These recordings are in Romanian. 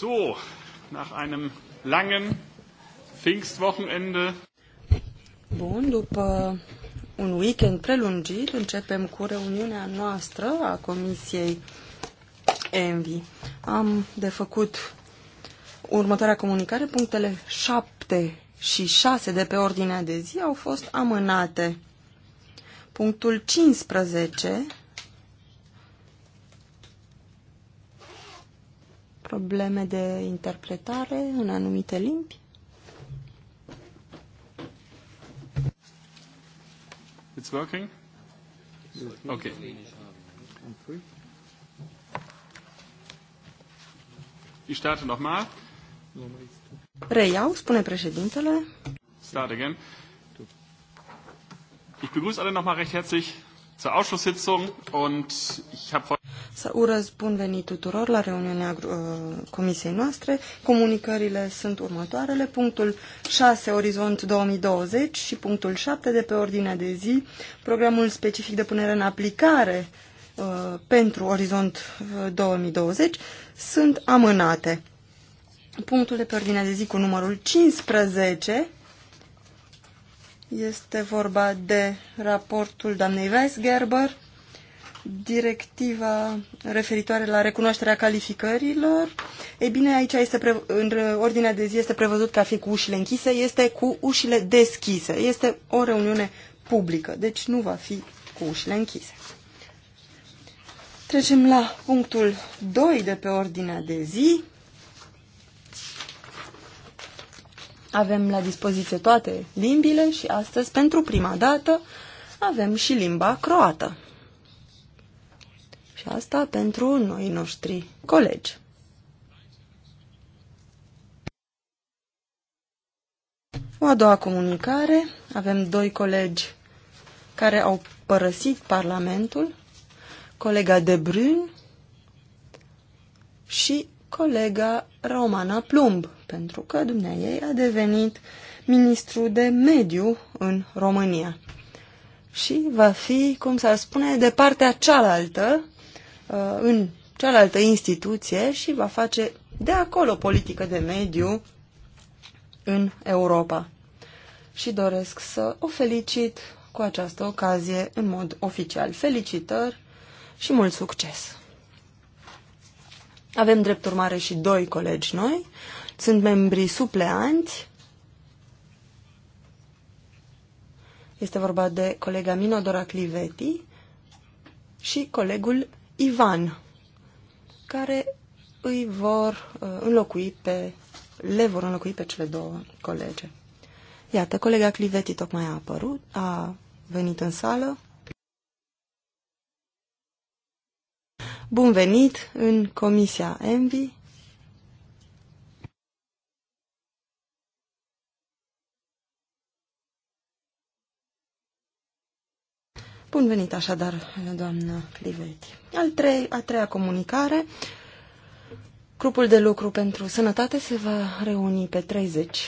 So, nach einem langen Pfingstwochenende. Bun, după un weekend prelungit, începem cu reuniunea noastră a Comisiei Envi. Am de făcut următoarea comunicare. Punctele 7 și 6 de pe ordinea de zi au fost amânate. Punctul 15 probleme de interpretare în anumite limbi? It's working? Okay. Ich starte nochmal. Reiau, spune președintele. Start again. Ich begrüße alle nochmal recht herzlich zur Ausschusssitzung und ich habe să urez bun venit tuturor la reuniunea uh, comisiei noastre. Comunicările sunt următoarele. Punctul 6, Orizont 2020 și punctul 7 de pe ordinea de zi, programul specific de punere în aplicare uh, pentru Orizont 2020, uh, sunt amânate. Punctul de pe ordinea de zi cu numărul 15 este vorba de raportul doamnei Weisgerber directiva referitoare la recunoașterea calificărilor, ei bine, aici este pre... în ordinea de zi este prevăzut ca fi cu ușile închise, este cu ușile deschise. Este o reuniune publică, deci nu va fi cu ușile închise. Trecem la punctul 2 de pe ordinea de zi. Avem la dispoziție toate limbile și astăzi, pentru prima dată, avem și limba croată. Și asta pentru noi noștri colegi. O a doua comunicare. Avem doi colegi care au părăsit Parlamentul, colega de Brun și colega Romana Plumb, pentru că dumneaei a devenit ministru de mediu în România. Și va fi, cum s-ar spune, de partea cealaltă Uh, în cealaltă instituție și va face de acolo politică de mediu în Europa. Și doresc să o felicit cu această ocazie în mod oficial. Felicitări și mult succes! Avem drept urmare și doi colegi noi. Sunt membrii supleanți. Este vorba de colega Minodora Cliveti și colegul Ivan, care îi vor uh, înlocui pe, le vor înlocui pe cele două colege. Iată, colega Cliveti tocmai a apărut, a venit în sală. Bun venit în Comisia Envi. Bun venit așadar, doamnă Clivetti. Al trei, a treia comunicare. Grupul de lucru pentru sănătate se va reuni pe 30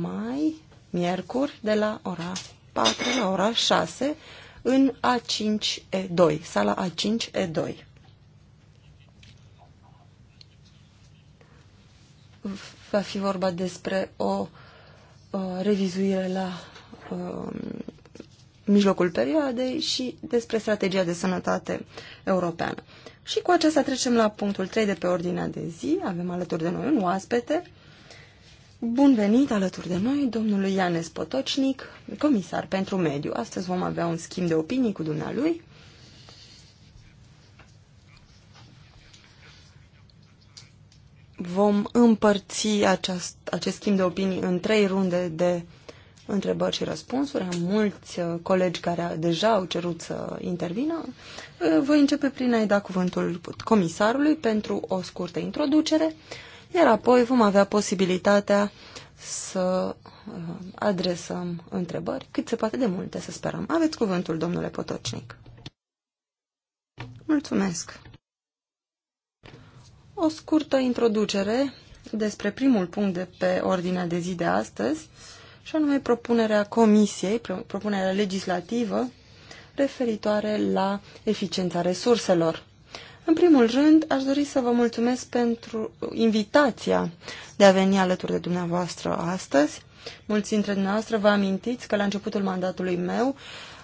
mai, miercuri, de la ora 4 la ora 6 în A5E2, sala A5E2. Va fi vorba despre o o uh, revizuire la um, mijlocul perioadei și despre strategia de sănătate europeană. Și cu aceasta trecem la punctul 3 de pe ordinea de zi. Avem alături de noi un oaspete. Bun venit alături de noi, domnului Ianes Potocnic, comisar pentru mediu. Astăzi vom avea un schimb de opinii cu dumnealui. Vom împărți acest, acest schimb de opinii în trei runde de întrebări și răspunsuri. Am mulți uh, colegi care deja au cerut să intervină. Uh, voi începe prin a-i da cuvântul comisarului pentru o scurtă introducere, iar apoi vom avea posibilitatea să uh, adresăm întrebări cât se poate de multe, să sperăm. Aveți cuvântul, domnule Potocnic. Mulțumesc. O scurtă introducere despre primul punct de pe ordinea de zi de astăzi, și anume propunerea Comisiei, propunerea legislativă referitoare la eficiența resurselor. În primul rând, aș dori să vă mulțumesc pentru invitația de a veni alături de dumneavoastră astăzi. Mulți dintre dumneavoastră vă amintiți că la începutul mandatului meu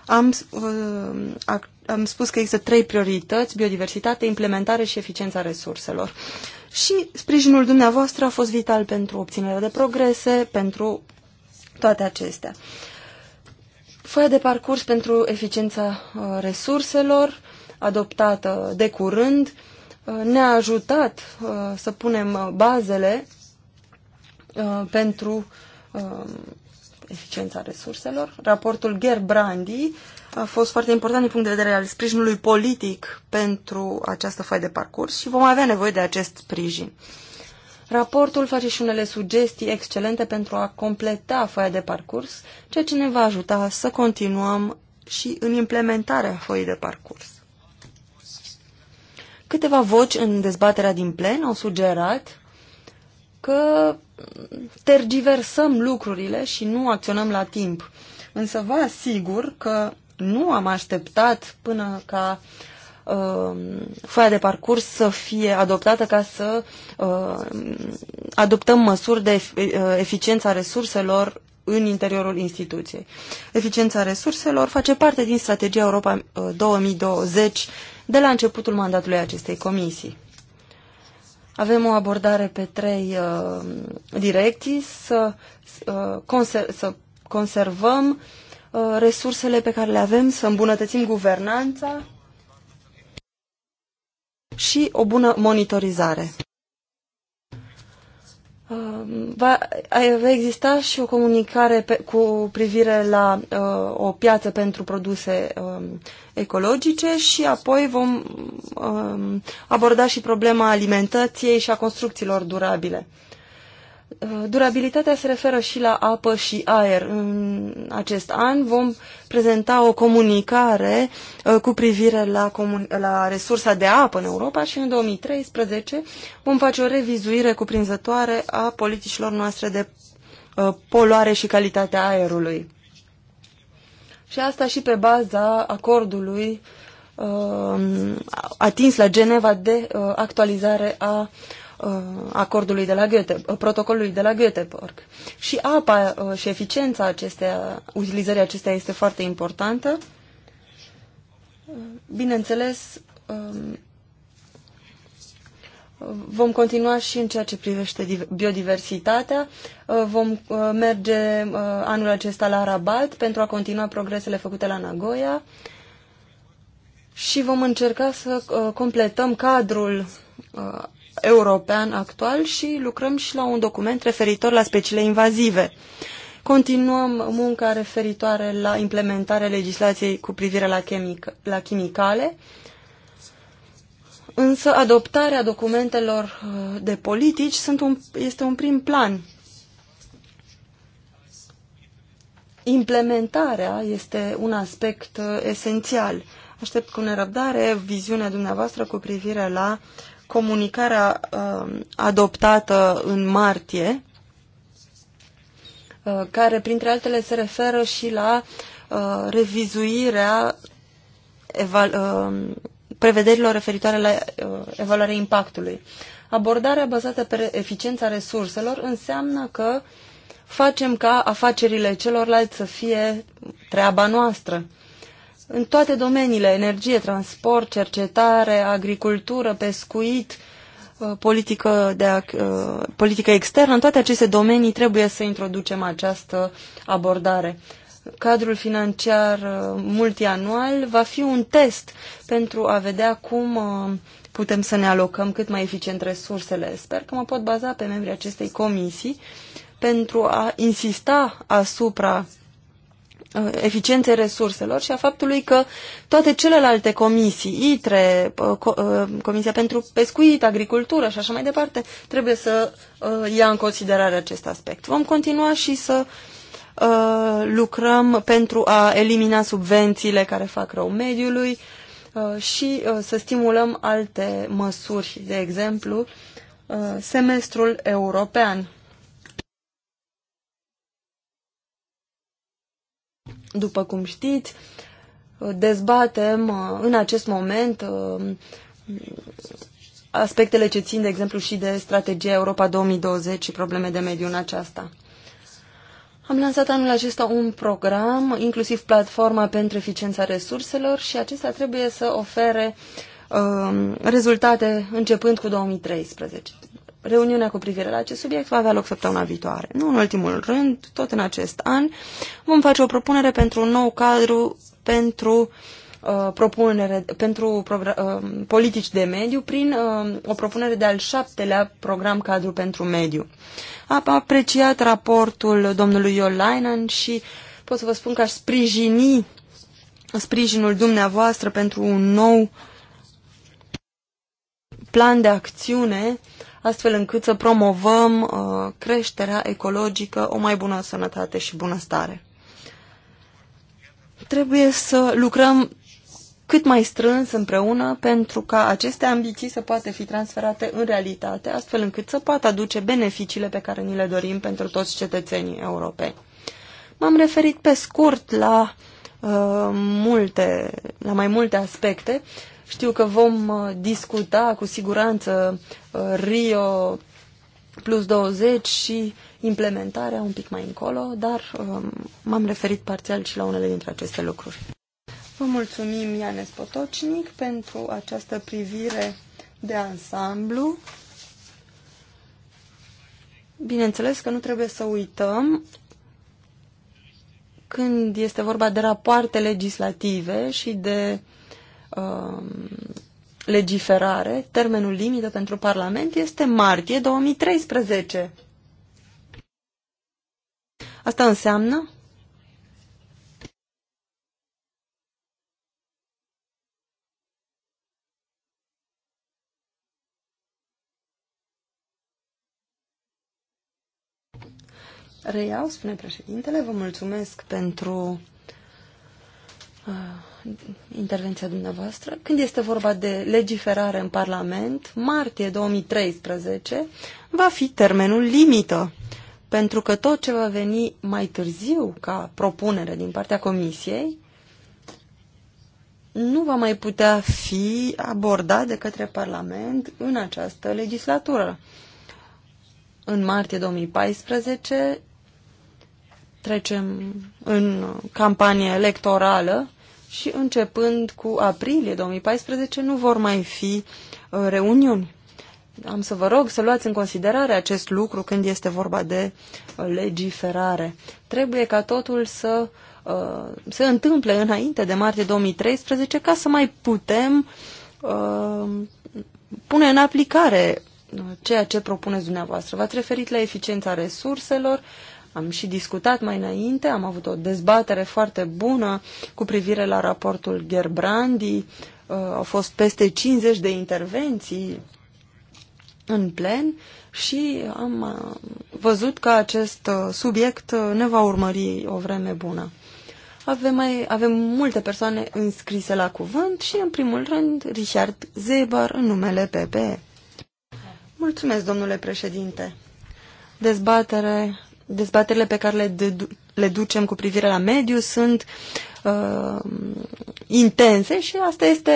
am, uh, am spus că există trei priorități, biodiversitate, implementare și eficiența resurselor. Și sprijinul dumneavoastră a fost vital pentru obținerea de progrese, pentru toate acestea. Foaia de parcurs pentru eficiența uh, resurselor, adoptată de curând, uh, ne-a ajutat uh, să punem bazele pentru eficiența resurselor. Raportul Gerbrandi a fost foarte important din punct de vedere al sprijinului politic pentru această foaie de parcurs și vom avea nevoie de acest sprijin. Raportul face și unele sugestii excelente pentru a completa foaia de parcurs, ceea ce ne va ajuta să continuăm și în implementarea foii de parcurs. Câteva voci în dezbaterea din plen au sugerat că tergiversăm lucrurile și nu acționăm la timp. Însă vă asigur că nu am așteptat până ca uh, Um, foaia de parcurs să fie adoptată ca să um, adoptăm măsuri de uh, eficiență resurselor în interiorul instituției. Eficiența resurselor face parte din strategia Europa 2020 uh, de la începutul mandatului acestei comisii. Avem o abordare pe trei uh, direcții, să, uh, conser- să conservăm uh, resursele pe care le avem, să îmbunătățim guvernanța și o bună monitorizare. Uh, va exista și o comunicare pe, cu privire la uh, o piață pentru produse uh, ecologice și apoi vom uh, aborda și problema alimentației și a construcțiilor durabile. Uh, durabilitatea se referă și la apă și aer. În acest an vom prezenta o comunicare uh, cu privire la, comun la resursa de apă în Europa și în 2013 vom face o revizuire cuprinzătoare a politicilor noastre de uh, poluare și calitatea aerului. Și asta și pe baza acordului atins la Geneva de actualizare a uh, Uh, acordului de la Goethe, uh, protocolului de la Göteborg. Și apa uh, și eficiența acestea, utilizării acesteia este foarte importantă. Bineînțeles, um, vom continua și în ceea ce privește biodiversitatea. Vom merge anul acesta la Rabat pentru a continua progresele făcute la Nagoya și vom încerca să completăm cadrul european actual și lucrăm și la un document referitor la speciile invazive. Continuăm munca referitoare la implementarea legislației cu privire la, chimic la chimicale, însă adoptarea documentelor uh, de politici sunt un, este un prim plan. Implementarea este un aspect uh, esențial. Aștept cu nerăbdare viziunea dumneavoastră cu privire la comunicarea uh, adoptată în martie, uh, care, printre altele, se referă și la uh, revizuirea prevederilor referitoare la evaluarea impactului. Abordarea bazată pe eficiența resurselor înseamnă că facem ca afacerile celorlalți să fie treaba noastră în toate domeniile, energie, transport, cercetare, agricultură, pescuit, uh, politică, de, uh, politică externă, în toate aceste domenii trebuie să introducem această abordare. Cadrul financiar uh, multianual va fi un test pentru a vedea cum putem să ne alocăm cât mai eficient resursele. Sper că mă pot baza pe membrii acestei comisii pentru a insista asupra Uh, eficienței resurselor și a faptului că toate celelalte comisii, ITRE, uh, uh, Comisia pentru Pescuit, Agricultură și așa mai departe, trebuie să ia în considerare acest aspect. Vom continua și să lucrăm pentru a elimina subvențiile care fac rău mediului și să stimulăm alte măsuri, de exemplu, semestrul european După cum știți, dezbatem uh, în acest moment uh, aspectele ce țin, de exemplu, și de strategia Europa 2020 și probleme de mediu în aceasta. Am lansat anul acesta un program, inclusiv platforma pentru eficiența resurselor și acesta trebuie să ofere uh, rezultate începând cu 2013 reuniunea cu privire la acest subiect va avea loc săptămâna viitoare. Nu în ultimul rând, tot în acest an, vom face o propunere pentru un nou cadru pentru uh, propunere pentru uh, politici de mediu prin uh, o propunere de al șaptelea program cadru pentru mediu. Am apreciat raportul domnului Iolainen și pot să vă spun că aș sprijini sprijinul dumneavoastră pentru un nou plan de acțiune uh, astfel încât să promovăm uh, creșterea ecologică, o mai bună sănătate și bunăstare. Trebuie să lucrăm cât mai strâns împreună pentru ca aceste ambiții să poată fi transferate în realitate, astfel încât să poată aduce beneficiile pe care ni le dorim pentru toți cetățenii europeni. M-am referit pe scurt la, uh, multe, la mai multe aspecte. Știu că vom uh, discuta cu siguranță Rio plus 20 și implementarea un pic mai încolo, dar um, m-am referit parțial și la unele dintre aceste lucruri. Vă mulțumim, Ianes Potocnic, pentru această privire de ansamblu. Bineînțeles că nu trebuie să uităm când este vorba de rapoarte legislative și de um, legiferare, termenul limită pentru Parlament este martie 2013. Asta înseamnă Reiau, spune președintele, vă mulțumesc pentru uh, intervenția dumneavoastră. Când este vorba de legiferare în Parlament, martie 2013 va fi termenul limită, pentru că tot ce va veni mai târziu ca propunere din partea Comisiei nu va mai putea fi abordat de către Parlament în această legislatură. În martie 2014 trecem în campanie electorală și începând cu aprilie 2014 nu vor mai fi uh, reuniuni. Am să vă rog să luați în considerare acest lucru când este vorba de uh, legiferare. Trebuie ca totul să uh, se întâmple înainte de martie 2013 ca să mai putem pune în aplicare ceea ce propuneți dumneavoastră. V-ați referit la eficiența resurselor, am și discutat mai înainte, am avut o dezbatere foarte bună cu privire la raportul Gerbrandi. Uh, au fost peste 50 de intervenții în plen și am uh, văzut că acest uh, subiect ne va urmări o vreme bună. Avem, mai, avem multe persoane înscrise la cuvânt și, în primul rând, Richard Zeber în numele PPE. Mulțumesc, domnule președinte. Dezbatere dezbaterile pe care le, le ducem cu privire la mediu sunt uh, intense și asta este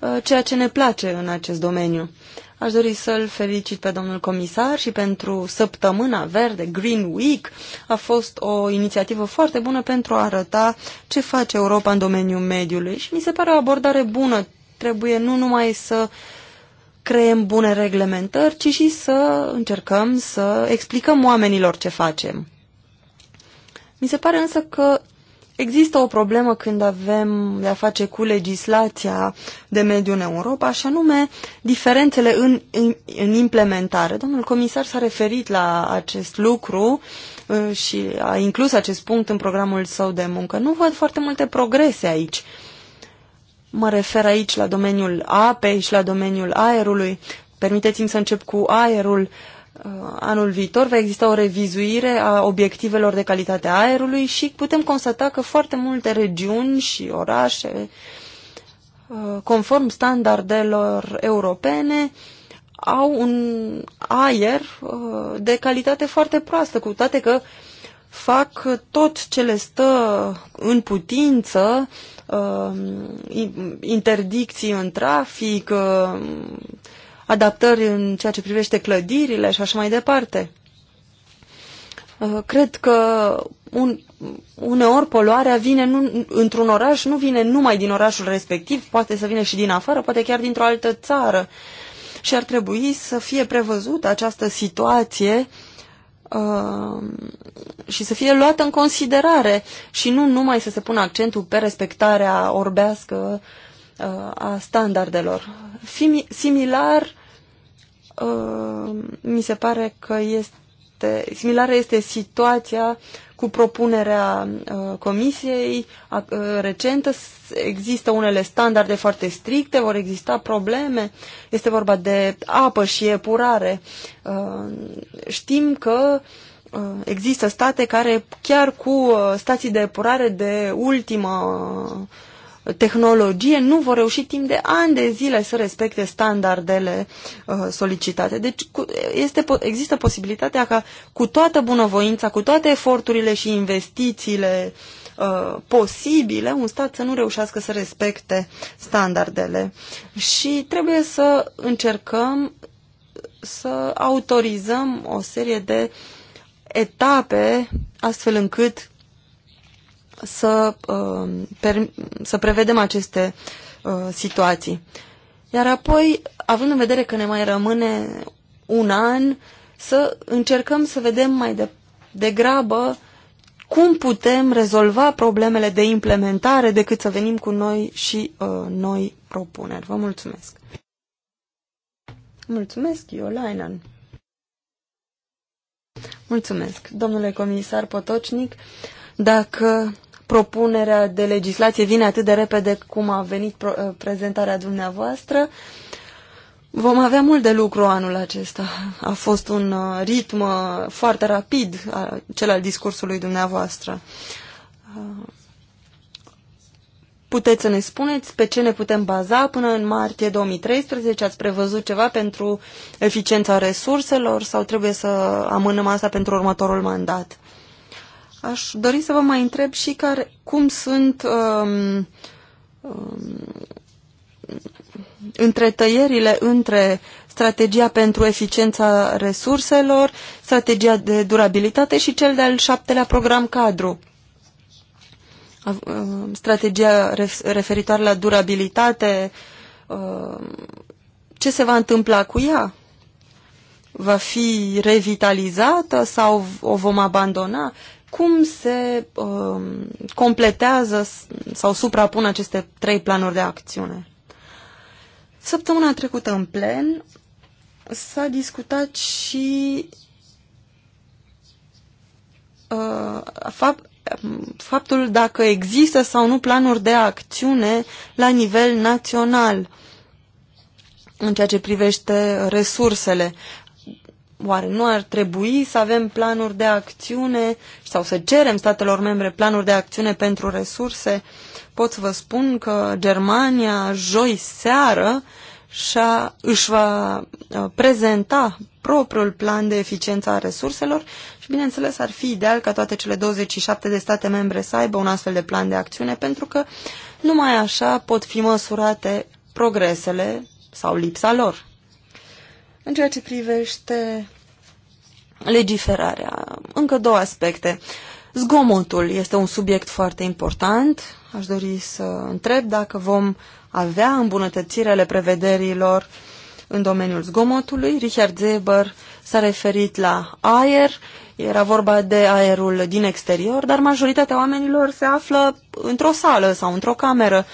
uh, ceea ce ne place în acest domeniu. Aș dori să-l felicit pe domnul comisar și pentru Săptămâna Verde, Green Week. A fost o inițiativă foarte bună pentru a arăta ce face Europa în domeniul mediului și mi se pare o abordare bună. Trebuie nu numai să uh, creăm bune reglementări, ci și să încercăm să explicăm oamenilor ce facem. Mi se pare însă că există o problemă când avem de a face cu legislația de mediu în Europa, și anume diferențele în, în, în implementare. Domnul comisar s-a referit la acest lucru uh, și a inclus acest punct în programul său de muncă. Nu văd foarte multe progrese aici. Uh, Mă refer aici la domeniul apei și la domeniul aerului. Permiteți-mi să încep cu aerul. Uh, anul viitor va exista o revizuire a obiectivelor de calitate a aerului și putem constata că foarte multe regiuni și orașe, uh, conform standardelor europene, au un aer uh, de calitate foarte proastă, cu toate că fac tot ce le stă în putință uh, Um, interdicții în trafic, um, adaptări în ceea ce privește clădirile și așa mai departe. Uh, cred că un, uneori poluarea vine nu, într-un oraș, nu vine numai din orașul respectiv, poate să vină și din afară, poate chiar dintr-o altă țară. Și ar trebui să fie prevăzută această situație Uh, și să fie luată în considerare și nu numai să se pună accentul pe respectarea orbească uh, a standardelor. Similar, uh, mi se pare că este, similară este situația cu propunerea uh, comisiei uh, recentă există unele standarde foarte stricte, vor exista probleme. Este vorba de apă și epurare. Uh, știm că există state care chiar cu stații de epurare de ultimă tehnologie nu vor reuși timp de ani de zile să respecte standardele uh, solicitate. Deci cu, este, există posibilitatea ca cu toată bunăvoința, cu toate eforturile și investițiile uh, posibile, un stat să nu reușească să respecte standardele. Și trebuie să încercăm să autorizăm o serie de etape astfel încât să, uh, să prevedem aceste uh, situații. Iar apoi, având în vedere că ne mai rămâne un an, să încercăm să vedem mai de, degrabă cum putem rezolva problemele de implementare decât să venim cu noi și uh, noi propuneri. Vă mulțumesc! Mulțumesc, Iolainan! Mulțumesc, domnule comisar Potocnic! Dacă propunerea de legislație vine atât de repede cum a venit uh, prezentarea dumneavoastră. Vom avea mult de lucru anul acesta. A fost un uh, ritm uh, foarte rapid cel al discursului dumneavoastră. Puteți să ne spuneți pe ce ne putem baza până în martie 2013? Ați prevăzut ceva pentru eficiența resurselor sau trebuie să amânăm asta pentru următorul mandat? Aș dori să vă mai întreb și care, cum sunt um, um, întretăierile între strategia pentru eficiența resurselor, strategia de durabilitate și cel de-al șaptelea program cadru. Um, strategia referitoare la durabilitate, um, ce se va întâmpla cu ea? Va fi revitalizată sau o vom abandona? cum se uh, completează sau suprapun aceste trei planuri de acțiune. Săptămâna trecută în plen s-a discutat și uh, fapt, faptul dacă există sau nu planuri de acțiune la nivel național în ceea ce privește resursele. Oare nu ar trebui să avem planuri de acțiune sau să cerem statelor membre planuri de acțiune pentru resurse? Pot să vă spun că Germania, joi seară, și-a, își va uh, prezenta propriul plan de eficiență a resurselor și, bineînțeles, ar fi ideal ca toate cele 27 de state membre să aibă un astfel de plan de acțiune, pentru că numai așa pot fi măsurate progresele sau lipsa lor. În ceea ce privește legiferarea, încă două aspecte. Zgomotul este un subiect foarte important. Aș dori să întreb dacă vom avea îmbunătățirele prevederilor în domeniul zgomotului. Richard Zeber s-a referit la aer, era vorba de aerul din exterior, dar majoritatea oamenilor se află într-o sală sau într-o cameră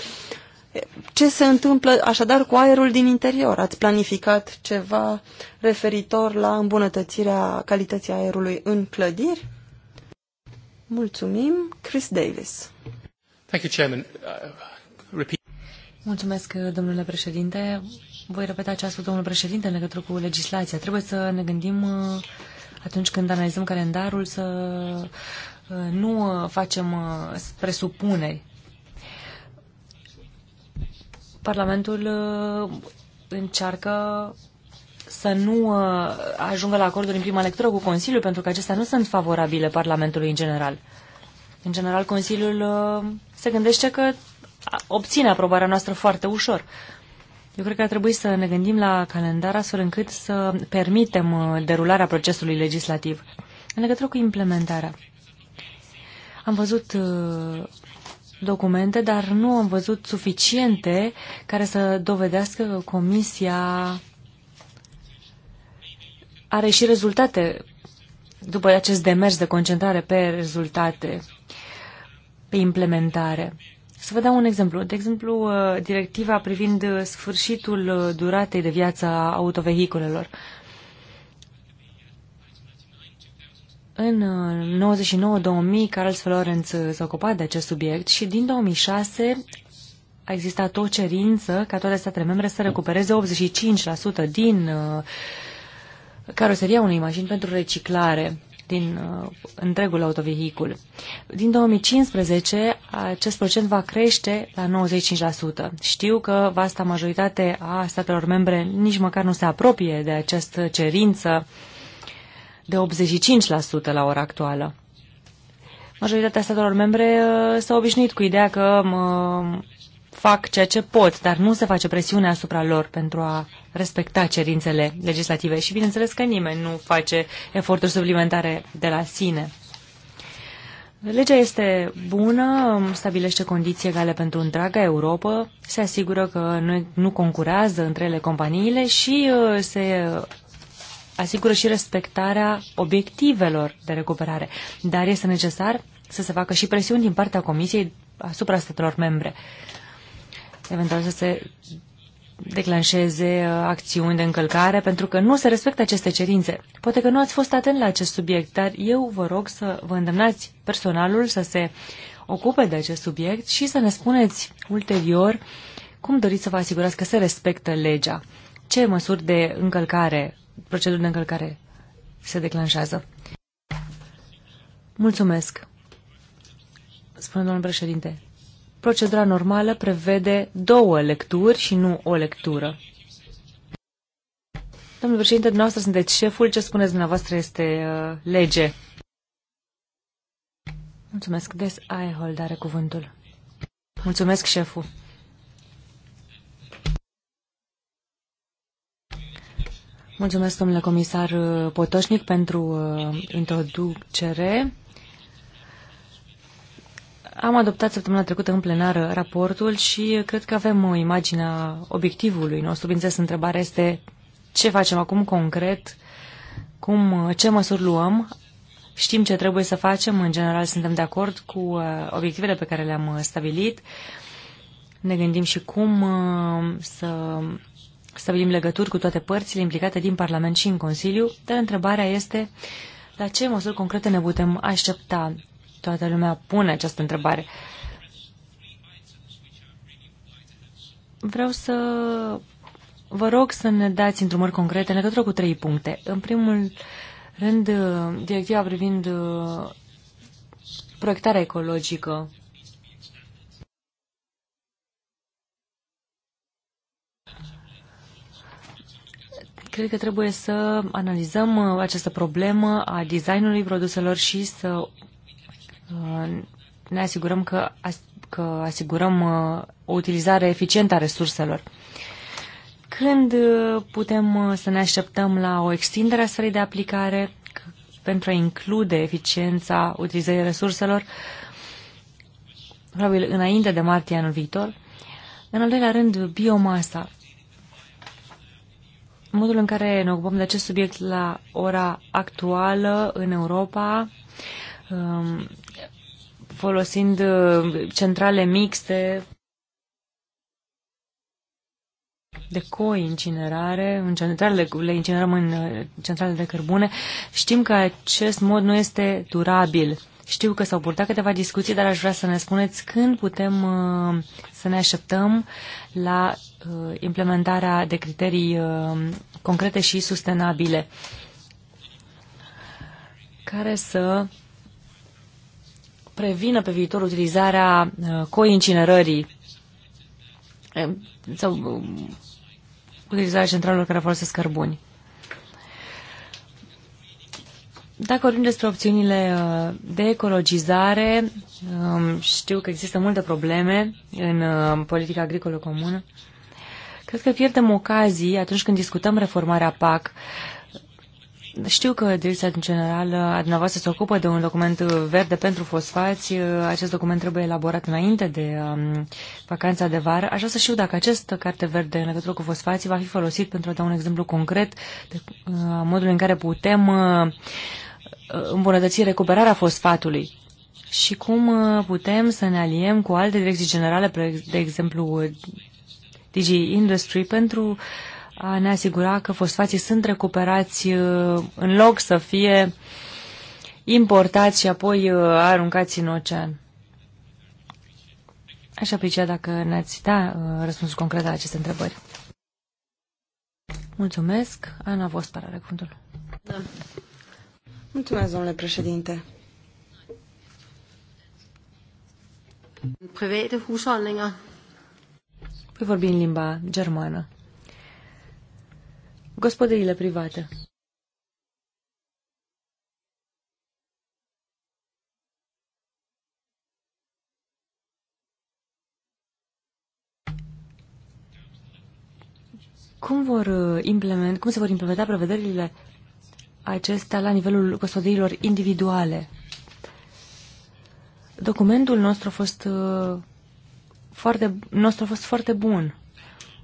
ce se întâmplă așadar cu aerul din interior? Ați planificat ceva referitor la îmbunătățirea calității aerului în clădiri? Mulțumim. Chris Davis. Thank you, Chairman. Uh, repeat. Mulțumesc, domnule președinte. Voi repeta această, domnule președinte în legătură cu legislația. Trebuie să ne gândim uh, atunci când analizăm calendarul să uh, nu facem presupuneri Parlamentul uh, încearcă să nu uh, ajungă la acorduri în prima lectură cu Consiliul, pentru că acestea nu sunt favorabile Parlamentului în general. În general, Consiliul uh, se gândește că obține aprobarea noastră foarte ușor. Eu cred că ar trebui să ne gândim la calendar astfel încât să permitem derularea procesului legislativ. În legătură cu implementarea, am văzut documente, dar nu am văzut suficiente care să dovedească că Comisia are și rezultate după acest demers de concentrare pe rezultate, pe implementare. Să vă dau un exemplu. De exemplu, uh, directiva privind sfârșitul uh, duratei de viață a autovehiculelor. În 99-2000, uh, Carl Florenț uh, s-a ocupat de acest subiect și din 2006 a existat o cerință ca toate statele membre să recupereze 85% din uh, caroseria unei mașini pentru reciclare din uh, întregul autovehicul. Din 2015, acest procent va crește la 95%. Știu că vasta majoritate a statelor membre nici măcar nu se apropie de această cerință uh, de 85% la ora actuală. Majoritatea statelor membre uh, s-au obișnuit cu ideea că uh, fac ceea ce pot, dar nu se face presiune asupra lor pentru a respecta cerințele legislative și bineînțeles că nimeni nu face eforturi suplimentare de la sine. Legea este bună, um, stabilește condiții egale pentru întreaga Europa, se asigură că nu, nu concurează între ele companiile și uh, se asigură și respectarea obiectivelor de recuperare, dar este necesar să se facă și presiuni din partea Comisiei asupra statelor membre. Eventual să se declanșeze uh, acțiuni de încălcare pentru că nu se respectă aceste cerințe. Poate că nu ați fost atent la acest subiect, dar eu vă rog să vă îndemnați personalul să se ocupe de acest subiect și să ne spuneți ulterior cum doriți să vă asigurați că se respectă legea. Ce măsuri de încălcare proceduri de încălcare se declanșează. Mulțumesc, spune domnul președinte. Procedura normală prevede două lecturi și nu o lectură. Domnul președinte, dumneavoastră sunteți șeful, ce spuneți dumneavoastră este uh, lege. Mulțumesc, des ai holdare cuvântul. Mulțumesc, șeful. Mulțumesc, domnule comisar uh, Potoșnic, pentru uh, introducere. Am adoptat săptămâna trecută în plenară raportul și cred că avem o imagine a obiectivului nostru. Bineînțeles, întrebarea este ce facem acum concret, cum, uh, ce măsuri luăm, știm ce trebuie să facem, în general suntem de acord cu obiectivele pe care le-am stabilit, ne gândim și cum să Stabilim legături cu toate părțile implicate din Parlament și în Consiliu, dar întrebarea este la ce măsuri concrete ne putem aștepta. Toată lumea pune această întrebare. Vreau să vă rog să ne dați îndrumări concrete în legătură cu trei puncte. În primul rând, directiva privind uh, proiectarea ecologică Cred că trebuie să analizăm uh, această problemă a designului produselor și să uh, ne asigurăm că, că asigurăm uh, o utilizare eficientă a resurselor. Când putem să ne așteptăm la o extindere a sferei de aplicare pentru a include eficiența utilizării resurselor, probabil înainte de martie anul viitor? În al doilea rând, biomasa modul în care ne ocupăm de acest subiect la ora actuală în Europa, um, folosind uh, centrale mixte de coincinerare, în centralele, le incinerăm în uh, centrale de cărbune, știm că acest mod nu este durabil. Știu că s-au purtat câteva discuții, dar aș vrea să ne spuneți când putem uh, să ne așteptăm la Uh, implementarea de criterii uh, concrete și sustenabile care să prevină pe viitor utilizarea uh, coincinerării sau utilizarea centralelor care folosesc cărbuni. Dacă vorbim despre opțiunile de ecologizare, um, știu că există multe probleme în politica agricolă comună. Cred că pierdem ocazii atunci când discutăm reformarea PAC. Știu că Direcția în general a dumneavoastră se ocupă de un document verde pentru fosfați. Acest document trebuie elaborat înainte de um, vacanța de vară. Așa să știu dacă această carte verde în legătură cu fosfații va fi folosit pentru a da un exemplu concret de uh, modul în care putem uh, îmbunătăți recuperarea fosfatului și cum uh, putem să ne aliem cu alte direcții generale, de exemplu DG Industry pentru a ne asigura că fosfații sunt recuperați uh, în loc să fie importați și apoi uh, aruncați în ocean. Aș aprecia dacă ne-ați da uh, răspunsul concret la aceste întrebări. Mulțumesc. Ana Vostar are cuvântul. Da. Mulțumesc, domnule președinte. Private husholdninger eu vorbi în limba germană. Gospodăriile private. Cum, vor uh, implement, cum se vor implementa prevederile acestea la nivelul gospodăriilor individuale? Documentul nostru a fost uh, foarte, nostru a fost foarte bun,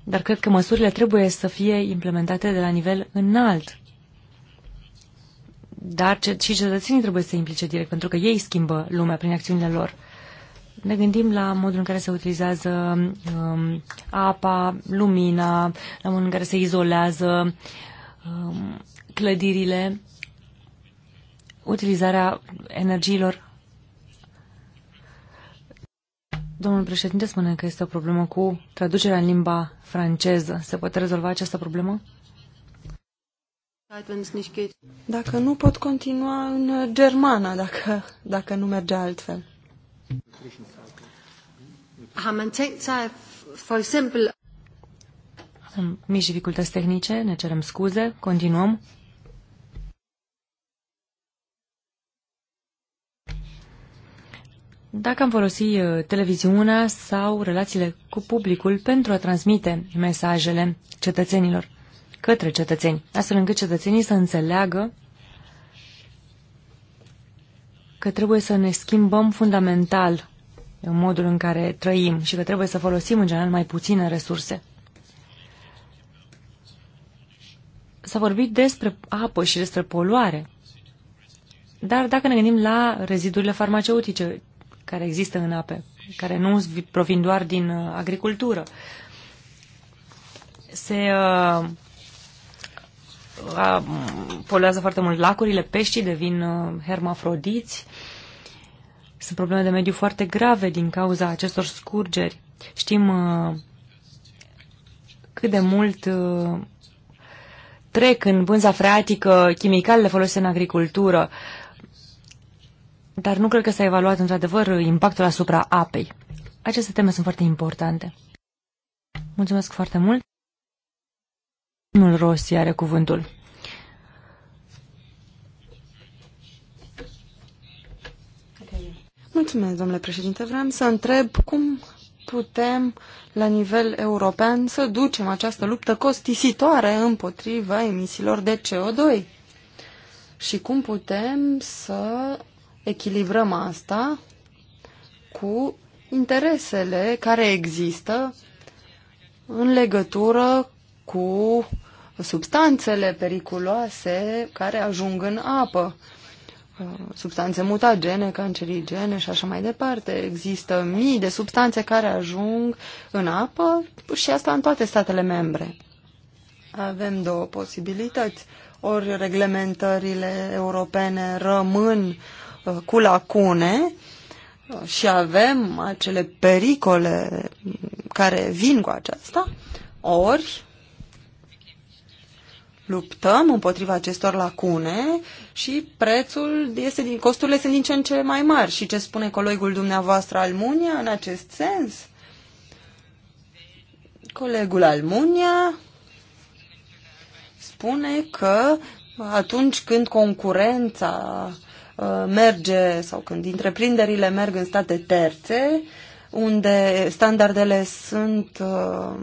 dar cred că măsurile trebuie să fie implementate de la nivel înalt. Dar ce, și cetățenii trebuie să se implice direct, pentru că ei schimbă lumea prin acțiunile lor. Ne gândim la modul în care se utilizează um, apa, lumina, la modul în care se izolează um, clădirile, utilizarea energiilor Domnul președinte spune că este o problemă cu traducerea în limba franceză. Se poate rezolva această problemă? Dacă nu, pot continua în germană, dacă, dacă nu merge altfel. Am mici dificultăți tehnice, ne cerem scuze, continuăm. Dacă am folosi uh, televiziunea sau relațiile cu publicul pentru a transmite mesajele cetățenilor către cetățeni, astfel încât cetățenii să înțeleagă că trebuie să ne schimbăm fundamental în modul în care trăim și că trebuie să folosim în general mai puține resurse. S-a vorbit despre apă și despre poluare. Dar dacă ne gândim la rezidurile farmaceutice, care există în ape, care nu provin doar din uh, agricultură. Se uh, uh, poluează foarte mult lacurile, peștii devin uh, hermafrodiți. Sunt probleme de mediu foarte grave din cauza acestor scurgeri. Știm uh, cât de mult uh, trec în bânza freatică chimicalele folosite în agricultură. Uh, dar nu cred că s-a evaluat într-adevăr impactul asupra apei. Aceste teme sunt foarte importante. Mulțumesc foarte mult. Domnul Rossi are cuvântul. Mulțumesc, domnule președinte. Vreau să întreb cum putem, la nivel european, să ducem această luptă costisitoare împotriva emisiilor de CO2 și cum putem să echilibrăm asta cu interesele care există în legătură cu substanțele periculoase care ajung în apă, substanțe mutagene, cancerigene și așa mai departe. Există mii de substanțe care ajung în apă și asta în toate statele membre. Avem două posibilități. Ori reglementările europene rămân uh, Uh, cu lacune uh, și avem acele pericole care vin cu aceasta, ori luptăm împotriva acestor lacune și prețul este din, costurile sunt din ce în ce mai mari. Și ce spune colegul dumneavoastră Almunia în acest sens? Colegul Almunia spune că atunci când concurența Uh, merge sau când întreprinderile merg în state terțe, unde standardele sunt uh,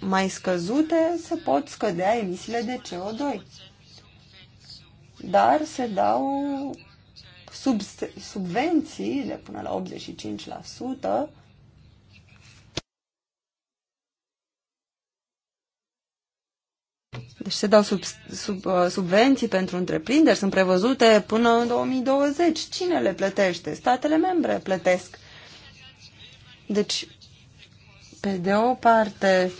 mai scăzute, se pot scădea emisiile de CO2. Dar se dau sub, subvenții de până la 85% Deci se dau sub, sub, uh, subvenții pentru întreprinderi, sunt prevăzute până în 2020. Cine le plătește? Statele membre plătesc. Deci, pe de o parte,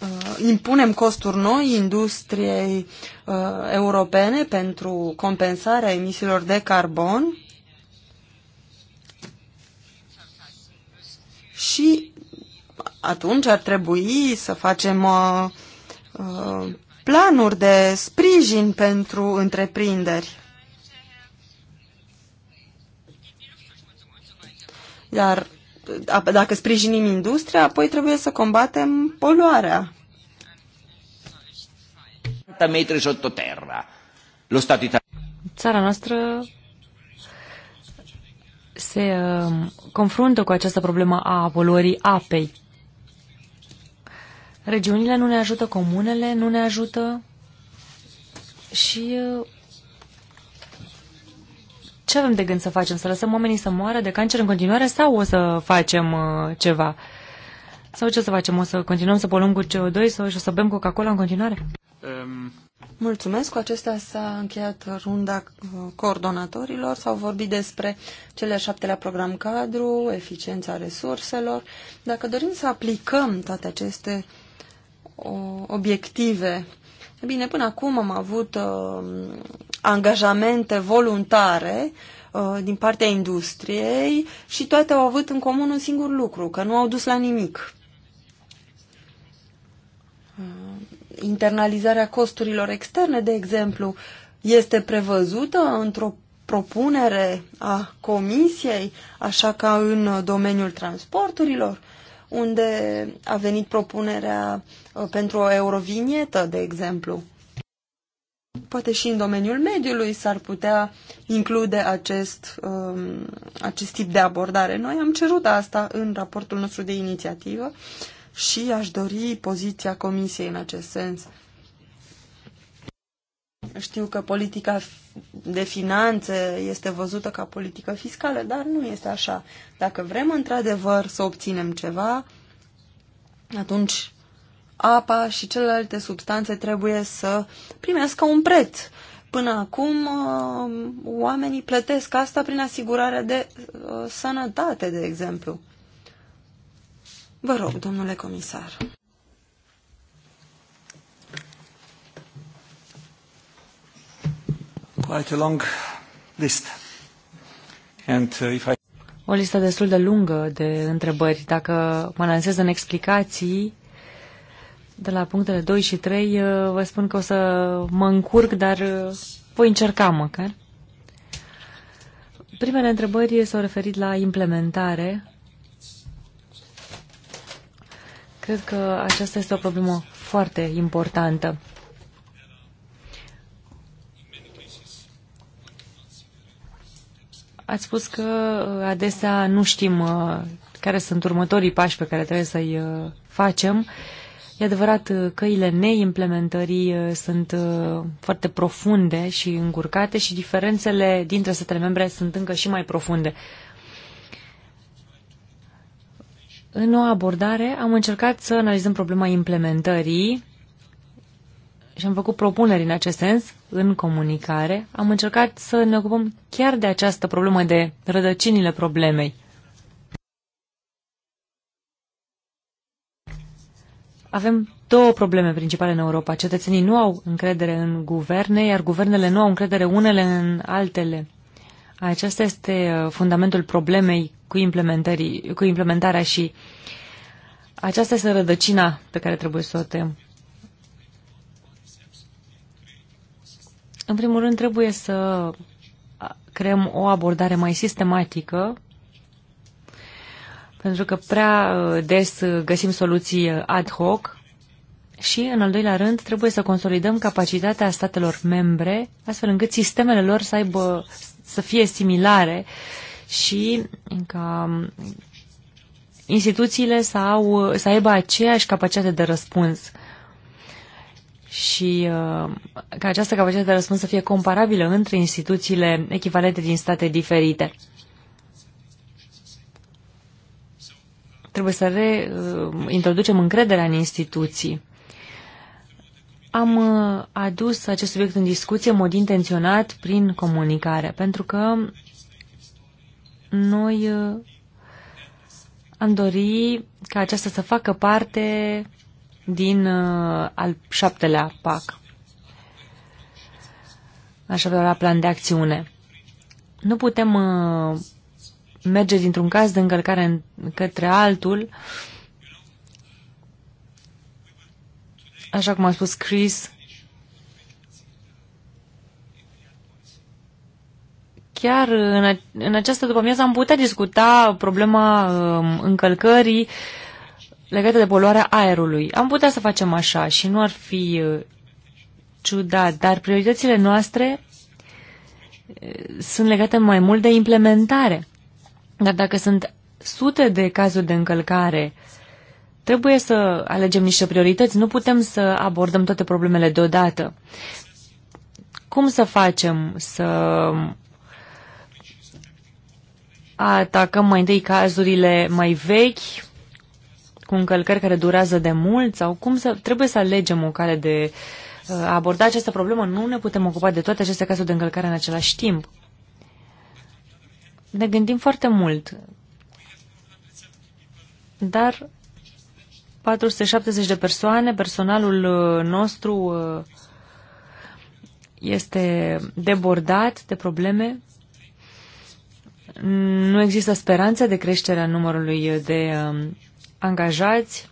uh, impunem costuri noi industriei uh, europene pentru compensarea emisiilor de carbon și atunci ar trebui să facem uh, uh, planuri de sprijin pentru întreprinderi. Iar uh, dacă sprijinim industria, apoi trebuie să combatem poluarea. metri sottoterra. Lo stato Țara noastră se uh, confruntă cu această problemă a poluării apei. Regiunile nu ne ajută, comunele nu ne ajută și uh, ce avem de gând să facem? Să lăsăm oamenii să moară de cancer în continuare sau o să facem uh, ceva? Sau ce o să facem? O să continuăm să poluăm cu CO2 sau și o să bem Coca-Cola în continuare? Um... Mulțumesc. Cu acestea s-a încheiat runda uh, coordonatorilor. S-au vorbit despre cele șaptelea program cadru, eficiența resurselor. Dacă dorim să aplicăm toate aceste obiective. Bine, până acum am avut uh, angajamente voluntare uh, din partea industriei și toate au avut în comun un singur lucru, că nu au dus la nimic. Uh, internalizarea costurilor externe, de exemplu, este prevăzută într-o propunere a comisiei, așa ca în domeniul transporturilor. Uh, unde a venit propunerea uh, pentru o eurovinietă, de exemplu. Poate și în domeniul mediului s-ar putea include acest, um, acest tip de abordare. Noi am cerut asta în raportul nostru de inițiativă și aș dori poziția Comisiei în acest sens. Știu că politica de finanțe este văzută ca politică fiscală, dar nu este așa. Dacă vrem într-adevăr să obținem ceva, atunci apa și celelalte substanțe trebuie să primească un preț. Până acum, uh, oamenii plătesc asta prin asigurarea de uh, sănătate, de exemplu. Vă rog, domnule comisar. quite a long list. And uh, if I... O listă destul de lungă de întrebări. Dacă mă lansez în explicații de la punctele 2 și 3, uh, vă spun că o să mă încurc, dar uh, voi încerca măcar. Primele întrebări s-au referit la implementare. Cred că aceasta este o problemă foarte importantă. Ați spus că uh, adesea nu știm uh, care sunt următorii pași pe care trebuie să-i uh, facem. E adevărat, căile neimplementării sunt foarte profunde și încurcate și diferențele dintre statele membre sunt încă și mai profunde. În noua abordare am încercat să analizăm problema implementării și am făcut propuneri în acest sens, în comunicare, am încercat să ne ocupăm chiar de această problemă, de rădăcinile problemei. Avem două probleme principale în Europa. Cetățenii nu au încredere în guverne, iar guvernele nu au încredere unele în altele. Acesta este uh, fundamentul problemei cu, implementării, cu implementarea și aceasta este rădăcina pe care trebuie să o tăiem. În primul rând, trebuie să creăm o abordare mai sistematică, pentru că prea uh, des găsim soluții uh, ad hoc și, în al doilea rând, trebuie să consolidăm capacitatea statelor membre, astfel încât sistemele lor să, aibă, să fie similare și ca um, instituțiile să, au, să aibă aceeași capacitate de răspuns și uh, ca această capacitate de răspuns să fie comparabilă între instituțiile echivalente din state diferite. Trebuie să reintroducem uh, încrederea în instituții. Am uh, adus acest subiect în discuție în mod intenționat prin comunicare, pentru că noi uh, am dori ca aceasta să facă parte din uh, al șaptelea PAC, al șaptelea plan de acțiune. Nu putem uh, merge dintr-un caz de încălcare în către altul, așa cum a spus Chris, chiar în, această după-amiază am putea discuta problema um, încălcării uh, Legată de poluarea aerului. Am putea să facem așa și nu ar fi uh, ciudat, dar prioritățile noastre uh, sunt legate mai mult de implementare. Dar dacă sunt sute de cazuri de încălcare, trebuie să alegem niște priorități. Nu putem să abordăm toate problemele deodată. Cum să facem să atacăm mai întâi cazurile mai vechi, cu încălcări care durează de mult sau cum să, trebuie să alegem o cale de uh, a aborda această problemă. Nu ne putem ocupa de toate aceste cazuri de încălcare în același timp. Ne gândim foarte mult, dar 470 de persoane, personalul uh, nostru uh, este debordat de probleme, nu există speranță de creșterea numărului de um, angajați,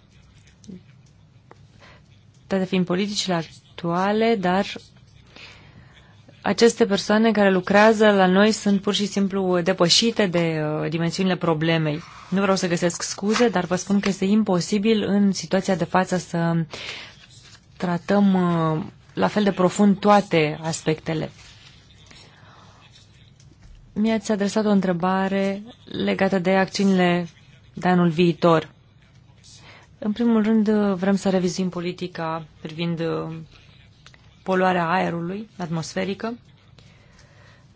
date fiind politicile actuale, dar aceste persoane care lucrează la noi sunt pur și simplu depășite de uh, dimensiunile problemei. Nu vreau să găsesc scuze, dar vă spun că este imposibil în situația de față să tratăm uh, la fel de profund toate aspectele. Mi-ați adresat o întrebare legată de acțiunile de anul viitor. În primul rând, vrem să revizuim politica privind uh, poluarea aerului atmosferică.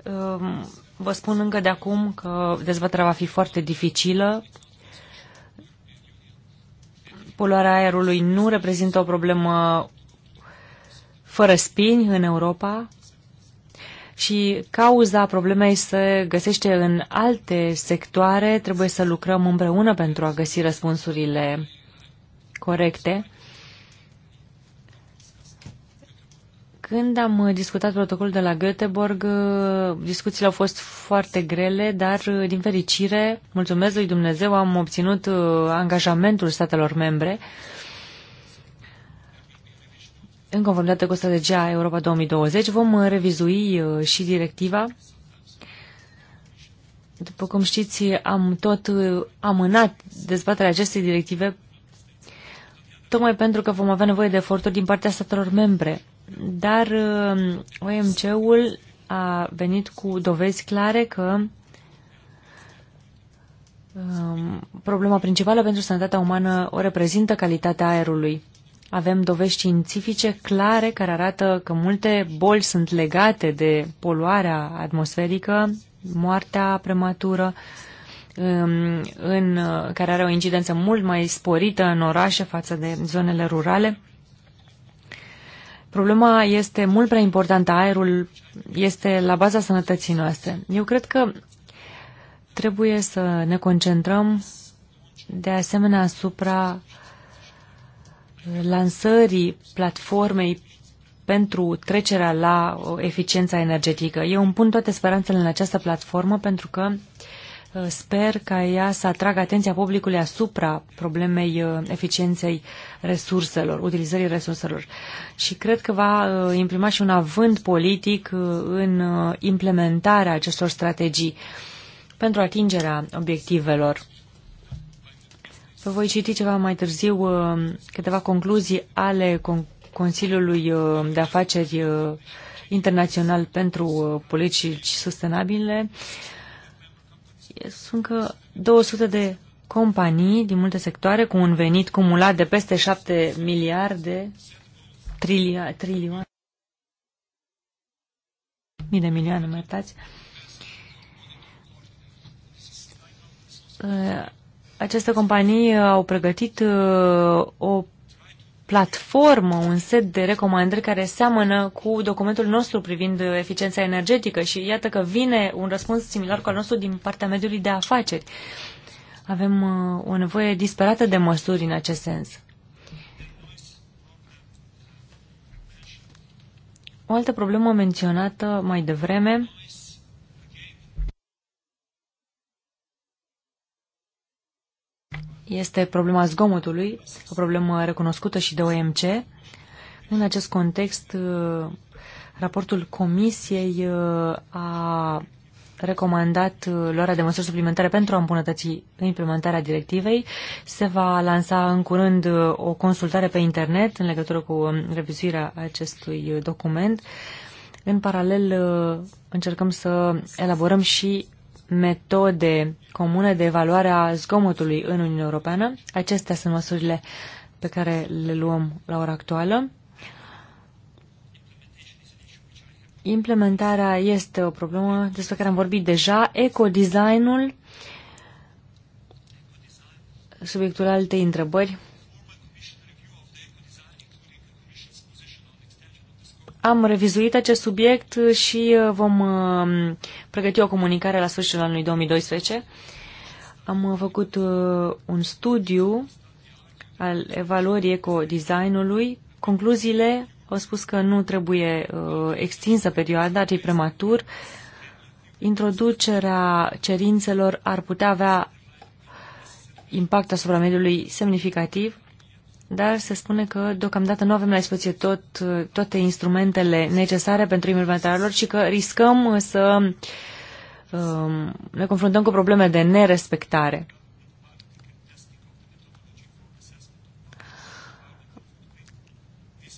Uh, vă spun încă de acum că dezbaterea va fi foarte dificilă. Poluarea aerului nu reprezintă o problemă fără spini în Europa și cauza problemei se găsește în alte sectoare. Trebuie să lucrăm împreună pentru a găsi răspunsurile corecte. Când am discutat protocolul de la Göteborg, uh, discuțiile au fost foarte grele, dar uh, din fericire, mulțumesc lui Dumnezeu, am obținut uh, angajamentul statelor membre în conformitate cu strategia Europa 2020. Vom revizui și directiva. După cum știți, am tot amânat dezbaterea acestei directive tocmai pentru că vom avea nevoie de eforturi din partea statelor membre. Dar uh, OMC-ul a venit cu dovezi clare că um, problema principală pentru sănătatea umană o reprezintă calitatea aerului. Avem dovezi științifice clare care arată că multe boli sunt legate de poluarea atmosferică, moartea prematură, uh, Um, în, uh, care are o incidență mult mai sporită în orașe față de zonele rurale. Problema este mult prea importantă. Aerul este la baza sănătății noastre. Eu cred că trebuie să ne concentrăm de asemenea asupra lansării platformei pentru trecerea la eficiența energetică. Eu îmi pun toate speranțele în această platformă pentru că Uh, sper ca ea să atragă atenția publicului asupra problemei uh, eficienței resurselor, utilizării resurselor. Și cred că va uh, imprima și un avânt politic în implementarea acestor strategii pentru atingerea obiectivelor. Vă voi citi ceva mai târziu câteva concluzii ale Consiliului de Afaceri Internațional pentru Politici Sustenabile sunt că 200 de companii din multe sectoare cu un venit cumulat de peste 7 miliarde, trilia, trilioane, mii de milioane, mă iertați, ă, aceste companii au pregătit ă, o platformă, un set de recomandări care seamănă cu documentul nostru privind eficiența energetică și iată că vine un răspuns similar cu al nostru din partea mediului de afaceri. Avem uh, o nevoie disperată de măsuri în acest sens. O altă problemă menționată mai devreme este problema zgomotului, o problemă recunoscută și de OMC. În acest context, uh, raportul Comisiei uh, a recomandat uh, luarea de măsuri suplimentare pentru a îmbunătăți implementarea directivei. Se va lansa în curând o consultare pe internet în legătură cu um, revizuirea acestui document. În paralel, încercăm să elaborăm și metode comune de evaluare a zgomotului în Uniunea Europeană. Acestea sunt măsurile pe care le luăm la ora actuală. Implementarea este o problemă despre care am vorbit deja. Ecodesignul, subiectul altei întrebări, Am revizuit acest subiect și uh, vom uh, pregăti o comunicare la sfârșitul anului 2012. Am uh, făcut un studiu al evaluării eco-designului. Concluziile au spus că nu trebuie extinsă perioada, ci prematur. Introducerea cerințelor ar putea avea impact asupra mediului semnificativ dar se spune că deocamdată nu avem la dispoziție tot, toate instrumentele necesare pentru implementarea lor și că riscăm să um, ne confruntăm cu probleme de nerespectare.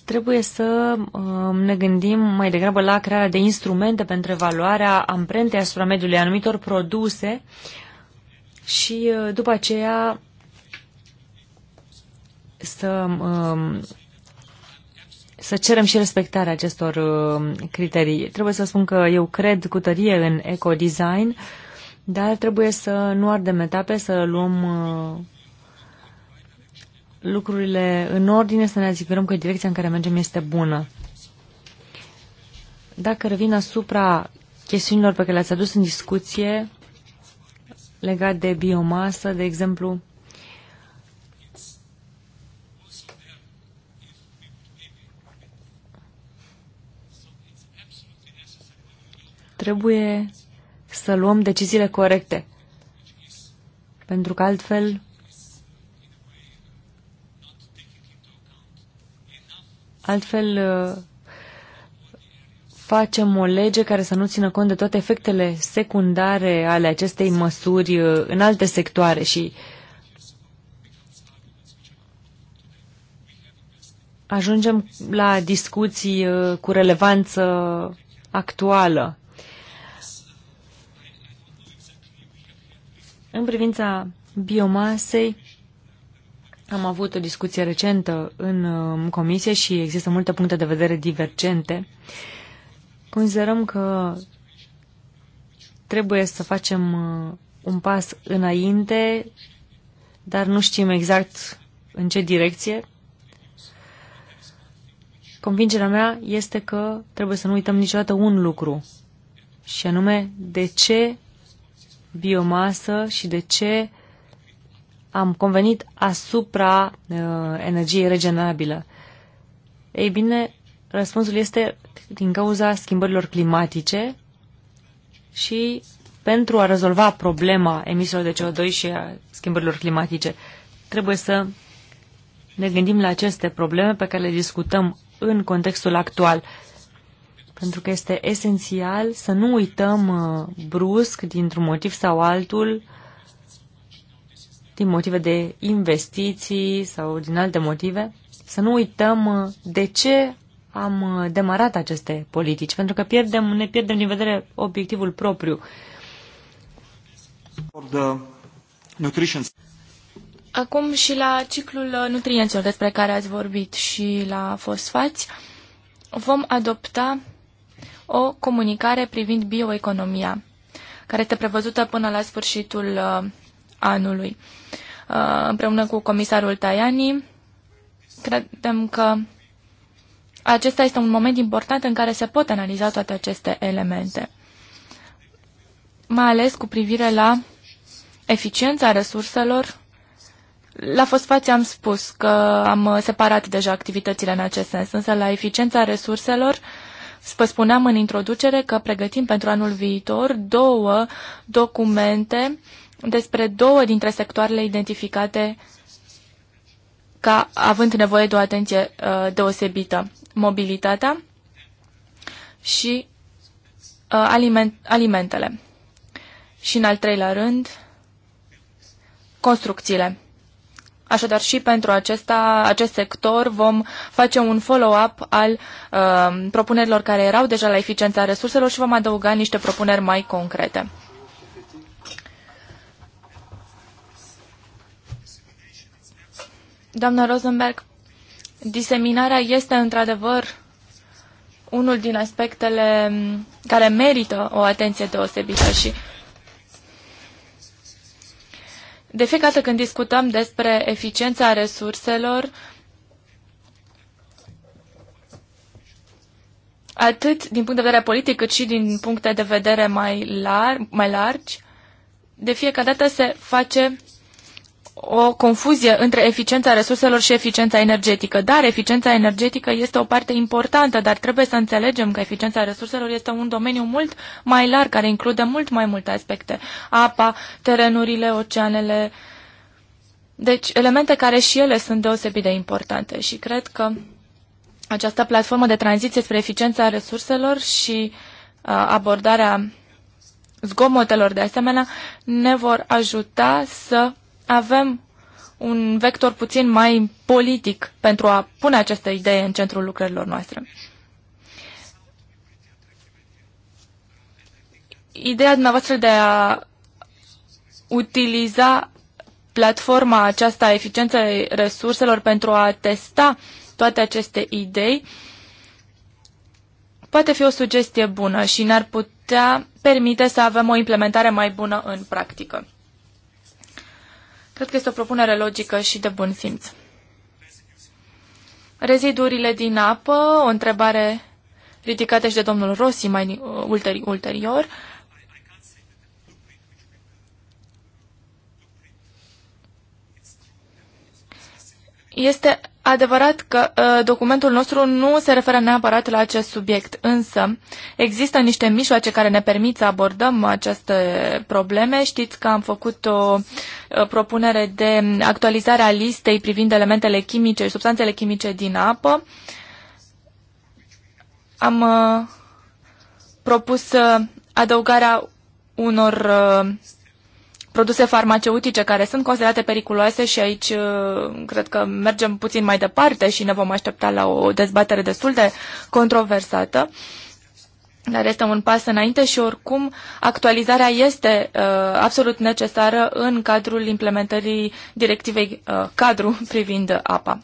Trebuie să um, ne gândim mai degrabă la crearea de instrumente pentru evaluarea amprentei asupra mediului anumitor produse și uh, după aceea să, um, să cerem și respectarea acestor um, criterii. Trebuie să spun că eu cred cu tărie în ecodesign, dar trebuie să nu ardem etape, să luăm uh, lucrurile în ordine, să ne asigurăm că direcția în care mergem este bună. Dacă revin asupra chestiunilor pe care le-ați adus în discuție legat de biomasă, de exemplu, Trebuie să luăm deciziile corecte. Pentru că altfel altfel uh, facem o lege care să nu țină cont de toate efectele secundare ale acestei măsuri uh, în alte sectoare și ajungem la discuții uh, cu relevanță actuală. În privința biomasei, am avut o discuție recentă în um, comisie și există multe puncte de vedere divergente. Considerăm că trebuie să facem uh, un pas înainte, dar nu știm exact în ce direcție. Convingerea mea este că trebuie să nu uităm niciodată un lucru, și anume de ce biomasă și de ce am convenit asupra uh, energiei regenerabile? Ei bine, răspunsul este din cauza schimbărilor climatice și pentru a rezolva problema emisiilor de CO2 și a schimbărilor climatice, trebuie să ne gândim la aceste probleme pe care le discutăm în contextul actual pentru că este esențial să nu uităm uh, brusc, dintr-un motiv sau altul, din motive de investiții sau din alte motive, să nu uităm uh, de ce am uh, demarat aceste politici, pentru că pierdem, ne pierdem din vedere obiectivul propriu. Acum și la ciclul nutrienților despre care ați vorbit și la fosfați, vom adopta o comunicare privind bioeconomia, care este prevăzută până la sfârșitul uh, anului. Uh, împreună cu comisarul Tajani, credem că acesta este un moment important în care se pot analiza toate aceste elemente, mai ales cu privire la eficiența resurselor. La fosfați am spus că am separat deja activitățile în acest sens, însă la eficiența resurselor uh, Vă spuneam în introducere că pregătim pentru anul viitor două documente despre două dintre sectoarele identificate ca având nevoie de o atenție uh, deosebită. Mobilitatea și uh, aliment, alimentele. Și în al treilea rând, construcțiile. Așadar și pentru acesta, acest sector vom face un follow-up al uh, propunerilor care erau deja la eficiența resurselor și vom adăuga niște propuneri mai concrete. Doamna Rosenberg, diseminarea este într-adevăr unul din aspectele um, care merită o atenție deosebită și de fiecare dată când discutăm despre eficiența resurselor, atât din punct de vedere politic, cât și din puncte de vedere mai, lar- mai largi, de fiecare dată se face o confuzie între eficiența resurselor și eficiența energetică. Dar eficiența energetică este o parte importantă, dar trebuie să înțelegem că eficiența resurselor este un domeniu mult mai larg, care include mult mai multe aspecte. Apa, terenurile, oceanele. Deci, elemente care și ele sunt deosebit de importante și cred că această platformă de tranziție spre eficiența resurselor și uh, abordarea zgomotelor de asemenea ne vor ajuta să avem un vector puțin mai politic pentru a pune aceste idei în centrul lucrărilor noastre. Ideea dumneavoastră de a utiliza platforma aceasta eficienței resurselor pentru a testa toate aceste idei poate fi o sugestie bună și ne-ar putea permite să avem o implementare mai bună în practică. Cred că este o propunere logică și de bun simț. Rezidurile din apă, o întrebare ridicată și de domnul Rossi mai uh, ulteri, ulterior. Este adevărat că uh, documentul nostru nu se referă neapărat la acest subiect, însă există niște mijloace care ne permit să abordăm aceste probleme. Știți că am făcut o uh, propunere de actualizare a listei privind elementele chimice și substanțele chimice din apă. Am uh, propus uh, adăugarea unor uh, produse farmaceutice care sunt considerate periculoase și aici uh, cred că mergem puțin mai departe și ne vom aștepta la o dezbatere destul de controversată. Dar este un pas înainte și oricum actualizarea este uh, absolut necesară în cadrul implementării directivei uh, cadru privind apa.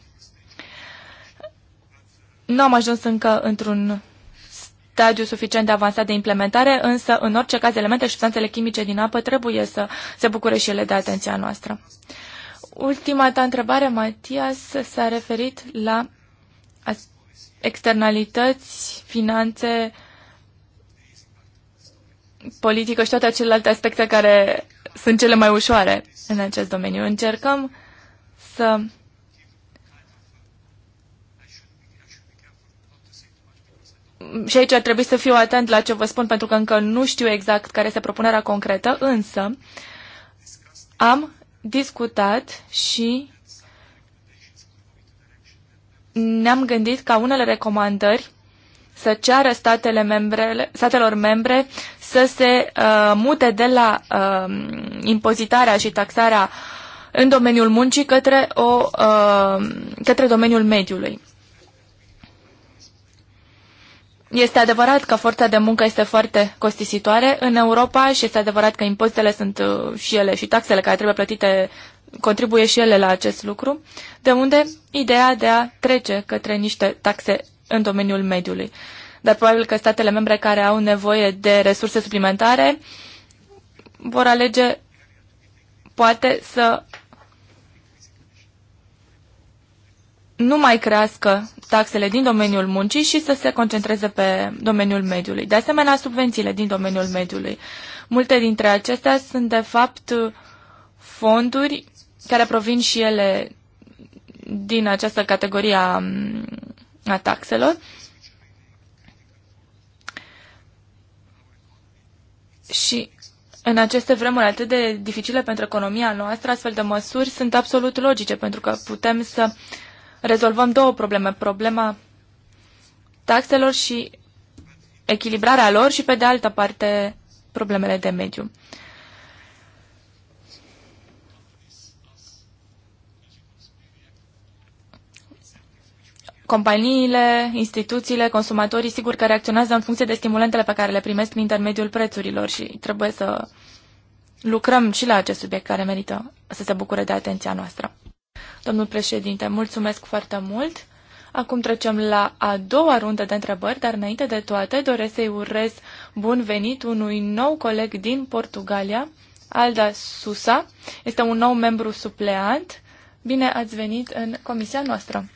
Nu am ajuns încă într-un stadiu suficient de avansat de implementare, însă, în orice caz, elemente și substanțele chimice din apă trebuie să se bucure și ele de atenția noastră. Ultima ta întrebare, Matias, s-a referit la externalități, finanțe, politică și toate celelalte aspecte care sunt cele mai ușoare în acest domeniu. Încercăm să și aici ar trebui să fiu atent la ce vă spun, pentru că încă nu știu exact care este propunerea concretă, însă am discutat și ne-am gândit ca unele recomandări să ceară statele membre, statelor membre să se uh, mute de la uh, impozitarea și taxarea în domeniul muncii către, o, uh, către domeniul mediului. Este adevărat că forța de muncă este foarte costisitoare în Europa și este adevărat că impozitele sunt uh, și ele și taxele care trebuie plătite contribuie și ele la acest lucru, de unde ideea de a trece către niște taxe în domeniul mediului. Dar probabil că statele membre care au nevoie de resurse suplimentare vor alege poate să nu mai crească taxele din domeniul muncii și să se concentreze pe domeniul mediului. De asemenea, subvențiile din domeniul mediului. Multe dintre acestea sunt, de fapt, fonduri care provin și ele din această categorie a, a taxelor. Și în aceste vremuri atât de dificile pentru economia noastră, astfel de măsuri sunt absolut logice, pentru că putem să uh, rezolvăm două probleme. Problema taxelor și echilibrarea lor și, pe de altă parte, problemele de mediu. Companiile, instituțiile, consumatorii, sigur că reacționează în funcție de stimulentele pe care le primesc prin intermediul prețurilor și trebuie să lucrăm și la acest subiect care merită să se bucure de atenția noastră. Domnul președinte, mulțumesc foarte mult. Acum trecem la a doua rundă de întrebări, dar înainte de toate doresc să-i urez bun venit unui nou coleg din Portugalia, Alda Susa. Este un nou membru supleant. Bine ați venit în comisia noastră.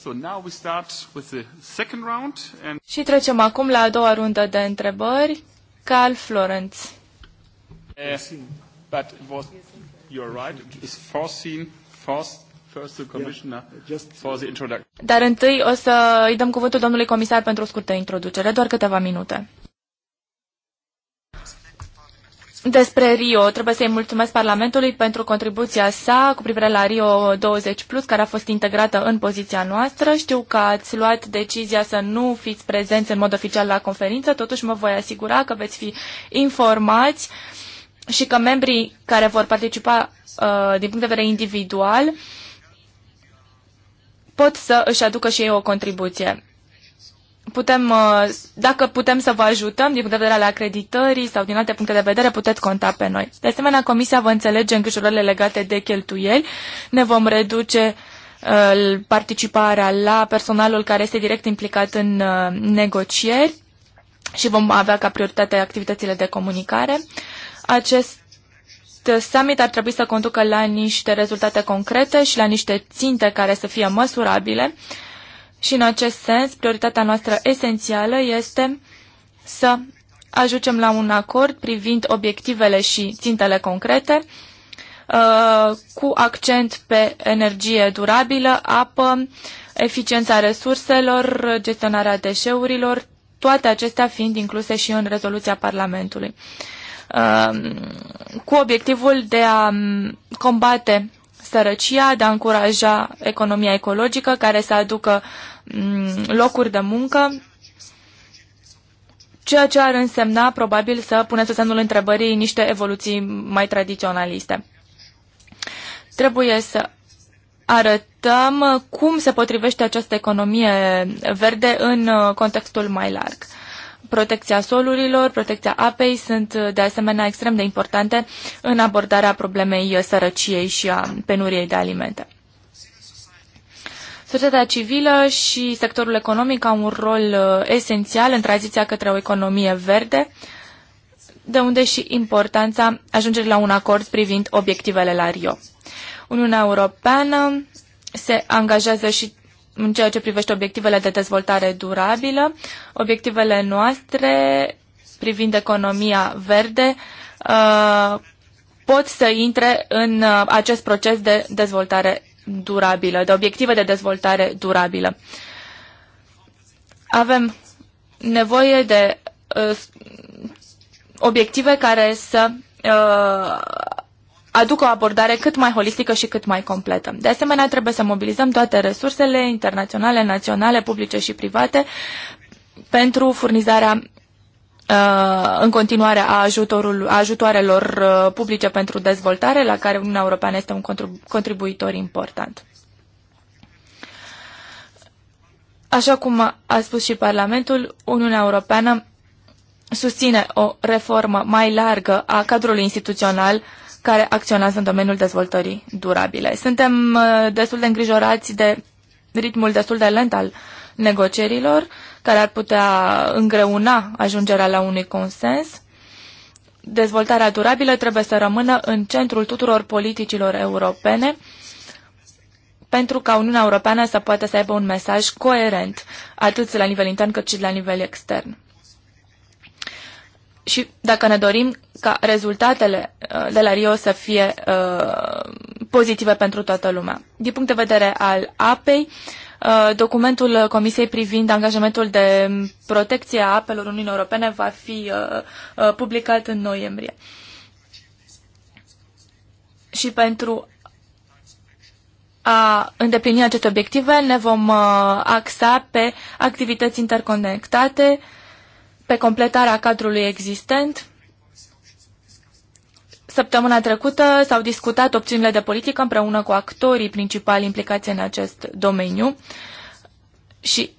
So now we start with the second round and... Și trecem acum la a doua rundă de întrebări. Carl Florence. Uh, but it was you're right, is foreseen, first commissioner just... for the introduction. Dar întâi o să îi dăm cuvântul domnului comisar pentru o scurtă introducere, doar câteva minute. Despre Rio, trebuie să-i mulțumesc Parlamentului pentru contribuția sa cu privire la Rio 20+, Plus, care a fost integrată în poziția noastră. Știu că ați luat decizia să nu fiți prezenți în mod oficial la conferință, totuși mă voi asigura că veți fi informați uh, și că membrii care vor participa uh, din punct de vedere individual pot să își aducă și ei o contribuție. Putem, uh, dacă putem să vă ajutăm din punct de vedere al acreditării sau din alte puncte de vedere, puteți conta pe noi. De asemenea, Comisia vă înțelege îngrijorările legate de cheltuieli. Ne vom reduce uh, participarea la personalul care este direct implicat în uh, negocieri și vom avea ca prioritate activitățile de comunicare. Uh, acest summit ar trebui să conducă la niște rezultate concrete și la niște ținte care să fie măsurabile și în acest sens prioritatea noastră esențială este să ajungem la un acord privind obiectivele și țintele concrete uh, cu accent pe energie durabilă, apă, eficiența resurselor, gestionarea deșeurilor, toate acestea fiind incluse și în rezoluția Parlamentului. Um, cu obiectivul de a um, combate sărăcia, de a încuraja economia ecologică care să aducă um, locuri de muncă, ceea ce ar însemna probabil să pune să semnul întrebării niște evoluții mai tradiționaliste. Trebuie să arătăm cum se potrivește această economie verde în uh, contextul mai larg protecția solurilor, protecția apei sunt uh, de asemenea extrem de importante în abordarea problemei uh, sărăciei și a penuriei de alimente. Societatea civilă și sectorul economic au un rol uh, esențial în tranziția către o economie verde, de unde și importanța ajungerii la un acord privind obiectivele la Rio. Uniunea Europeană se angajează și în ceea ce privește obiectivele de dezvoltare durabilă, obiectivele noastre privind economia verde uh, pot să intre în uh, acest proces de dezvoltare durabilă, de obiective de dezvoltare durabilă. Avem nevoie de uh, obiective care să aducă o abordare cât mai holistică și cât mai completă. De asemenea, trebuie să mobilizăm toate resursele internaționale, naționale, publice și private pentru furnizarea uh, în continuare a, ajutorul, a ajutoarelor uh, publice pentru dezvoltare, la care Uniunea Europeană este un contribuitor important. Așa cum a spus și Parlamentul, Uniunea Europeană susține o reformă mai largă a cadrului instituțional care acționează în domeniul dezvoltării durabile. Suntem uh, destul de îngrijorați de ritmul destul de lent al negocierilor, care ar putea îngreuna ajungerea la unui consens. Dezvoltarea durabilă trebuie să rămână în centrul tuturor politicilor europene pentru ca Uniunea Europeană să poată să aibă un mesaj coerent, atât la nivel intern cât și la nivel extern. Și dacă ne dorim ca rezultatele uh, de la Rio să fie uh, pozitive pentru toată lumea. Din punct de vedere al apei, uh, documentul Comisiei privind angajamentul de protecție a apelor Uniunii Europene va fi uh, publicat în noiembrie. Și pentru a îndeplini aceste obiective ne vom axa pe activități interconectate, pe completarea cadrului existent. Săptămâna trecută s-au discutat opțiunile de politică împreună cu actorii principali implicați în acest domeniu și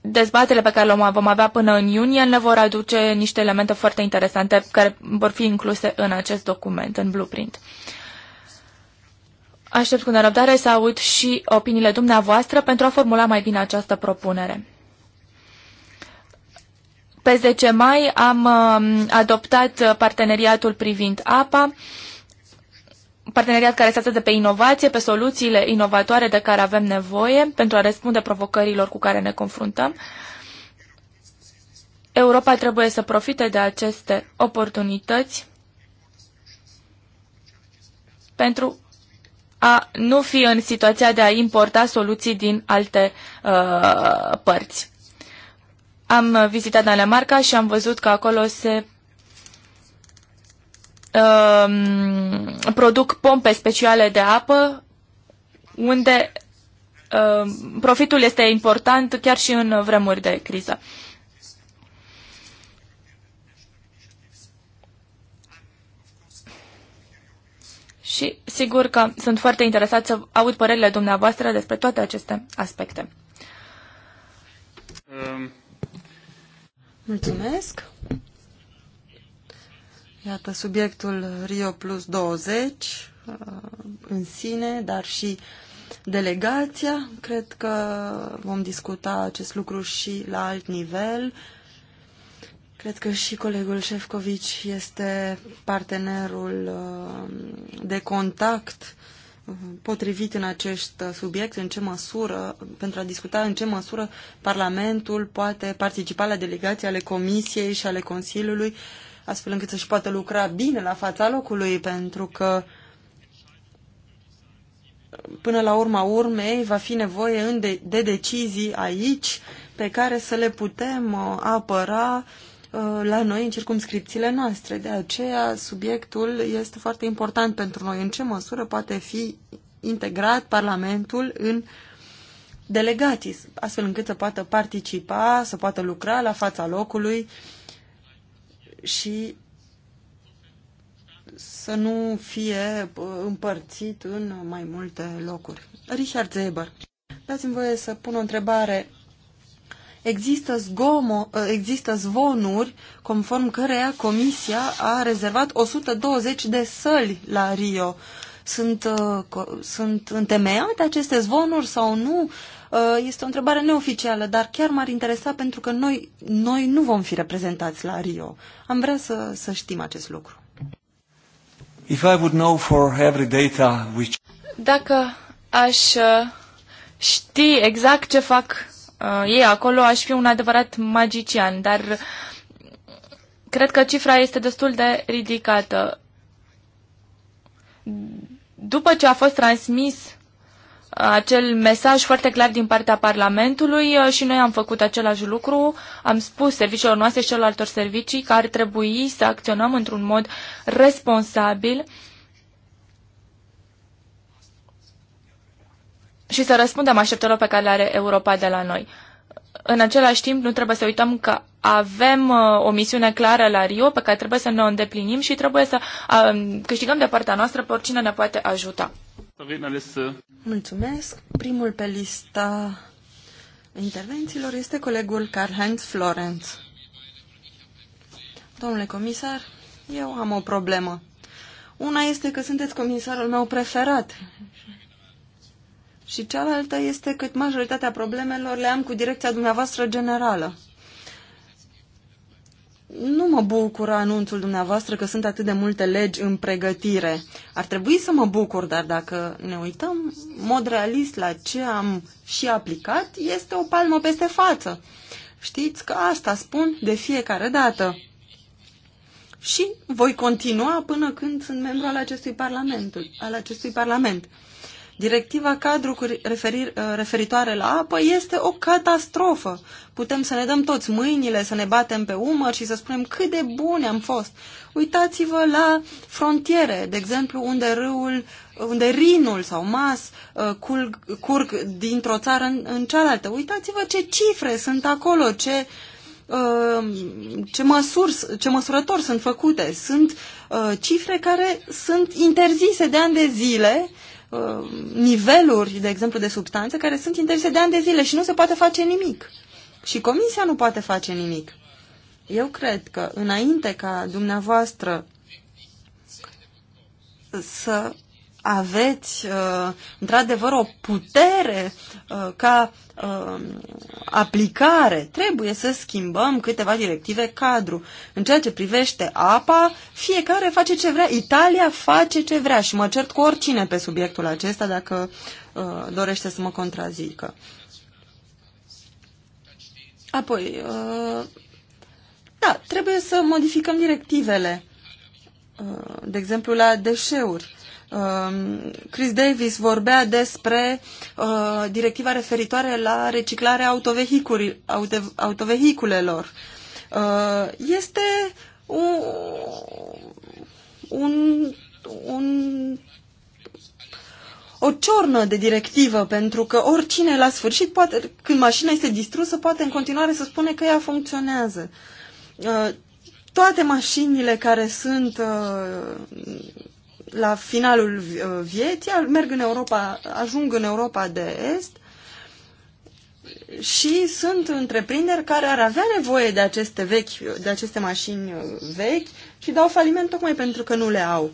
dezbatele pe care le vom avea până în iunie ne vor aduce niște elemente foarte interesante care vor fi incluse în acest document, în blueprint. Aștept cu nerăbdare să aud și opiniile dumneavoastră pentru a formula mai bine această propunere. Pe 10 mai am um, adoptat parteneriatul privind apa, parteneriat care se de pe inovație, pe soluțiile inovatoare de care avem nevoie pentru a răspunde provocărilor cu care ne confruntăm. Europa trebuie să profite de aceste oportunități pentru a nu fi în situația de a importa soluții din alte uh, părți. Am vizitat Danemarca și am văzut că acolo se um, produc pompe speciale de apă unde um, profitul este important chiar și în vremuri de criză. Și sigur că sunt foarte interesat să aud părerile dumneavoastră despre toate aceste aspecte. Um. Mulțumesc. Iată subiectul Rio Plus 20 uh, în sine, dar și delegația. Cred că vom discuta acest lucru și la alt nivel. Cred că și colegul Șefcovici este partenerul uh, de contact potrivit în acest subiect, în ce măsură, pentru a discuta în ce măsură Parlamentul poate participa la delegații ale Comisiei și ale Consiliului, astfel încât să-și poată lucra bine la fața locului, pentru că până la urma urmei va fi nevoie de, decizii aici pe care să le putem uh, apăra Uh, la noi în circumscripțiile noastre. De aceea, subiectul este foarte important pentru noi. În ce măsură poate fi integrat Parlamentul în delegații, astfel încât să poată participa, să poată lucra la fața locului și să nu fie uh, împărțit în mai multe locuri. Richard Zeber, dați-mi voie să pun o întrebare există, zgomo, există zvonuri conform căreia Comisia a rezervat 120 de săli la Rio. Sunt, uh, sunt întemeiate aceste zvonuri sau nu? Uh, este o întrebare neoficială, dar chiar m-ar interesa pentru că noi, noi nu vom fi reprezentați la Rio. Am vrea să, să știm acest lucru. If I would know for every data which... Dacă aș uh, ști exact ce fac uh, ei acolo, aș fi un adevărat magician, dar cred că cifra este destul de ridicată. După ce a fost transmis acel mesaj foarte clar din partea Parlamentului uh, și noi am făcut același lucru. Am spus serviciilor noastre și celorlaltor servicii că ar trebui să acționăm într-un mod responsabil uh, și să răspundem așteptărilor pe care le are Europa de la noi. În același timp, nu trebuie să uităm că avem uh, o misiune clară la Rio pe care trebuie să ne o îndeplinim și trebuie să um, câștigăm de partea noastră pe oricine ne poate ajuta. Mulțumesc. Primul pe lista intervențiilor este colegul Karl-Heinz Florenz. Domnule comisar, eu am o problemă. Una este că sunteți comisarul meu preferat și cealaltă este că majoritatea problemelor le am cu direcția dumneavoastră generală. Nu mă bucură anunțul dumneavoastră că sunt atât de multe legi în pregătire. Ar trebui să mă bucur, dar dacă ne uităm mod realist la ce am și aplicat, este o palmă peste față. Știți că asta spun de fiecare dată. Și voi continua până când sunt membru al acestui parlament. Al acestui parlament. Directiva cadru cu referir, uh, referitoare la apă este o catastrofă. Putem să ne dăm toți mâinile, să ne batem pe umăr și să spunem cât de bune am fost. Uitați-vă la frontiere, de exemplu, unde râul, unde Rinul sau Mas uh, curg, curg dintr-o țară în, în cealaltă. Uitați-vă ce cifre sunt acolo, ce uh, ce, măsurs, ce măsurători sunt făcute. Sunt cifre care sunt interzise de ani de zile Uh, niveluri, de exemplu, de substanțe care sunt interzise de ani de zile și nu se poate face nimic. Și comisia nu poate face nimic. Eu cred că înainte ca dumneavoastră să aveți uh, într-adevăr o putere uh, ca uh, aplicare. Trebuie să schimbăm câteva directive cadru. În ceea ce privește apa, fiecare face ce vrea. Italia face ce vrea și mă cert cu oricine pe subiectul acesta dacă dorește să mă contrazică. Apoi, da, trebuie să modificăm directivele. De exemplu, la deșeuri Um, Chris Davis vorbea despre uh, directiva referitoare la reciclarea autovehiculelor. Uh, este un, un, un, o ciornă de directivă, pentru că oricine la sfârșit, poate, când mașina este distrusă, poate în continuare să spune că ea funcționează. Uh, toate mașinile care sunt uh, la finalul uh, vieții, merg în Europa, ajung în Europa de Est și sunt întreprinderi care ar avea nevoie de aceste, vechi, de aceste mașini uh, vechi și dau faliment tocmai pentru că nu le au.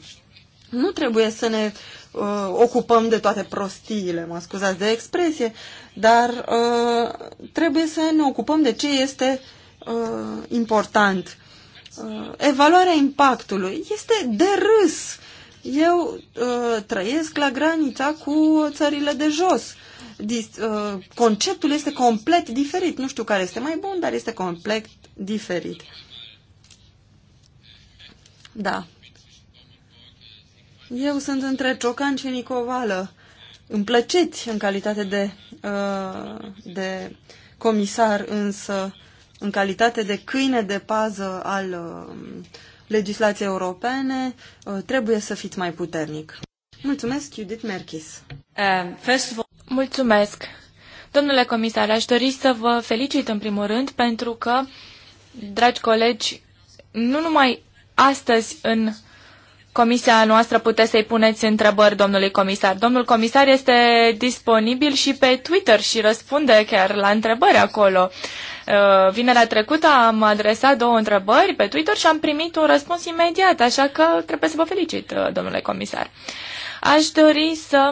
Nu trebuie să ne uh, ocupăm de toate prostiile, mă scuzați de expresie, dar uh, trebuie să ne ocupăm de ce este uh, important. Uh, evaluarea impactului este de râs eu uh, trăiesc la granița cu țările de jos. Dis, uh, conceptul este complet diferit. Nu știu care este mai bun, dar este complet diferit. Da. Eu sunt între Ciocan și Nicovală. Îmi plăceți în calitate de, uh, de comisar, însă în calitate de câine de pază al uh, legislației europene, uh, trebuie să fiți mai puternic. Mulțumesc, Judith Merkis. Um, Mulțumesc. Domnule comisar, aș dori să vă felicit în primul rând pentru că, dragi colegi, nu numai astăzi în comisia noastră puteți să-i puneți întrebări domnului comisar. Domnul comisar este disponibil și pe Twitter și răspunde chiar la întrebări acolo. Uh, vinerea trecută am adresat două întrebări pe Twitter și am primit un răspuns imediat, așa că trebuie să vă felicit, uh, domnule comisar. Aș dori să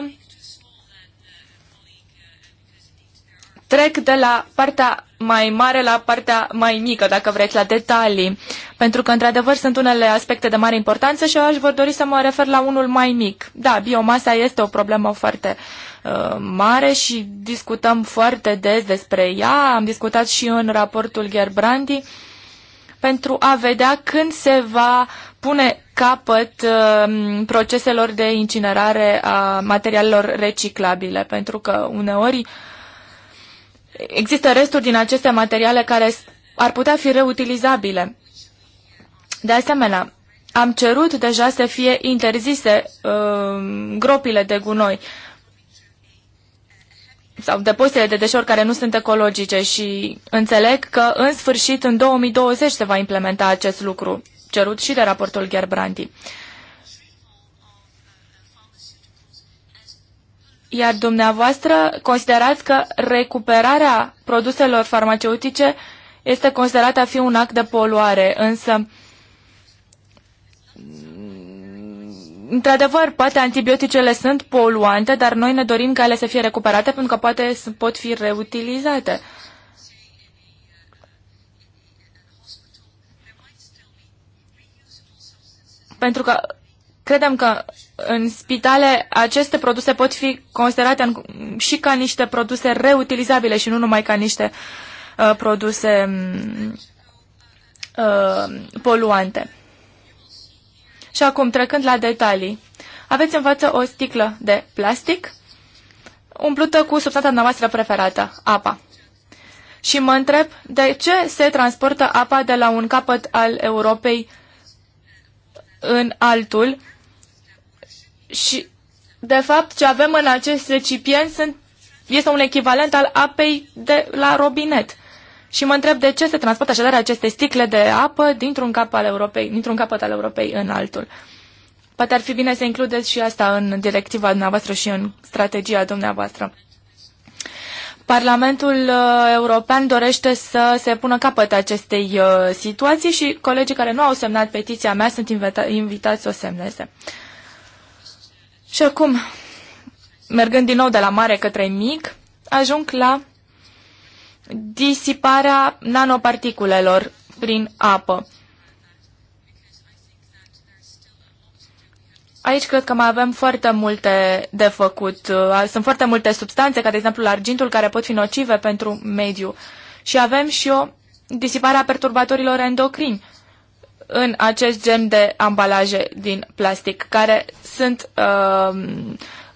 trec de la partea mai mare la partea mai mică, dacă vreți, la detalii, pentru că, într-adevăr, sunt unele aspecte de mare importanță și eu aș vor dori să mă refer la unul mai mic. Da, biomasa este o problemă foarte uh, mare și discutăm foarte des despre ea. Am discutat și în raportul Gerbrandi pentru a vedea când se va pune capăt uh, proceselor de incinerare a materialelor reciclabile, pentru că uneori uh, există resturi din aceste materiale care ar putea fi reutilizabile. De asemenea, am cerut deja să fie interzise uh, gropile de gunoi sau depozitele de deșeuri care nu sunt ecologice și înțeleg că în sfârșit în 2020 se va implementa acest lucru, cerut și de raportul Gerbrandi. Uh, Iar dumneavoastră considerați că recuperarea produselor farmaceutice este considerată a fi un act de poluare, însă într-adevăr, poate antibioticele sunt poluante, dar noi ne dorim ca ele să fie recuperate pentru că poate pot fi reutilizate. Pentru că credem că în spitale aceste produse pot fi considerate în, și ca niște produse reutilizabile și nu numai ca niște uh, produse mm, uh, poluante. Și acum, trecând la detalii, aveți în față o sticlă de plastic umplută cu substanța noastră preferată, apa. Și mă întreb de ce se transportă apa de la un capăt al Europei în altul, și, de fapt, ce avem în acest recipient sunt, este un echivalent al apei de la robinet. Și mă întreb de ce se transportă așadar aceste sticle de apă dintr-un cap al Europei, dintr-un capăt al Europei în altul. Poate ar fi bine să includeți și asta în directiva dumneavoastră și în strategia dumneavoastră. Parlamentul uh, European dorește să se pună capăt acestei uh, situații și colegii care nu au semnat petiția mea sunt invita invitați să o semneze. Și acum, mergând din nou de la mare către mic, ajung la disiparea nanoparticulelor prin apă. Aici cred că mai avem foarte multe de făcut. Sunt foarte multe substanțe, ca de exemplu argintul, care pot fi nocive pentru mediu. Și avem și o disipare a perturbatorilor endocrini în acest gen de ambalaje din plastic, care sunt uh,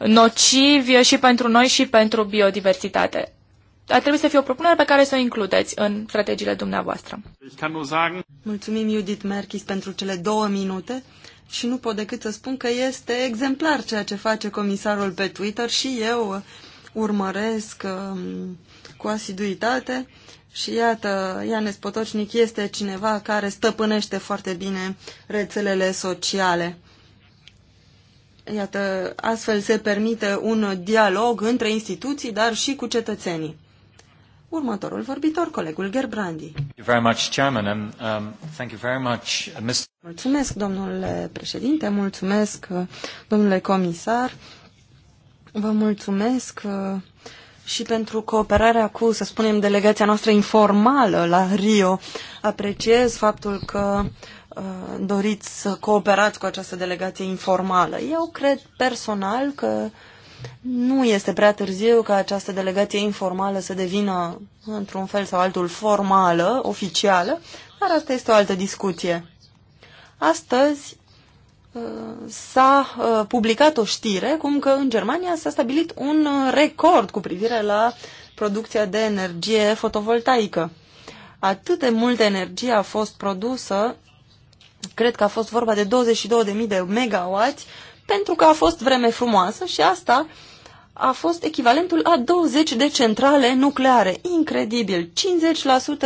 nocivi și pentru noi și pentru biodiversitate. Ar trebui să fie o propunere pe care să o includeți în strategiile dumneavoastră. Mulțumim Judith Merkis pentru cele două minute și nu pot decât să spun că este exemplar ceea ce face comisarul pe Twitter și eu urmăresc um, cu asiduitate și iată, Ianes Potocnic este cineva care stăpânește foarte bine rețelele sociale. Iată, astfel se permite un dialog între instituții, dar și cu cetățenii. Următorul vorbitor, colegul Gerbrandi. Um, uh, mulțumesc, domnule președinte, mulțumesc, uh, domnule comisar. Vă mulțumesc uh, și pentru cooperarea cu, să spunem, delegația noastră informală la Rio. Apreciez faptul că uh, doriți să cooperați cu această delegație informală. Eu cred personal că nu este prea târziu ca această delegație informală să devină într-un fel sau altul formală, oficială, dar asta este o altă discuție. Astăzi s-a uh, publicat o știre cum că în Germania s-a stabilit un uh, record cu privire la producția de energie fotovoltaică. Atât de multă energie a fost produsă, cred că a fost vorba de 22.000 de megawatt, pentru că a fost vreme frumoasă și asta a fost echivalentul a 20 de centrale nucleare. Incredibil!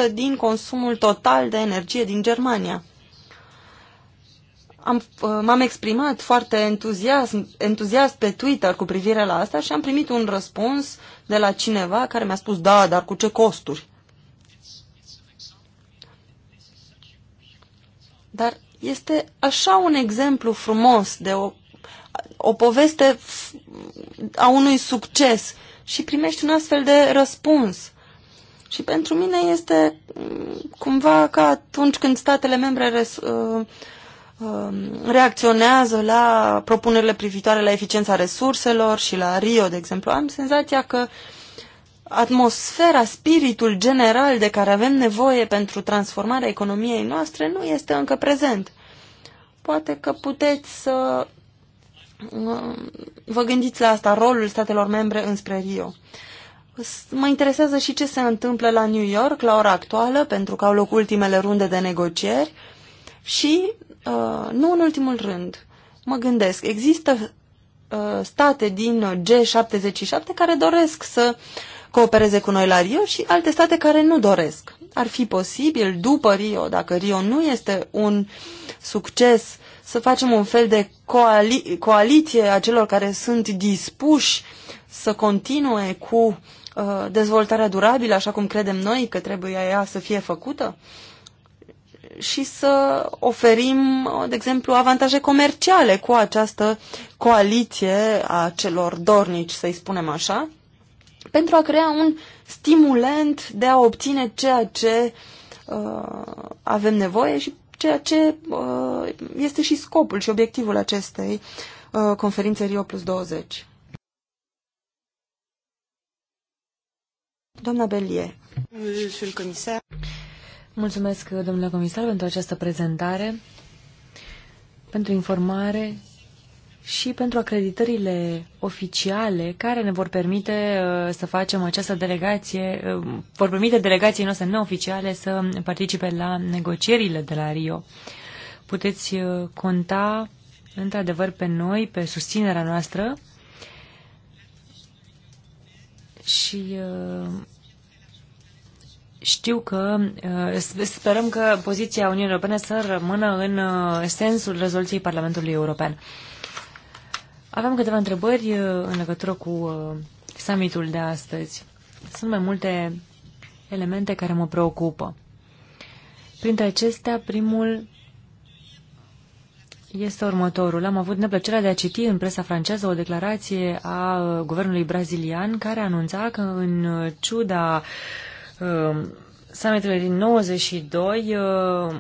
50% din consumul total de energie din Germania am, uh, m-am exprimat foarte entuziasm, entuziast pe Twitter cu privire la asta și am primit un răspuns de la cineva care mi-a spus da, dar cu ce costuri? Dar este așa un exemplu frumos de o, o poveste a unui succes și primești un astfel de răspuns. Și pentru mine este mm, cumva ca atunci când statele membre res, uh, Um, reacționează la propunerile privitoare la eficiența resurselor și la Rio, de exemplu. Am senzația că atmosfera, spiritul general de care avem nevoie pentru transformarea economiei noastre nu este încă prezent. Poate că puteți să um, vă gândiți la asta, rolul statelor membre înspre Rio. Mă interesează și ce se întâmplă la New York la ora actuală, pentru că au loc ultimele runde de negocieri și Uh, nu în ultimul rând, mă gândesc, există uh, state din G77 care doresc să coopereze cu noi la Rio și alte state care nu doresc. Ar fi posibil după Rio, dacă Rio nu este un succes, să facem un fel de coali- coaliție a celor care sunt dispuși să continue cu uh, dezvoltarea durabilă, așa cum credem noi că trebuie ea să fie făcută? Uh, și să oferim, de exemplu, avantaje comerciale cu această coaliție a celor dornici, să-i spunem așa, pentru a crea un stimulent de a obține ceea ce uh, avem nevoie și ceea ce uh, este și scopul și obiectivul acestei uh, conferințe Rio plus 20. Doamna Belie. Monsieur le comisar. Mulțumesc, domnule comisar, pentru această prezentare, pentru informare și pentru acreditările oficiale care ne vor permite uh, să facem această delegație, uh, vor permite delegației noastre neoficiale să participe la negocierile de la Rio. Puteți uh, conta într-adevăr pe noi, pe susținerea noastră și știu că uh, sperăm că poziția Uniunii Europene să rămână în uh, sensul rezoluției Parlamentului European. Aveam câteva întrebări uh, în legătură cu summitul de astăzi. Sunt mai multe elemente care mă preocupă. Printre acestea, primul este următorul. Am avut neplăcerea de a citi în presa franceză o declarație a guvernului brazilian care anunța că în ciuda uh, Um, summiturile din 92, uh,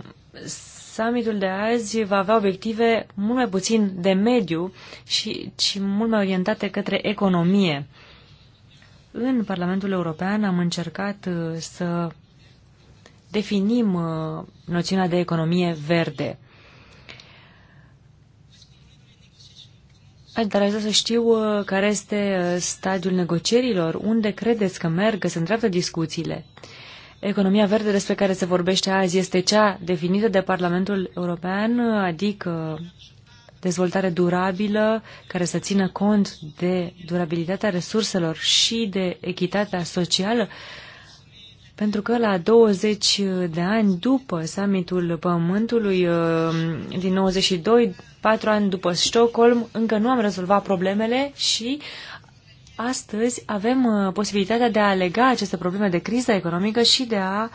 summitul de azi va avea obiective mult mai puțin de mediu și, și mult mai orientate către economie. În Parlamentul European am încercat uh, să definim uh, noțiunea de economie verde. Aș, dar aș să știu uh, care este uh, stadiul negocierilor, unde credeți că merg, că se îndreaptă discuțiile. Economia verde despre care se vorbește azi este cea definită de Parlamentul European, uh, adică dezvoltare durabilă care să țină cont de durabilitatea resurselor și de echitatea socială. Pentru că la 20 de ani după summitul Pământului uh, din 92, patru ani după Stockholm, încă nu am rezolvat problemele și astăzi avem uh, posibilitatea de a lega aceste probleme de criză economică și de a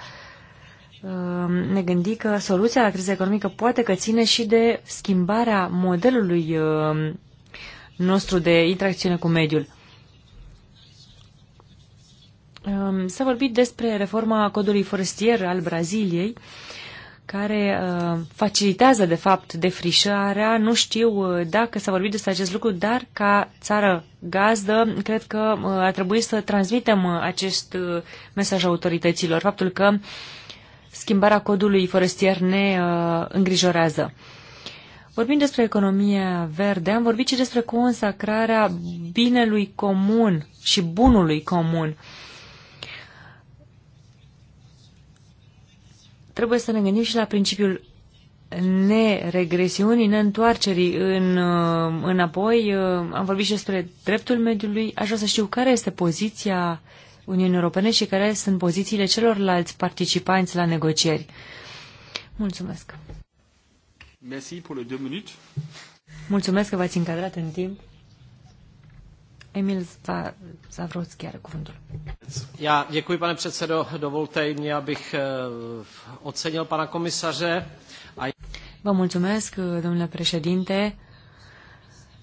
uh, ne gândi că soluția la criza economică poate că ține și de schimbarea modelului nostru de interacțiune cu mediul. Um, s-a vorbit despre reforma codului forestier al Braziliei, care uh, facilitează, de fapt, defrișarea. Nu știu uh, dacă s-a vorbit despre acest lucru, dar ca țară gazdă, cred că uh, ar trebui să transmitem acest mesaj autorităților, faptul că schimbarea codului forestier ne îngrijorează. Vorbim despre economia verde, am vorbit și despre consacrarea binelui comun și bunului comun. trebuie să ne gândim și la principiul neregresiunii, neîntoarcerii în, uh, înapoi. Uh, am vorbit și despre dreptul mediului. Aș vrea să știu care este poziția Uniunii Europene și care sunt pozițiile celorlalți participanți la negocieri. Mulțumesc! Mulțumesc că v-ați încadrat în timp. Emil Zavrocký are cuvântul. Já děkuji, pane předsedo. Dovolte i mě, abych eh, ocenil pana komisaře. Vă mulțumesc, domnule președinte.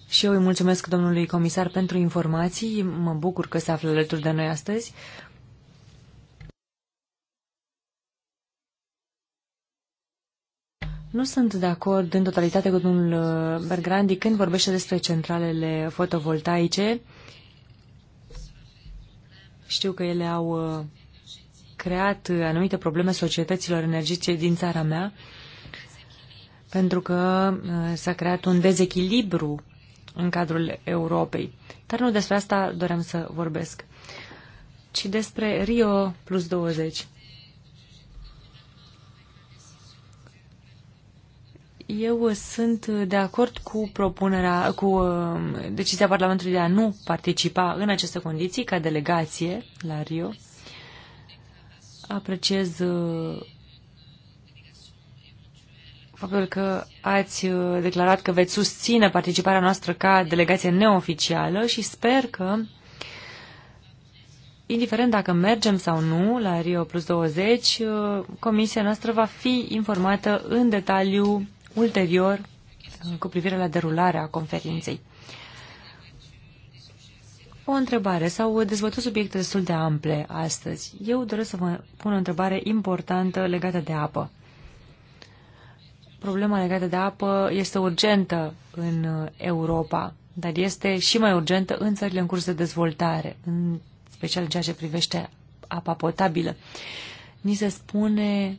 Și eu îi mulțumesc domnului comisar pentru informații. Mă bucur că se află alături de noi astăzi. Nu sunt de acord în totalitate cu domnul Bergrandi când vorbește despre centralele fotovoltaice. Știu că ele au uh, creat uh, anumite probleme societăților energetice din țara mea, pentru că uh, s-a creat un dezechilibru în cadrul Europei. Dar nu despre asta doream să vorbesc, ci despre Rio plus 20. Eu sunt de acord cu propunerea, cu uh, decizia Parlamentului de a nu participa în aceste condiții ca delegație la Rio. Apreciez uh, faptul că ați uh, declarat că veți susține participarea noastră ca delegație neoficială și sper că, indiferent dacă mergem sau nu la Rio Plus 20, comisia noastră va fi informată în detaliu ulterior cu privire la derularea conferinței. O întrebare. S-au dezvoltat subiecte destul de ample astăzi. Eu doresc să vă pun o întrebare importantă legată de apă. Problema legată de apă este urgentă în Europa, dar este și mai urgentă în țările în curs de dezvoltare, în special în ceea ce privește apa potabilă. Ni se spune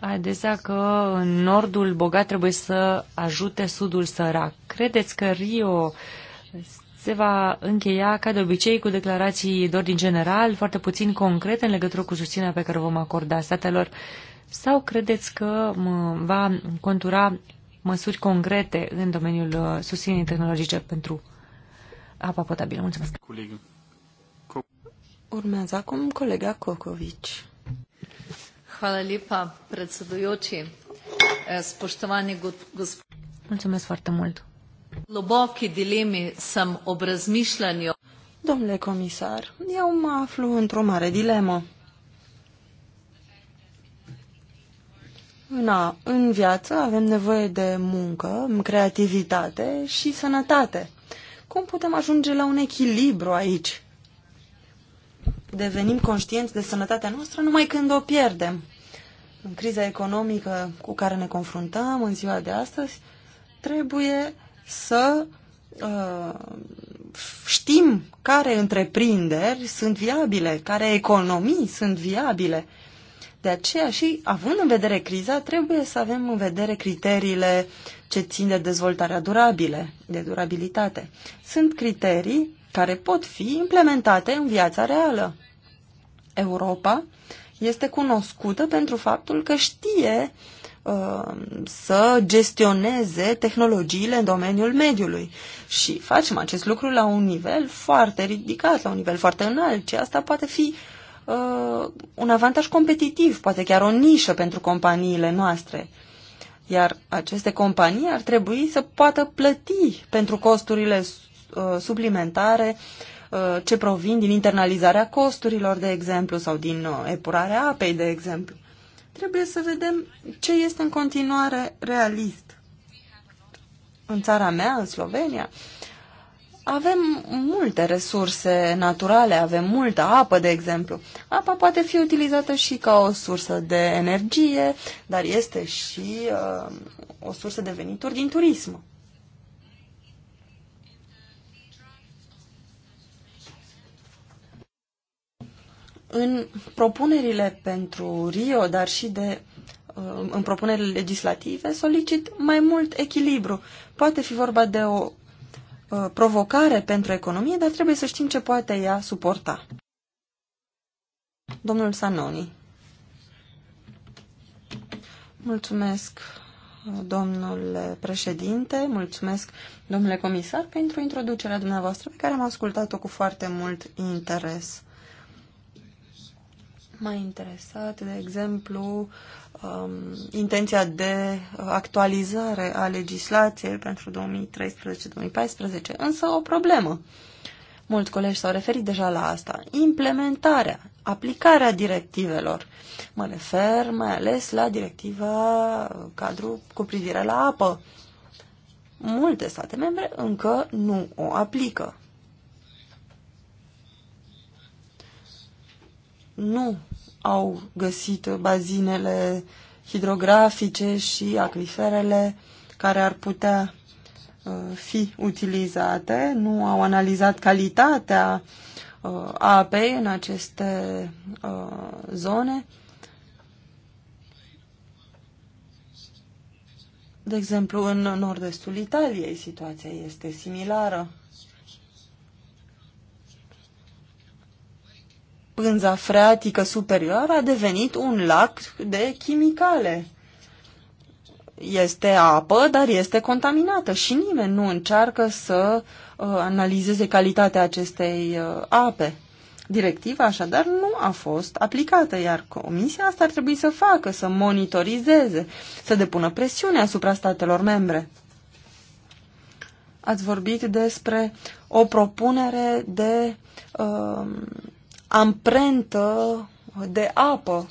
adesea că nordul bogat trebuie să ajute sudul sărac. Credeți că Rio se va încheia, ca de obicei, cu declarații doar din general, foarte puțin concrete în legătură cu susținerea pe care vom acorda statelor? Sau credeți că va contura măsuri concrete în domeniul uh, susținerii tehnologice pentru apa potabilă? Mulțumesc! Colegă. Urmează acum colega Cocovici. Hvala lepa, predsedujoči. Eh, spoštovani gospod. Mulțumesc foarte mult. Globoki dilemi sem ob razmišljanju. Domnule comisar, eu mă aflu într-o mare dilemă. Na, în viață avem nevoie de muncă, creativitate și sănătate. Cum putem ajunge la un echilibru aici? devenim conștienți de sănătatea noastră numai când o pierdem. În criza economică cu care ne confruntăm în ziua de astăzi, trebuie să uh, știm care întreprinderi sunt viabile, care economii sunt viabile. De aceea și având în vedere criza, trebuie să avem în vedere criteriile ce țin de dezvoltarea durabile, de durabilitate. Sunt criterii care pot fi implementate în viața reală. Europa este cunoscută pentru faptul că știe uh, să gestioneze tehnologiile în domeniul mediului. Și facem acest lucru la un nivel foarte ridicat, la un nivel foarte înalt, și asta poate fi uh, un avantaj competitiv, poate chiar o nișă pentru companiile noastre. Iar aceste companii ar trebui să poată plăti pentru costurile Uh, suplimentare uh, ce provin din internalizarea costurilor, de exemplu, sau din uh, epurarea apei, de exemplu. Trebuie să vedem ce este în continuare realist. În țara mea, în Slovenia, avem multe resurse naturale, avem multă apă, de exemplu. Apa poate fi utilizată și ca o sursă de energie, dar este și uh, o sursă de venituri din turism. În propunerile pentru Rio, dar și de uh, în propunerile legislative, solicit mai mult echilibru. Poate fi vorba de o uh, provocare pentru economie, dar trebuie să știm ce poate ea suporta. Domnul Sanoni. Mulțumesc, domnule președinte, mulțumesc, domnule comisar, pentru introducerea dumneavoastră, pe care am ascultat-o cu foarte mult interes. M-a interesat, de exemplu, um, intenția de actualizare a legislației pentru 2013-2014, însă o problemă. Mulți colegi s-au referit deja la asta. Implementarea, aplicarea directivelor. Mă refer mai ales la directiva cadru cu privire la apă. Multe state membre încă nu o aplică. Nu au găsit bazinele hidrografice și acviferele care ar putea uh, fi utilizate, nu au analizat calitatea uh, apei în aceste uh, zone. De exemplu, în nord-estul Italiei situația este similară. pânza freatică superioară a devenit un lac de chimicale. Este apă, dar este contaminată și nimeni nu încearcă să uh, analizeze calitatea acestei uh, ape. Directiva așadar nu a fost aplicată, iar Comisia asta ar trebui să facă, să monitorizeze, să depună presiune asupra statelor membre. Ați vorbit despre o propunere de uh, amprentă de apă.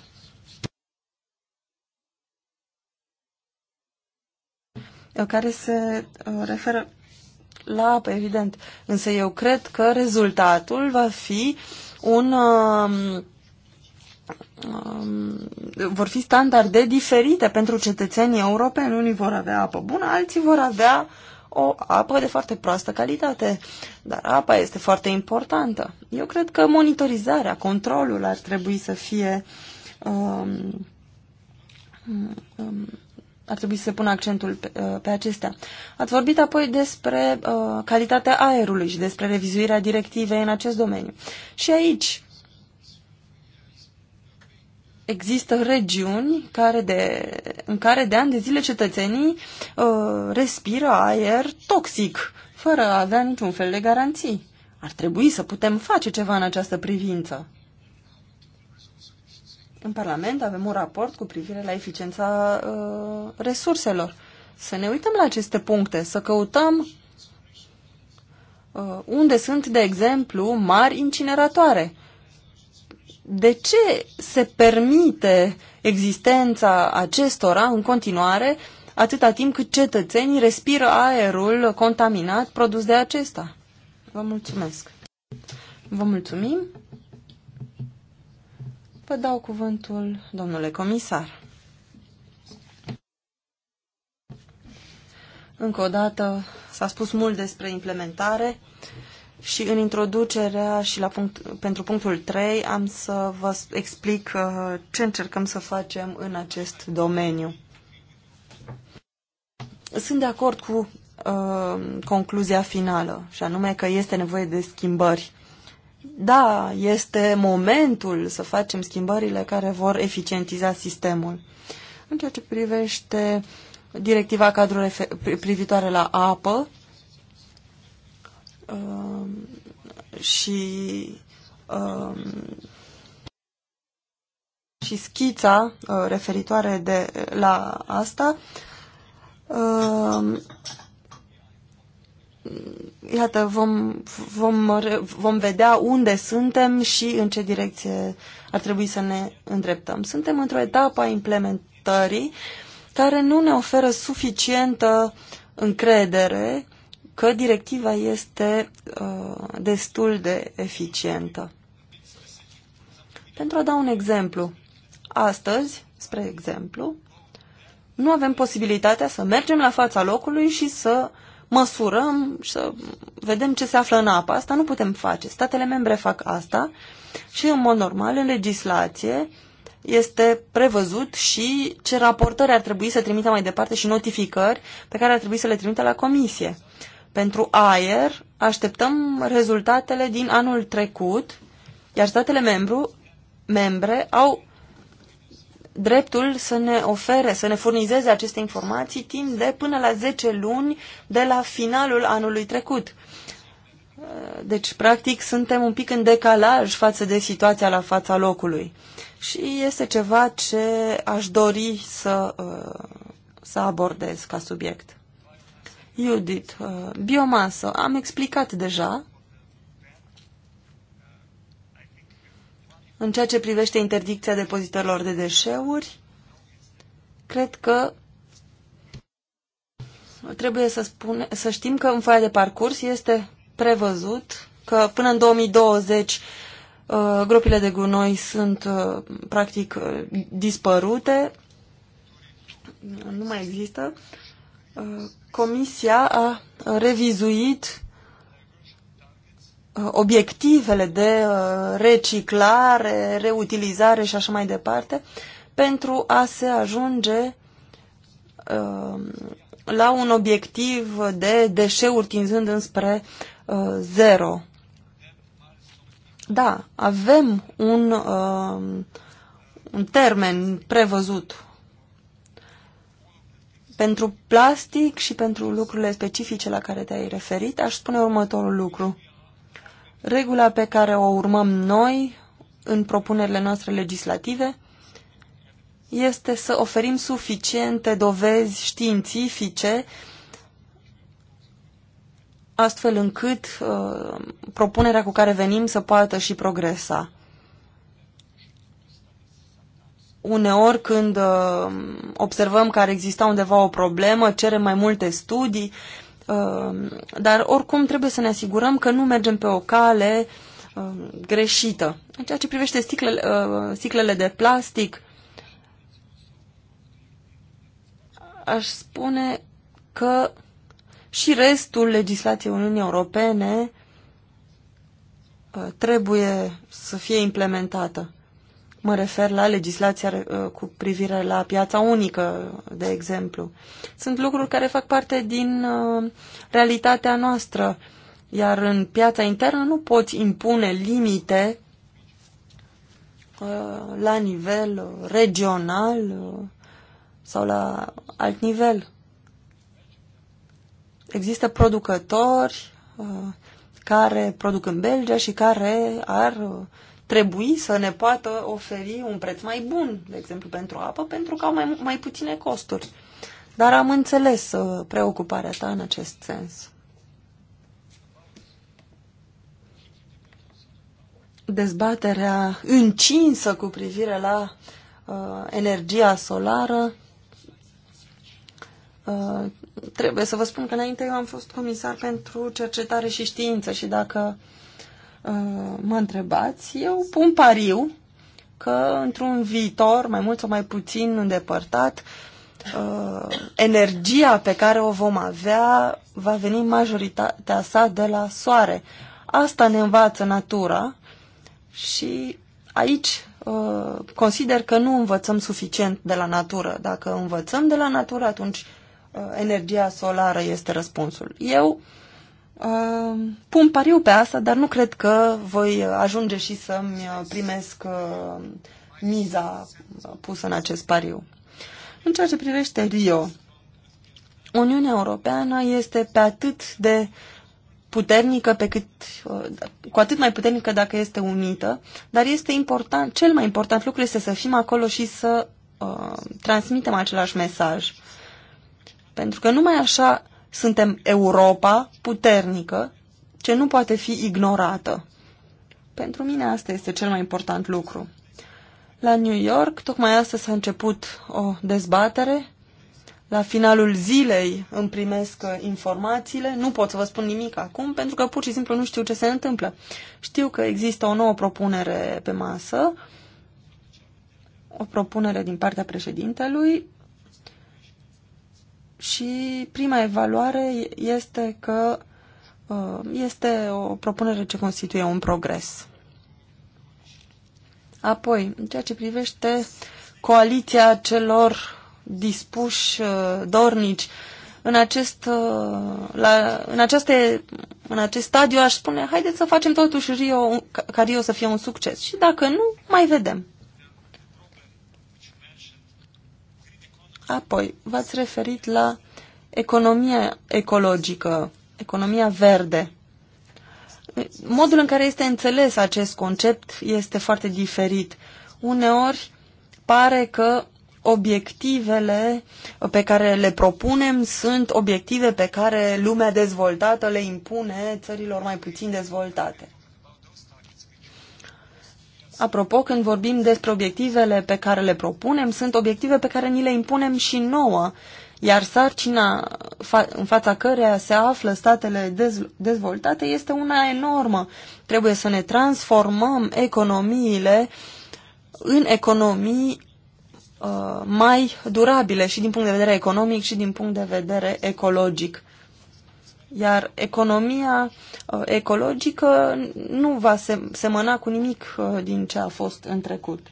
care se uh, referă la apă, evident. Însă eu cred că rezultatul va fi un... Um, um, vor fi standarde diferite pentru cetățenii europeni. Unii vor avea apă bună, alții vor avea o apă de foarte proastă calitate, dar apa este foarte importantă. Eu cred că monitorizarea, controlul ar trebui să fie um, um, um ar trebui să se pună accentul pe, uh, pe acestea. Ați vorbit apoi despre uh, calitatea aerului și despre revizuirea directivei în acest domeniu. Și aici există regiuni care de, în care de ani de zile cetățenii uh, respiră aer toxic, fără a avea niciun fel de garanții. Ar trebui să putem face ceva în această privință. În Parlament avem un raport cu privire la eficiența uh, resurselor. Să ne uităm la aceste puncte, să căutăm uh, unde sunt, de exemplu, mari incineratoare. Uh, de ce se permite existența acestora în continuare atâta timp cât cetățenii respiră aerul contaminat produs de acesta? Vă mulțumesc. Vă mulțumim. Vă dau cuvântul, domnule comisar. Încă o dată s-a spus mult despre implementare și în introducerea și la punct, pentru punctul 3 am să vă explic uh, ce încercăm să facem în acest domeniu. Sunt de acord cu uh, concluzia finală, și anume că este nevoie de schimbări. Da, este momentul să facem schimbările care vor eficientiza sistemul. În ceea ce privește directiva cadru privitoare la apă, Um, și um, și schița uh, referitoare de, la asta uh, iată, vom, vom, vom vedea unde suntem și în ce direcție ar trebui să ne îndreptăm. Suntem într-o etapă a implementării care nu ne oferă suficientă încredere că directiva este uh, destul de eficientă. Pentru a da un exemplu, astăzi, spre exemplu, nu avem posibilitatea să mergem la fața locului și să măsurăm și să vedem ce se află în apă. Asta nu putem face. Statele membre fac asta și, în mod normal, în legislație este prevăzut și ce raportări ar trebui să trimită mai departe și notificări pe care ar trebui să le trimită la comisie. Pentru aer așteptăm rezultatele din anul trecut, iar statele membru, membre au dreptul să ne ofere, să ne furnizeze aceste informații timp de până la 10 luni de la finalul anului trecut. Deci, practic, suntem un pic în decalaj față de situația la fața locului. Și este ceva ce aș dori să, să abordez ca subiect. Judith, uh, biomasă, am explicat deja. În ceea ce privește interdicția depozitorilor de deșeuri, cred că trebuie să, spune, să știm că în foaia de parcurs este prevăzut că până în 2020 uh, gropile de gunoi sunt uh, practic dispărute, nu mai există Comisia a revizuit uh, obiectivele de uh, reciclare, reutilizare și așa mai departe, pentru a se ajunge uh, la un obiectiv de deșeuri tinzând înspre zero. Da, avem un, un termen prevăzut pentru plastic și pentru lucrurile specifice la care te-ai referit, aș spune următorul lucru. Regula pe care o urmăm noi în propunerile noastre legislative este să oferim suficiente dovezi științifice astfel încât uh, propunerea cu care venim să poată și progresa. uneori când uh, observăm că ar exista undeva o problemă, cerem mai multe studii, uh, dar oricum trebuie să ne asigurăm că nu mergem pe o cale uh, greșită. În ceea ce privește sticlele, sticlele de plastic, aș spune că și restul legislației Uniunii Europene trebuie să fie implementată. Mă refer la legislația uh, cu privire la piața unică, de exemplu. Sunt lucruri care fac parte din uh, realitatea noastră, iar în piața internă nu poți impune limite uh, la nivel regional sau la alt nivel. Există producători care produc în Belgia și care ar trebui să ne poată oferi un preț mai bun, de exemplu, pentru apă, pentru că au mai, mai puține costuri. Dar am înțeles uh, preocuparea ta în acest sens. Dezbaterea încinsă cu privire la uh, energia solară Uh, trebuie să vă spun că înainte eu am fost comisar pentru cercetare și știință și dacă Uh, mă întrebați, eu pun pariu că într-un viitor, mai mult sau mai puțin îndepărtat, uh, energia pe care o vom avea va veni majoritatea sa de la soare. Asta ne învață natura și aici uh, consider că nu învățăm suficient de la natură. Dacă învățăm de la natură, atunci energia solară este răspunsul. Eu uh, Ehm, pun pariu pe asta, dar nu cred că voi ajunge și să-mi uh, primesc uh, miza uh, pusă în acest pariu. În ceea ce privește Rio, Uniunea Europeană este pe atât de puternică pe cât, cu atât mai puternică dacă este unită, dar este important, cel mai important lucru este să fim acolo și să uh, transmitem același mesaj. Pentru că numai așa suntem Europa puternică ce nu poate fi ignorată. Pentru mine asta este cel mai important lucru. La New York, tocmai astăzi s-a început o dezbatere. La finalul zilei îmi primesc uh, informațiile. Nu pot să vă spun nimic acum, pentru că pur și simplu nu știu ce se întâmplă. Știu că există o nouă propunere pe masă, o propunere din partea președintelui și prima evaluare este că uh, este o propunere ce constituie un progres. Apoi, în ceea ce privește coaliția celor dispuși, uh, dornici, în acest, uh, la, în, aceste, în acest stadiu aș spune, haideți să facem totuși Rio, ca Rio să fie un succes. Și dacă nu, mai vedem. Apoi, v-ați referit la economia ecologică, economia verde. Modul în care este înțeles acest concept este foarte diferit. Uneori pare că obiectivele pe care le propunem sunt obiective pe care lumea dezvoltată le impune țărilor mai puțin dezvoltate. Apropo, când vorbim despre obiectivele pe care le propunem, sunt obiective pe care ni le impunem și nouă, iar sarcina fa- în fața căreia se află statele dez- dezvoltate este una enormă. Trebuie să ne transformăm economiile în economii uh, mai durabile și din punct de vedere economic și din punct de vedere ecologic. Iar economia uh, ecologică nu va semăna cu nimic uh, din ce a fost în trecut.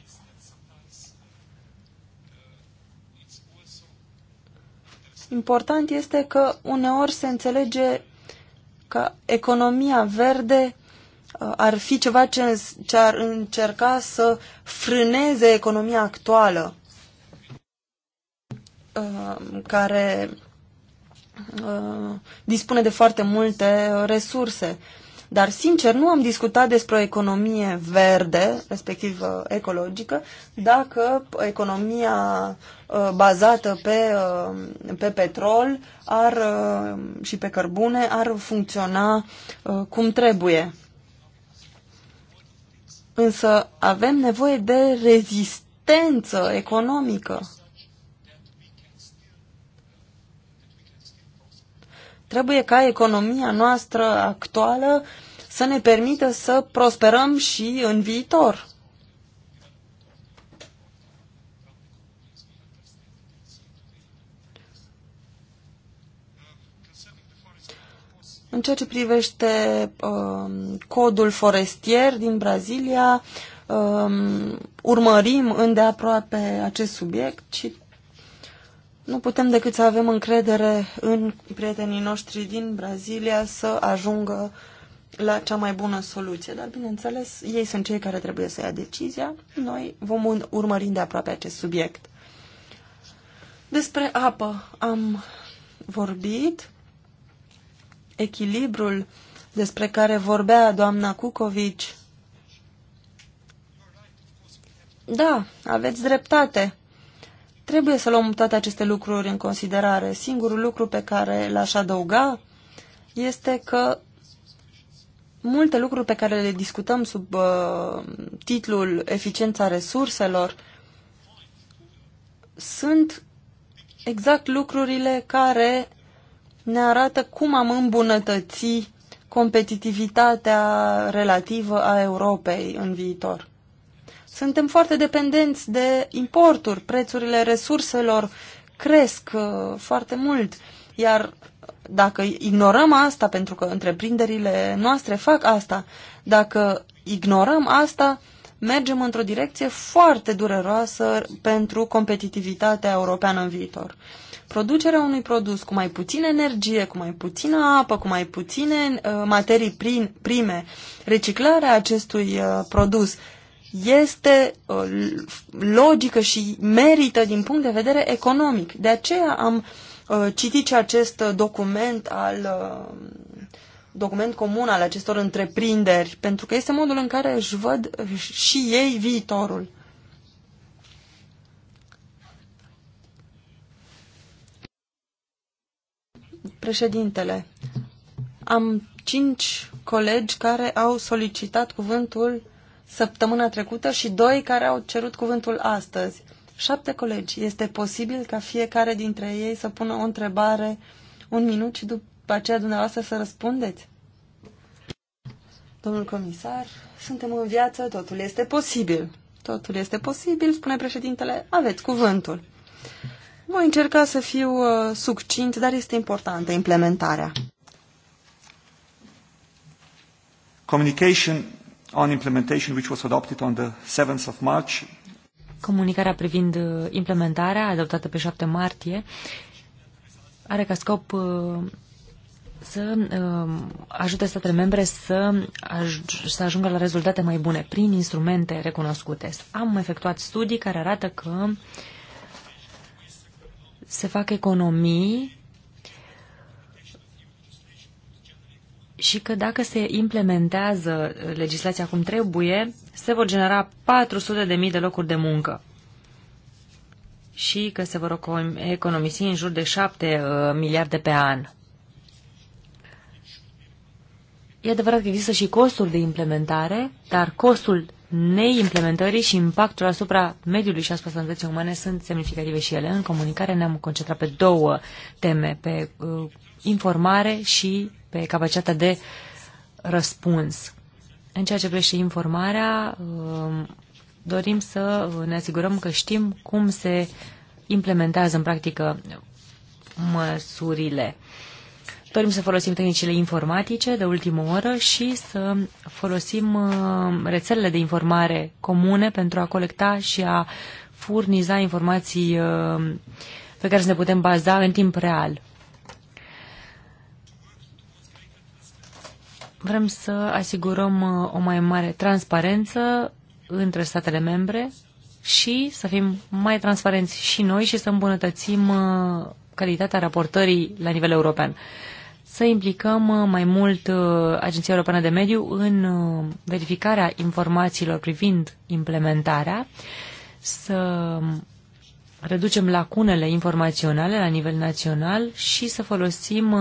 Important este că uneori se înțelege că economia verde uh, ar fi ceva ce, ce ar încerca să frâneze economia actuală, care Uh, dispune de foarte multe uh, resurse. Dar, sincer, nu am discutat despre o economie verde, respectiv uh, ecologică, dacă economia bazată pe, pe petrol ar, și pe cărbune ar funcționa cum trebuie. Însă avem nevoie de rezistență economică. Trebuie ca economia noastră actuală să ne permită să prosperăm și în viitor. În ceea ce privește um, codul forestier din Brazilia, um, urmărim îndeaproape acest subiect și nu putem decât să avem încredere în prietenii noștri din Brazilia să ajungă la cea mai bună soluție. Dar, bineînțeles, ei sunt cei care trebuie să ia decizia. Noi vom urmări de aproape acest subiect. Despre apă am vorbit. Echilibrul despre care vorbea doamna Cucovici. Da, aveți dreptate Trebuie să luăm toate aceste lucruri în considerare. Singurul lucru pe care l-aș adăuga este că multe lucruri pe care le discutăm sub uh, titlul Eficiența resurselor sunt exact lucrurile care ne arată cum am îmbunătăți competitivitatea relativă a Europei în viitor. Suntem foarte dependenți de importuri, prețurile resurselor cresc uh, foarte mult, iar dacă ignorăm asta, pentru că întreprinderile noastre fac asta, dacă ignorăm asta, mergem într-o direcție foarte dureroasă pentru competitivitatea europeană în viitor. Producerea unui produs cu mai puțină energie, cu mai puțină apă, cu mai puține uh, materii prime, reciclarea acestui uh, produs este uh, logică și merită din punct de vedere economic. De aceea am uh, citit și acest document al uh, document comun al acestor întreprinderi, pentru că este modul în care își văd și ei viitorul. Președintele, am cinci colegi care au solicitat cuvântul săptămâna trecută și doi care au cerut cuvântul astăzi. Șapte colegi. Este posibil ca fiecare dintre ei să pună o întrebare un minut și după aceea dumneavoastră să răspundeți? Domnul comisar, suntem în viață, totul este posibil. Totul este posibil, spune președintele, aveți cuvântul. Voi încerca să fiu uh, succint, dar este importantă implementarea. Communication on implementation, which was adopted on the 7th of March. Comunicarea privind uh, implementarea, adoptată pe 7 martie, are ca scop uh, să uh, ajute statele membre să, aj- să ajungă la rezultate mai bune prin instrumente recunoscute. Am efectuat studii care arată că se fac economii și că dacă se implementează legislația cum trebuie, se vor genera 400.000 de locuri de muncă și că se vor economisi în jur de 7 uh, miliarde pe an. E adevărat că există și costuri de implementare, dar costul neimplementării și impactul asupra mediului și asupra sănătății umane sunt semnificative și ele. În comunicare ne-am concentrat pe două teme, pe uh, informare și pe capacitatea de răspuns. În ceea ce privește informarea, um, dorim să ne asigurăm că știm cum se implementează în practică măsurile. Dorim să folosim tehnicile informatice de ultimă oră și să folosim um, rețelele de informare comune pentru a colecta și a furniza informații um, pe care să ne putem baza în timp real Vrem să asigurăm uh, o mai mare transparență între statele membre și să fim mai transparenți și noi și să îmbunătățim uh, calitatea raportării la nivel european. Să implicăm uh, mai mult Agenția Europeană de Mediu în verificarea informațiilor privind implementarea, să um, reducem lacunele informaționale la nivel național și să folosim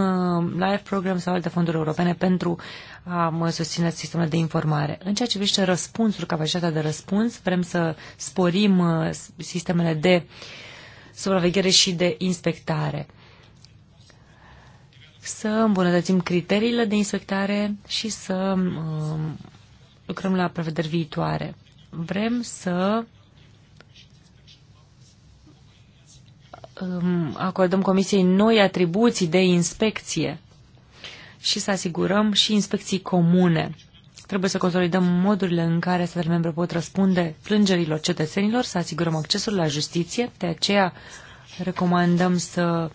live program sau alte fonduri europene pentru am susține sistemele de informare. În ceea ce privește răspunsul, capacitatea de răspuns, vrem să sporim uh, sistemele de supraveghere și de inspectare. Să îmbunătățim criteriile de inspectare și să um, lucrăm la prevederi viitoare. Vrem să um, acordăm Comisiei noi atribuții de inspecție și să asigurăm și inspecții comune. Trebuie să consolidăm modurile în care statele membre pot răspunde plângerilor cetățenilor, să asigurăm accesul la justiție, de aceea recomandăm să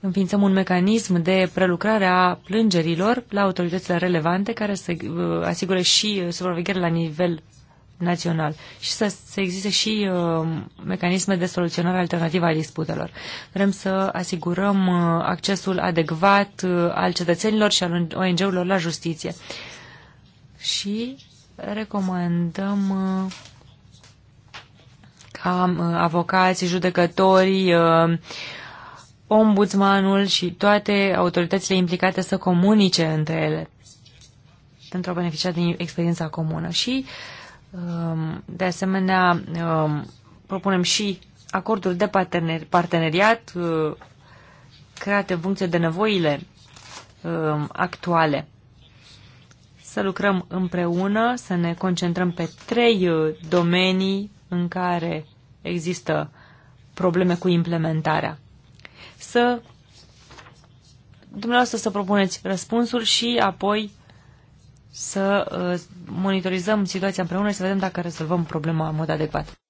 înființăm un mecanism de prelucrare a plângerilor la autoritățile relevante care să uh, asigure și uh, supraveghere la nivel național și să, să existe și uh, mecanisme de soluționare alternativă a disputelor. Vrem să asigurăm uh, accesul adecvat uh, al cetățenilor și al ONG-urilor la justiție. Și recomandăm uh, ca uh, avocații, judecătorii, uh, ombudsmanul și toate autoritățile implicate să comunice între ele pentru a beneficia din experiența comună. Și uh, Um, de asemenea, um, propunem și acorduri de parteneriat uh, create în funcție de nevoile um, actuale. Să lucrăm împreună, să ne concentrăm pe trei uh, domenii în care există probleme cu implementarea. Să dumneavoastră să propuneți răspunsul și apoi să uh, monitorizăm situația împreună și să vedem dacă rezolvăm problema în mod adecvat.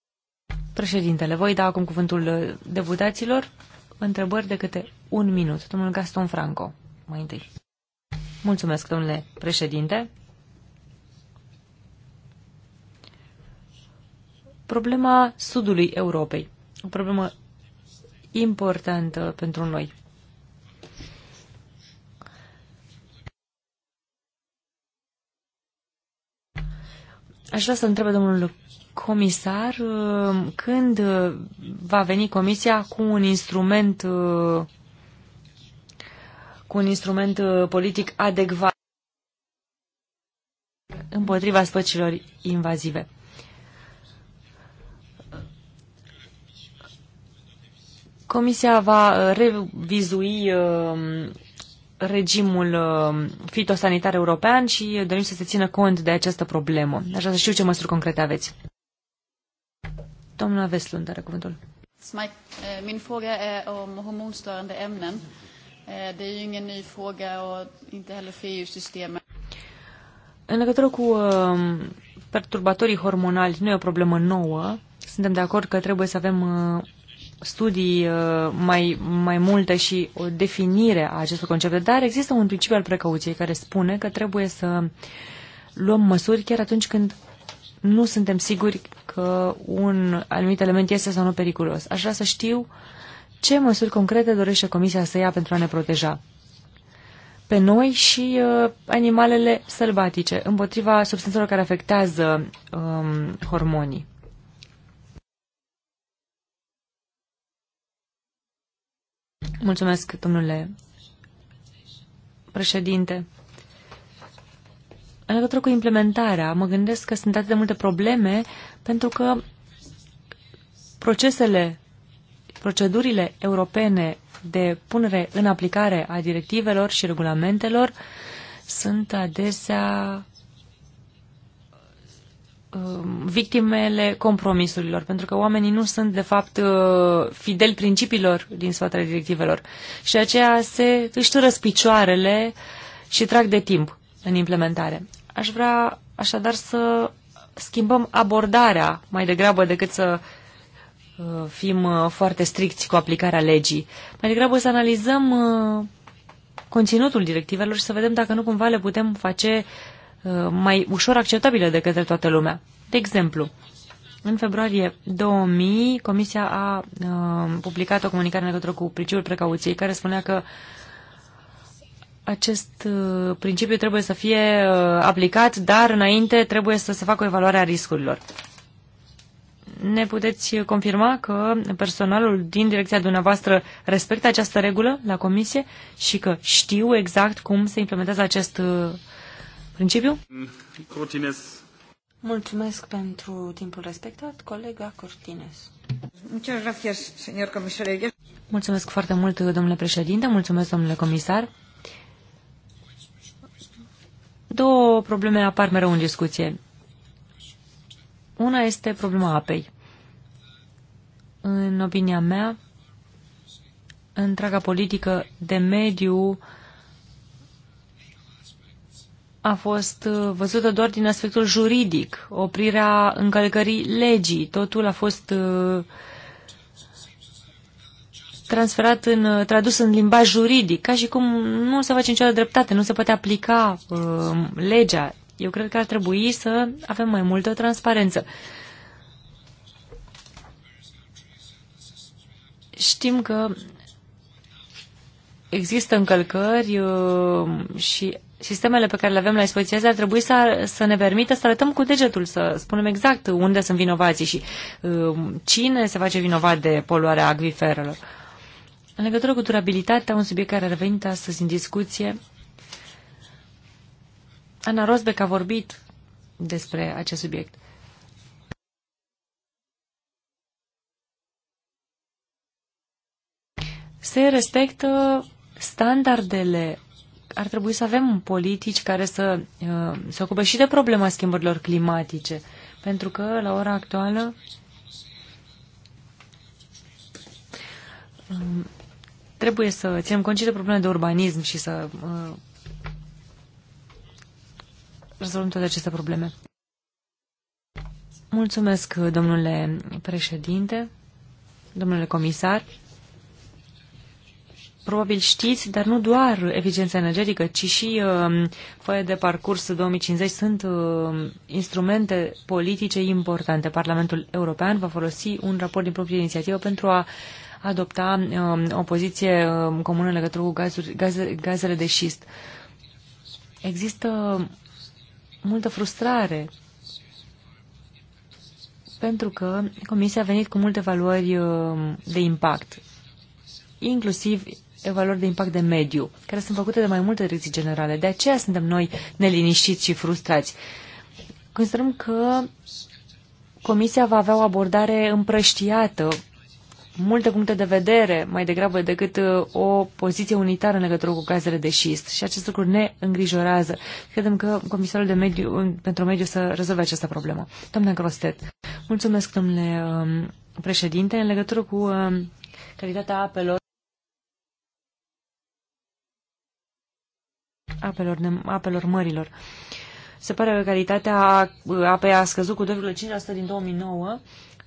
Președintele, voi da acum cuvântul uh, deputaților. Întrebări de câte un minut. Domnul Gaston Franco, mai întâi. Mulțumesc, domnule președinte. Problema sudului Europei. O problemă importantă pentru noi. Aș vrea să întrebe domnul comisar uh, când uh, va veni comisia cu un instrument uh, cu un instrument politic adecvat împotriva spăcilor invazive. Comisia va revizui regimul uh, fitosanitar european și dorim să se țină cont de această problemă. Așa să știu ce măsuri concrete aveți. Domnul Vestlund are cuvântul. Eh, min fråga är om hormonstörande ämnen. Eh, det är ju ingen ny fråga och inte heller för EU-systemet. În legătură cu eh, perturbatorii hormonali, nu e o problemă nouă. Suntem de acord că trebuie să avem studii uh, mai, mai multe și o definire a acestor concepte, dar există un principiu al precauției care spune că trebuie să luăm măsuri chiar atunci când nu suntem siguri că un anumit element este sau nu periculos. Aș vrea să știu ce măsuri concrete dorește Comisia să ia pentru a ne proteja pe noi și uh, animalele sălbatice împotriva substanțelor care afectează um, hormonii. Mulțumesc, domnule președinte. În legătură cu implementarea, mă gândesc că sunt atât de multe probleme pentru că procesele, procedurile europene de punere în aplicare a directivelor și regulamentelor sunt adesea Um, victimele compromisurilor, pentru că oamenii nu sunt, de fapt, uh, fideli principiilor din spatele directivelor și aceea se își picioarele și trag de timp în implementare. Aș vrea așadar să schimbăm abordarea mai degrabă decât să uh, fim uh, foarte stricți cu aplicarea legii. Mai degrabă să analizăm conținutul directivelor și să vedem dacă nu cumva le putem face uh, Uh, mai ușor acceptabile de către toată lumea. De exemplu, în februarie 2000, Comisia a uh, publicat o comunicare în legătură cu principiul precauției, care spunea că acest uh, principiu trebuie să fie aplicat, dar înainte trebuie să se facă o evaluare a riscurilor. Ne puteți confirma că personalul din direcția dumneavoastră respectă această regulă la comisie și că știu exact cum se implementează acest principiu? Cortines. Mulțumesc pentru timpul respectat, colega Cortines. Mulțumesc foarte mult, domnule președinte, mulțumesc, domnule comisar. Două probleme apar mereu în discuție. Una este problema apei. În opinia mea, întreaga politică de mediu uh, a fost uh, văzută doar din aspectul juridic, oprirea încălcării legii. Totul a fost uh, transferat în, uh, tradus în limbaj juridic, ca și cum nu se face niciodată dreptate, nu se poate aplica uh, legea. Eu cred că ar trebui să avem mai multă transparență. Știm că există încălcări uh, și sistemele pe care le avem la expoziție ar trebui să, să ne permită să arătăm cu degetul, să spunem exact unde sunt vinovații și uh, cine se face vinovat de poluarea acviferelor. În legătură cu durabilitatea, un subiect care a revenit astăzi în discuție, Ana Rosbeck a vorbit despre acest subiect. Se respectă standardele ar trebui să avem politici care să uh, se ocupe și de problema schimbărilor climatice, pentru că la ora actuală um, trebuie să ținem cont și de probleme de urbanism și să uh, rezolvăm toate aceste probleme. Mulțumesc, domnule președinte, domnule comisar. Probabil știți, dar nu doar eficiența energetică, ci și uh, foaia de parcurs 2050 sunt uh, instrumente politice importante. Parlamentul European va folosi un raport din proprie inițiativă pentru a adopta uh, o poziție uh, comună în legătură cu gazuri, gaze, gazele de șist. Există multă frustrare pentru că Comisia a venit cu multe valori uh, de impact inclusiv evaluări de impact de mediu, care sunt făcute de mai multe direcții generale. De aceea suntem noi neliniștiți și frustrați. Considerăm că Comisia va avea o abordare împrăștiată, multe puncte de vedere, mai degrabă decât uh, o poziție unitară în legătură cu gazele de șist. Și acest lucru ne îngrijorează. Credem că Comisarul de mediu, pentru Mediu să rezolve această problemă. Doamna Grostet, mulțumesc, domnule um, președinte, în legătură cu um, calitatea apelor apelor, apelor mărilor. Se pare că calitatea apei a scăzut cu 2,5% din 2009.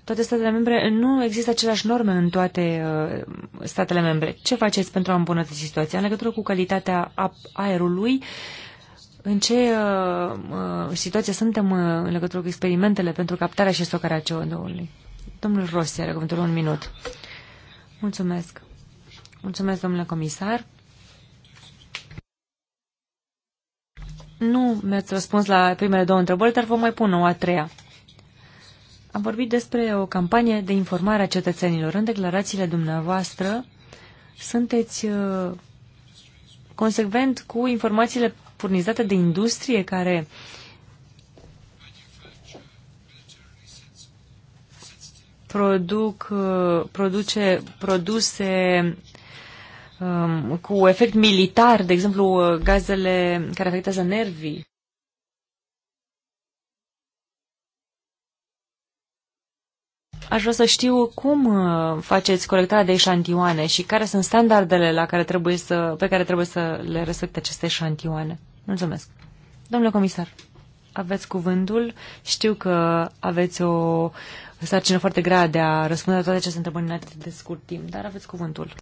Toate statele membre nu există aceleași norme în toate uh, statele membre. Ce faceți pentru a îmbunătăți situația în legătură cu calitatea aerului? În ce uh, uh, situație suntem uh, în legătură cu experimentele pentru captarea și stocarea CO2-ului? Domnul Rossi are cuvântul un minut. Mulțumesc. Mulțumesc, domnule comisar. Nu mi-ați răspuns la primele două întrebări, dar vă mai pun o a treia. Am vorbit despre o campanie de informare a cetățenilor. În declarațiile dumneavoastră sunteți uh, consecvent cu informațiile furnizate de industrie care produc, uh, produce produse Um, cu efect militar, de exemplu, uh, gazele care afectează nervii. Aș vrea să știu cum uh, faceți colectarea de eșantioane și care sunt standardele la care trebuie să, pe care trebuie să le respecte aceste eșantioane. Mulțumesc. Domnule comisar, aveți cuvântul. Știu că aveți o sarcină foarte grea de a răspunde la toate aceste întrebări în atât de scurt timp, dar aveți cuvântul.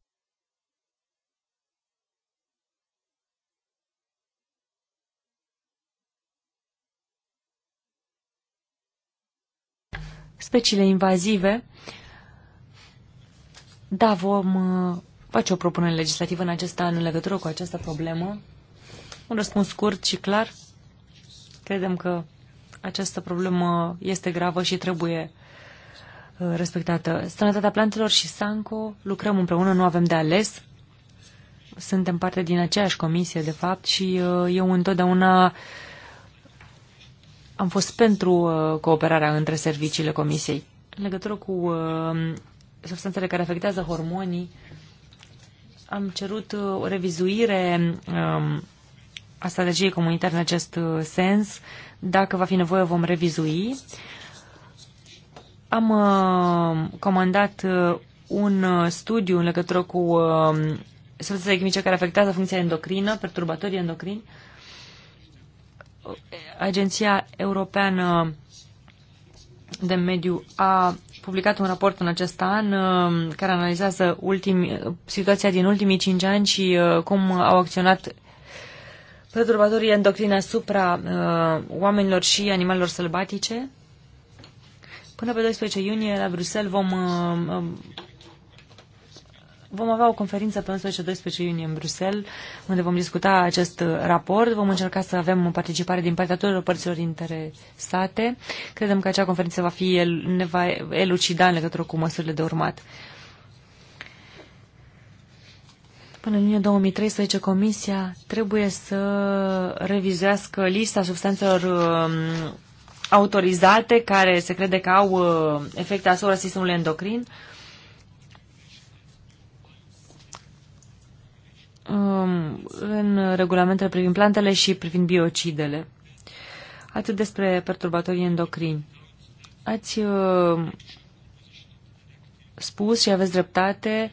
speciile invazive. Da, vom uh, face o propunere legislativă în acest an în legătură cu această problemă. Un răspuns scurt și clar. Credem că această problemă este gravă și trebuie uh, respectată. Sănătatea plantelor și Sanco lucrăm împreună, nu avem de ales. Suntem parte din aceeași comisie, de fapt, și uh, eu întotdeauna uh, am fost pentru uh, cooperarea între serviciile Comisiei. În legătură cu uh, substanțele care afectează hormonii, am cerut uh, o revizuire um, a strategiei comunitare în acest sens. Dacă va fi nevoie, vom revizui. Am comandat un studiu în legătură cu um, substanțele chimice care afectează funcția endocrină, perturbatorii endocrini, Agenția Europeană de Mediu a publicat un raport în acest an uh, care analizează ultimi, situația din ultimii cinci ani și uh, cum au acționat perturbatorii endocrini asupra uh, oamenilor și animalelor sălbatice. Până pe 12 iunie la Bruxelles vom Vom avea o conferință pe 11-12 iunie în Bruxelles, unde vom discuta acest raport. Vom încerca să avem o participare din partea tuturor părților interesate. Credem că acea conferință va fi, ne va elucida în legătură cu măsurile de urmat. Până în iunie 2013, Comisia trebuie să revizuiască lista substanțelor um, autorizate care se crede că au uh, efecte asupra sistemului endocrin. Um, în regulamentele privind plantele și privind biocidele. Atât despre perturbatorii endocrini. Ați uh, spus și aveți dreptate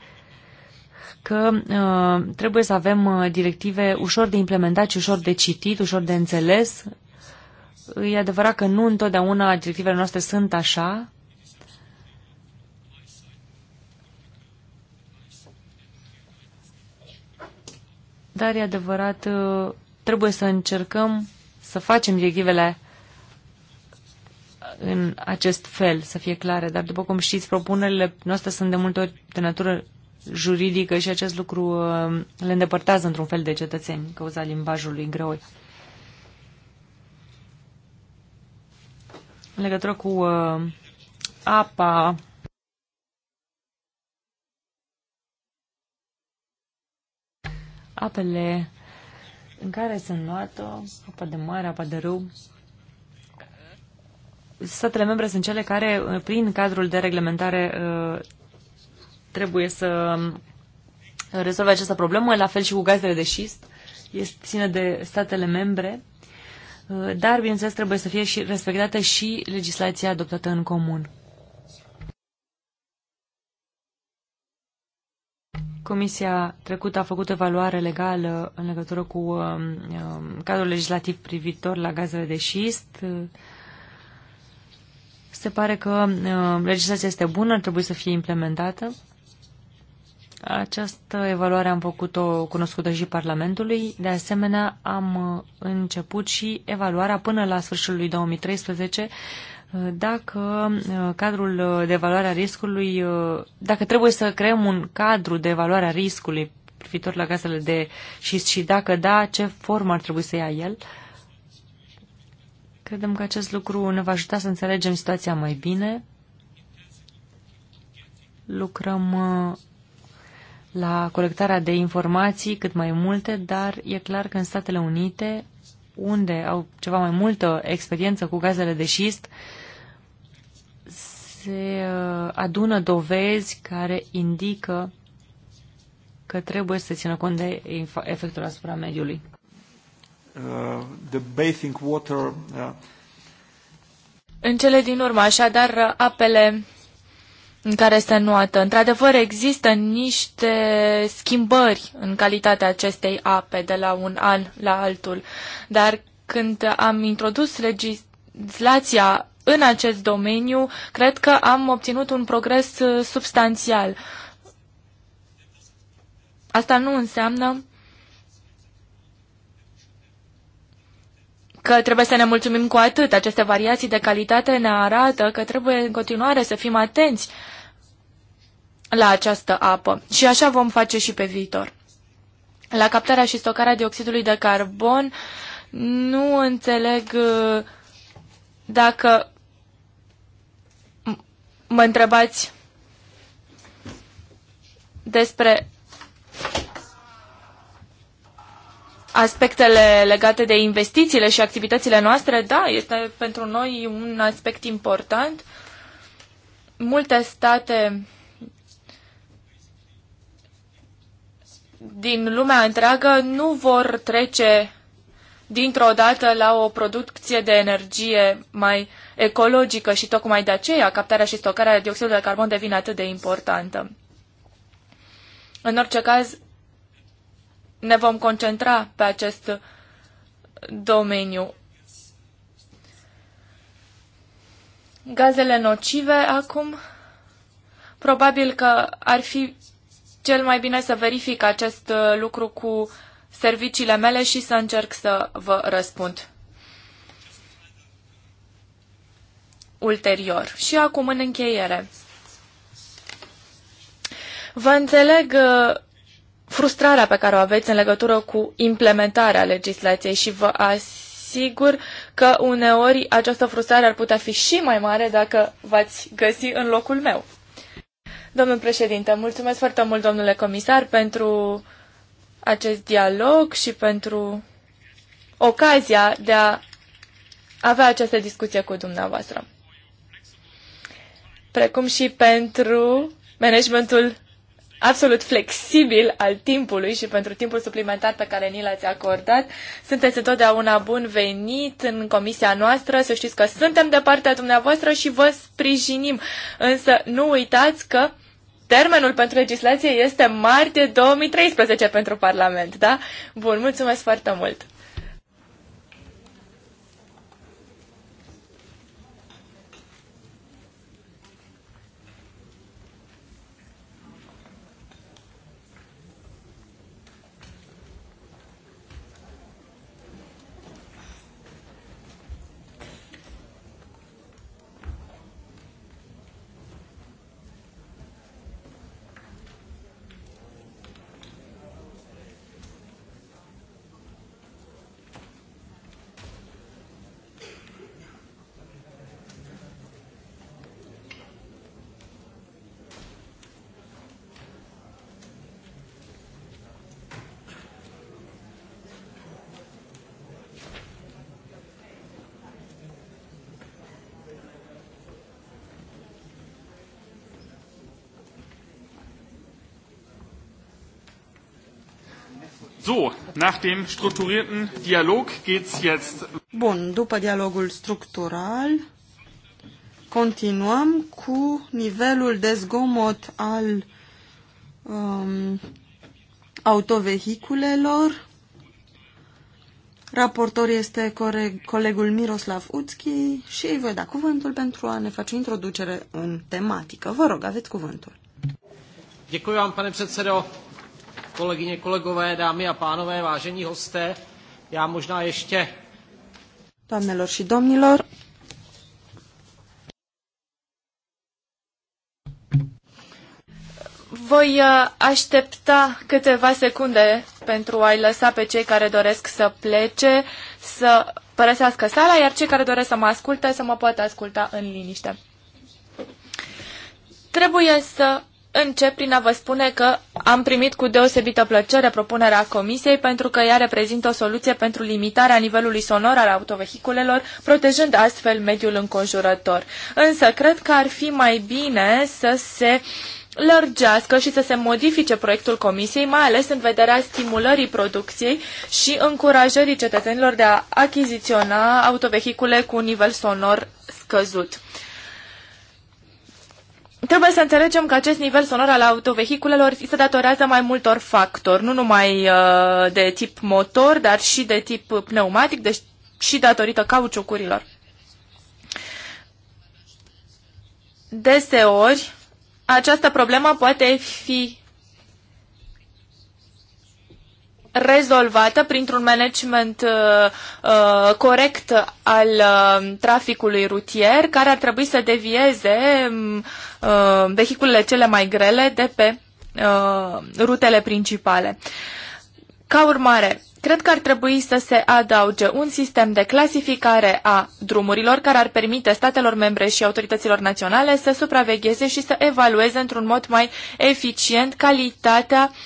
că uh, trebuie să avem uh, directive ușor de implementat și ușor de citit, ușor de înțeles. E adevărat că nu întotdeauna directivele noastre sunt așa, dar e adevărat, uh, trebuie să încercăm să facem directivele în acest fel, să fie clare. Dar, după cum știți, propunerile noastre sunt de multe ori de natură juridică și acest lucru uh, le îndepărtează într-un fel de cetățeni, cauza limbajului greoi. În legătură cu uh, apa, apele în care sunt luată, apa de mare, apa de râu, statele membre sunt cele care, uh, prin cadrul de reglementare, uh, trebuie să um, rezolve această problemă, la fel și cu gazele de șist, este, ține de statele membre, uh, dar, bineînțeles, trebuie să fie și respectată și legislația adoptată în comun. Comisia trecută a făcut evaluare legală în legătură cu um, um, cadrul legislativ privitor la gazele de șist. Se pare că um, legislația este bună, ar trebui să fie implementată. Această evaluare am făcut-o cunoscută și Parlamentului. De asemenea, am uh, început și evaluarea până la sfârșitul lui 2013 dacă uh, cadrul de evaluare a riscului, uh, dacă trebuie să creăm un cadru de evaluare a riscului privitor la gazele de șist și dacă da, ce formă ar trebui să ia el? Credem că acest lucru ne va ajuta să înțelegem situația mai bine. Lucrăm uh, la colectarea de informații cât mai multe, dar e clar că în Statele Unite, unde au ceva mai multă experiență cu gazele de șist, uh, se uh, adună dovezi care indică că trebuie să se țină cont de efectul asupra mediului. Uh, the bathing water, uh... În cele din urmă, așadar, apele în care se nuată. Într-adevăr, există niște schimbări în calitatea acestei ape de la un an la altul, dar când am introdus legislația în acest domeniu, cred că am obținut un progres uh, substanțial. Asta nu înseamnă că trebuie să ne mulțumim cu atât. Aceste variații de calitate ne arată că trebuie în continuare să fim atenți la această apă. Și așa vom face și pe viitor. La captarea și stocarea dioxidului de carbon nu înțeleg uh, dacă Mă întrebați despre aspectele legate de investițiile și activitățile noastre, da, este pentru noi un aspect important. Multe state din lumea întreagă nu vor trece dintr-o dată la o producție de energie mai ecologică și tocmai de aceea captarea și stocarea dioxidului de carbon devine atât de importantă. În orice caz, ne vom concentra pe acest domeniu. Gazele nocive acum, probabil că ar fi cel mai bine să verific acest lucru cu serviciile mele și să încerc să vă răspund. ulterior. Și acum, în încheiere, vă înțeleg uh, frustrarea pe care o aveți în legătură cu implementarea legislației și vă asigur că uneori această frustrare ar putea fi și mai mare dacă v-ați găsi în locul meu. Domnul președinte, mulțumesc foarte mult, domnule comisar, pentru acest dialog și pentru ocazia de a avea această discuție cu dumneavoastră precum și pentru managementul absolut flexibil al timpului și pentru timpul suplimentar pe care ni l-ați acordat. Sunteți întotdeauna bun venit în comisia noastră, să știți că suntem de partea dumneavoastră și vă sprijinim. Însă nu uitați că termenul pentru legislație este martie 2013 pentru Parlament, da? Bun, mulțumesc foarte mult! So, nach dem strukturierten Dialog geht's jetzt. Bun, după dialogul structural, continuăm cu nivelul de zgomot al um, autovehiculelor. Raportor este colegul Miroslav Utski și îi voi da cuvântul pentru a ne face introducere în tematică. Vă rog, aveți cuvântul. Děkuji vám, pane předsedo kolegyně, kolegové, dámy a pánové, vážení hosté, já možná ještě... Doamnelor și domnilor, voi uh, aștepta câteva secunde pentru a-i lăsa pe cei care doresc să plece, să părăsească sala, iar cei care doresc să mă asculte, să mă poată asculta în liniște. Trebuie să încep prin a vă spune că am primit cu deosebită plăcere propunerea Comisiei pentru că ea reprezintă o soluție pentru limitarea nivelului sonor al autovehiculelor, protejând astfel mediul înconjurător. Însă, cred că ar fi mai bine să se lărgească și să se modifice proiectul Comisiei, mai ales în vederea stimulării producției și încurajării cetățenilor de a achiziționa autovehicule cu un nivel sonor scăzut. Trebuie să înțelegem că acest nivel sonor al autovehiculelor se datorează mai multor factori, nu numai uh, de tip motor, dar și de tip pneumatic, deci și datorită cauciucurilor. Deseori, această problemă poate fi rezolvată printr-un management uh, uh, corect al uh, traficului rutier, care ar trebui să devieze um, uh, vehiculele cele mai grele de pe uh, rutele principale. Ca urmare, cred că ar trebui să se adauge un sistem de clasificare a drumurilor care ar permite statelor membre și autorităților naționale să supravegheze și să evalueze într-un mod mai eficient calitatea uh,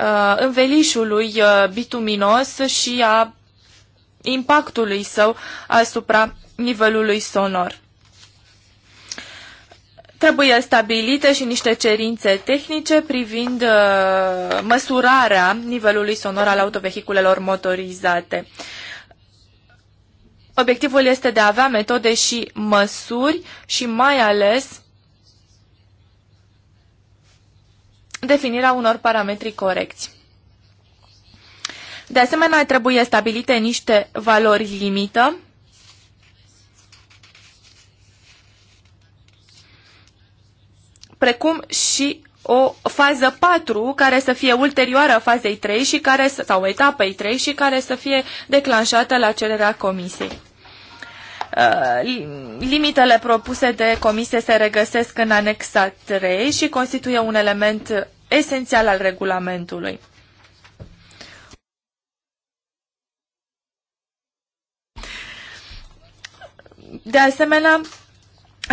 Uh, învelișului uh, bituminos și a impactului său asupra nivelului sonor. Trebuie stabilite și niște cerințe tehnice privind uh, măsurarea nivelului sonor al autovehiculelor motorizate. Obiectivul este de a avea metode și măsuri și mai ales definirea unor parametri corecți. De asemenea, trebuie stabilite niște valori limită precum și o fază 4 care să fie ulterioară fazei 3 și care, sau etapei 3 și care să fie declanșată la cererea comisiei. Uh, limitele propuse de comisie se regăsesc în anexa 3 și constituie un element esențial al regulamentului. De asemenea,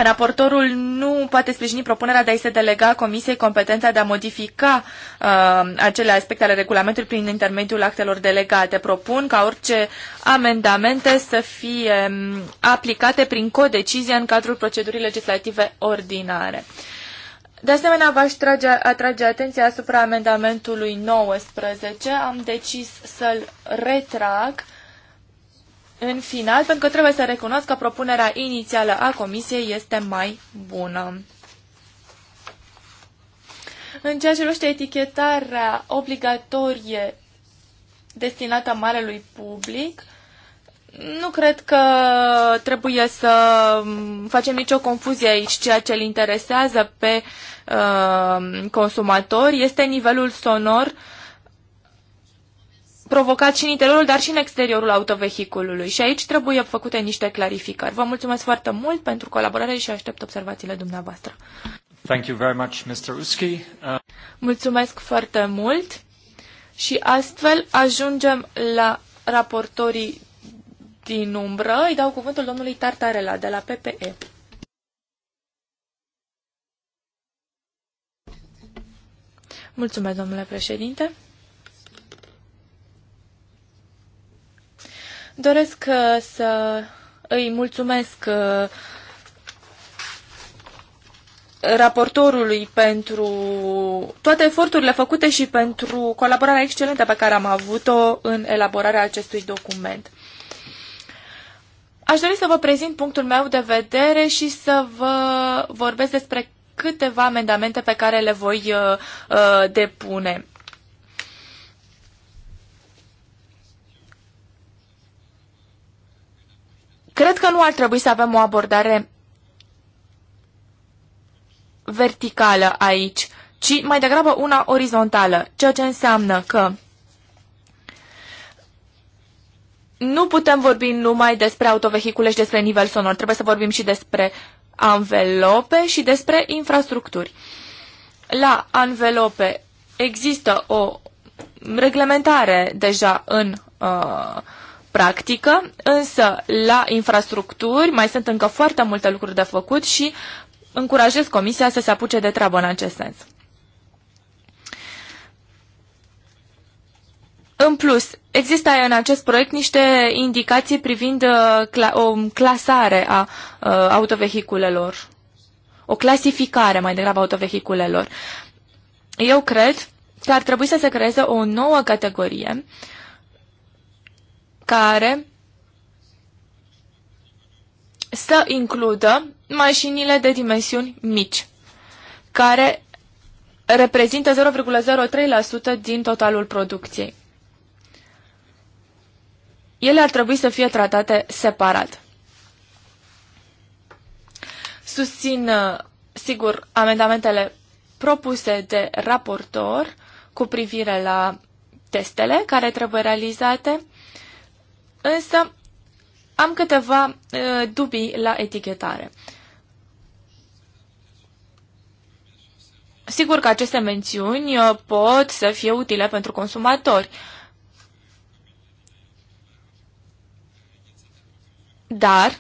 Raportorul nu poate sprijini propunerea de a-i se delega Comisiei competența de a modifica uh, acele aspecte ale regulamentului prin intermediul actelor delegate. Propun ca orice amendamente să fie um, aplicate prin codecizie în cadrul procedurii legislative ordinare. De asemenea, v-aș atrage atenția asupra amendamentului 19. Am decis să-l retrag uh, în final, pentru că trebuie să recunosc că propunerea inițială a comisiei este mai bună. În ceea ce luște etichetarea obligatorie destinată marelui public, nu cred că trebuie să facem nicio confuzie aici. Ceea ce îl interesează pe uh, consumator este nivelul sonor uh, provocat și în interiorul, dar și în exteriorul autovehiculului. Și aici trebuie făcute niște clarificări. Vă mulțumesc foarte mult pentru colaborare și aștept observațiile dumneavoastră. Thank you very much, Mr. Uh... Mulțumesc foarte mult și astfel ajungem la raportorii din umbră. Îi dau cuvântul domnului Tartarela de la PPE. Mulțumesc, domnule președinte. Doresc uh, să îi mulțumesc uh, raportorului pentru toate eforturile făcute și pentru colaborarea excelentă pe care am avut-o în elaborarea acestui document. Aș dori să vă prezint punctul meu de vedere și să vă vorbesc despre câteva amendamente pe care le voi uh, uh depune. Cred că nu ar trebui să avem o abordare verticală aici, ci mai degrabă una orizontală, ceea ce înseamnă că nu putem vorbi numai despre autovehicule și despre nivel sonor, trebuie să vorbim și despre anvelope și despre infrastructuri. La anvelope există o reglementare deja în uh, practică, însă la infrastructuri mai sunt încă foarte multe lucruri de făcut și încurajez Comisia să se apuce de treabă în acest sens. În plus, există în acest proiect niște indicații privind uh, o clasare a uh, autovehiculelor, o clasificare mai degrabă a autovehiculelor. Eu cred că ar trebui să se creeze o nouă categorie uh, care să includă mașinile de dimensiuni mici, care reprezintă 0,03% din totalul producției. Ele ar trebui să fie tratate separat. Susțin, uh, sigur, amendamentele propuse de raportor cu privire la testele care trebuie realizate Însă am câteva uh, dubii la etichetare. Sigur că aceste mențiuni pot să fie utile pentru consumatori, dar,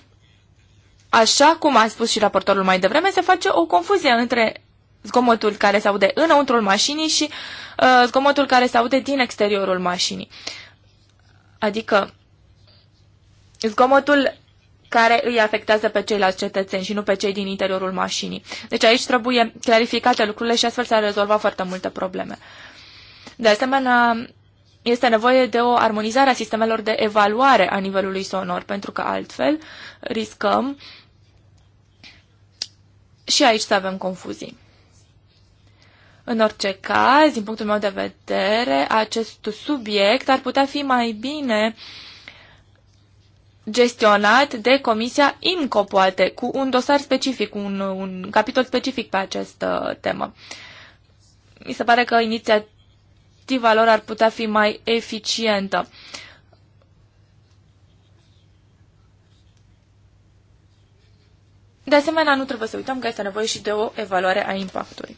așa cum a spus și raportorul mai devreme, se face o confuzie între zgomotul care se aude înăuntrul mașinii și uh, zgomotul care se aude din exteriorul mașinii. Adică, zgomotul care îi afectează pe ceilalți cetățeni și nu pe cei din interiorul mașinii. Deci aici trebuie clarificate lucrurile și astfel s-ar rezolva foarte multe probleme. De asemenea, este nevoie de o armonizare a sistemelor de evaluare a nivelului sonor, pentru că altfel riscăm și aici să avem confuzii. În orice caz, din punctul meu de vedere, acest subiect ar putea fi mai bine uh, gestionat de Comisia IMCO, poate, cu un dosar specific, un, un capitol specific pe această temă. Mi se pare că inițiativa lor ar putea fi mai eficientă. De asemenea, nu trebuie să uităm că este nevoie și de o evaluare a impactului.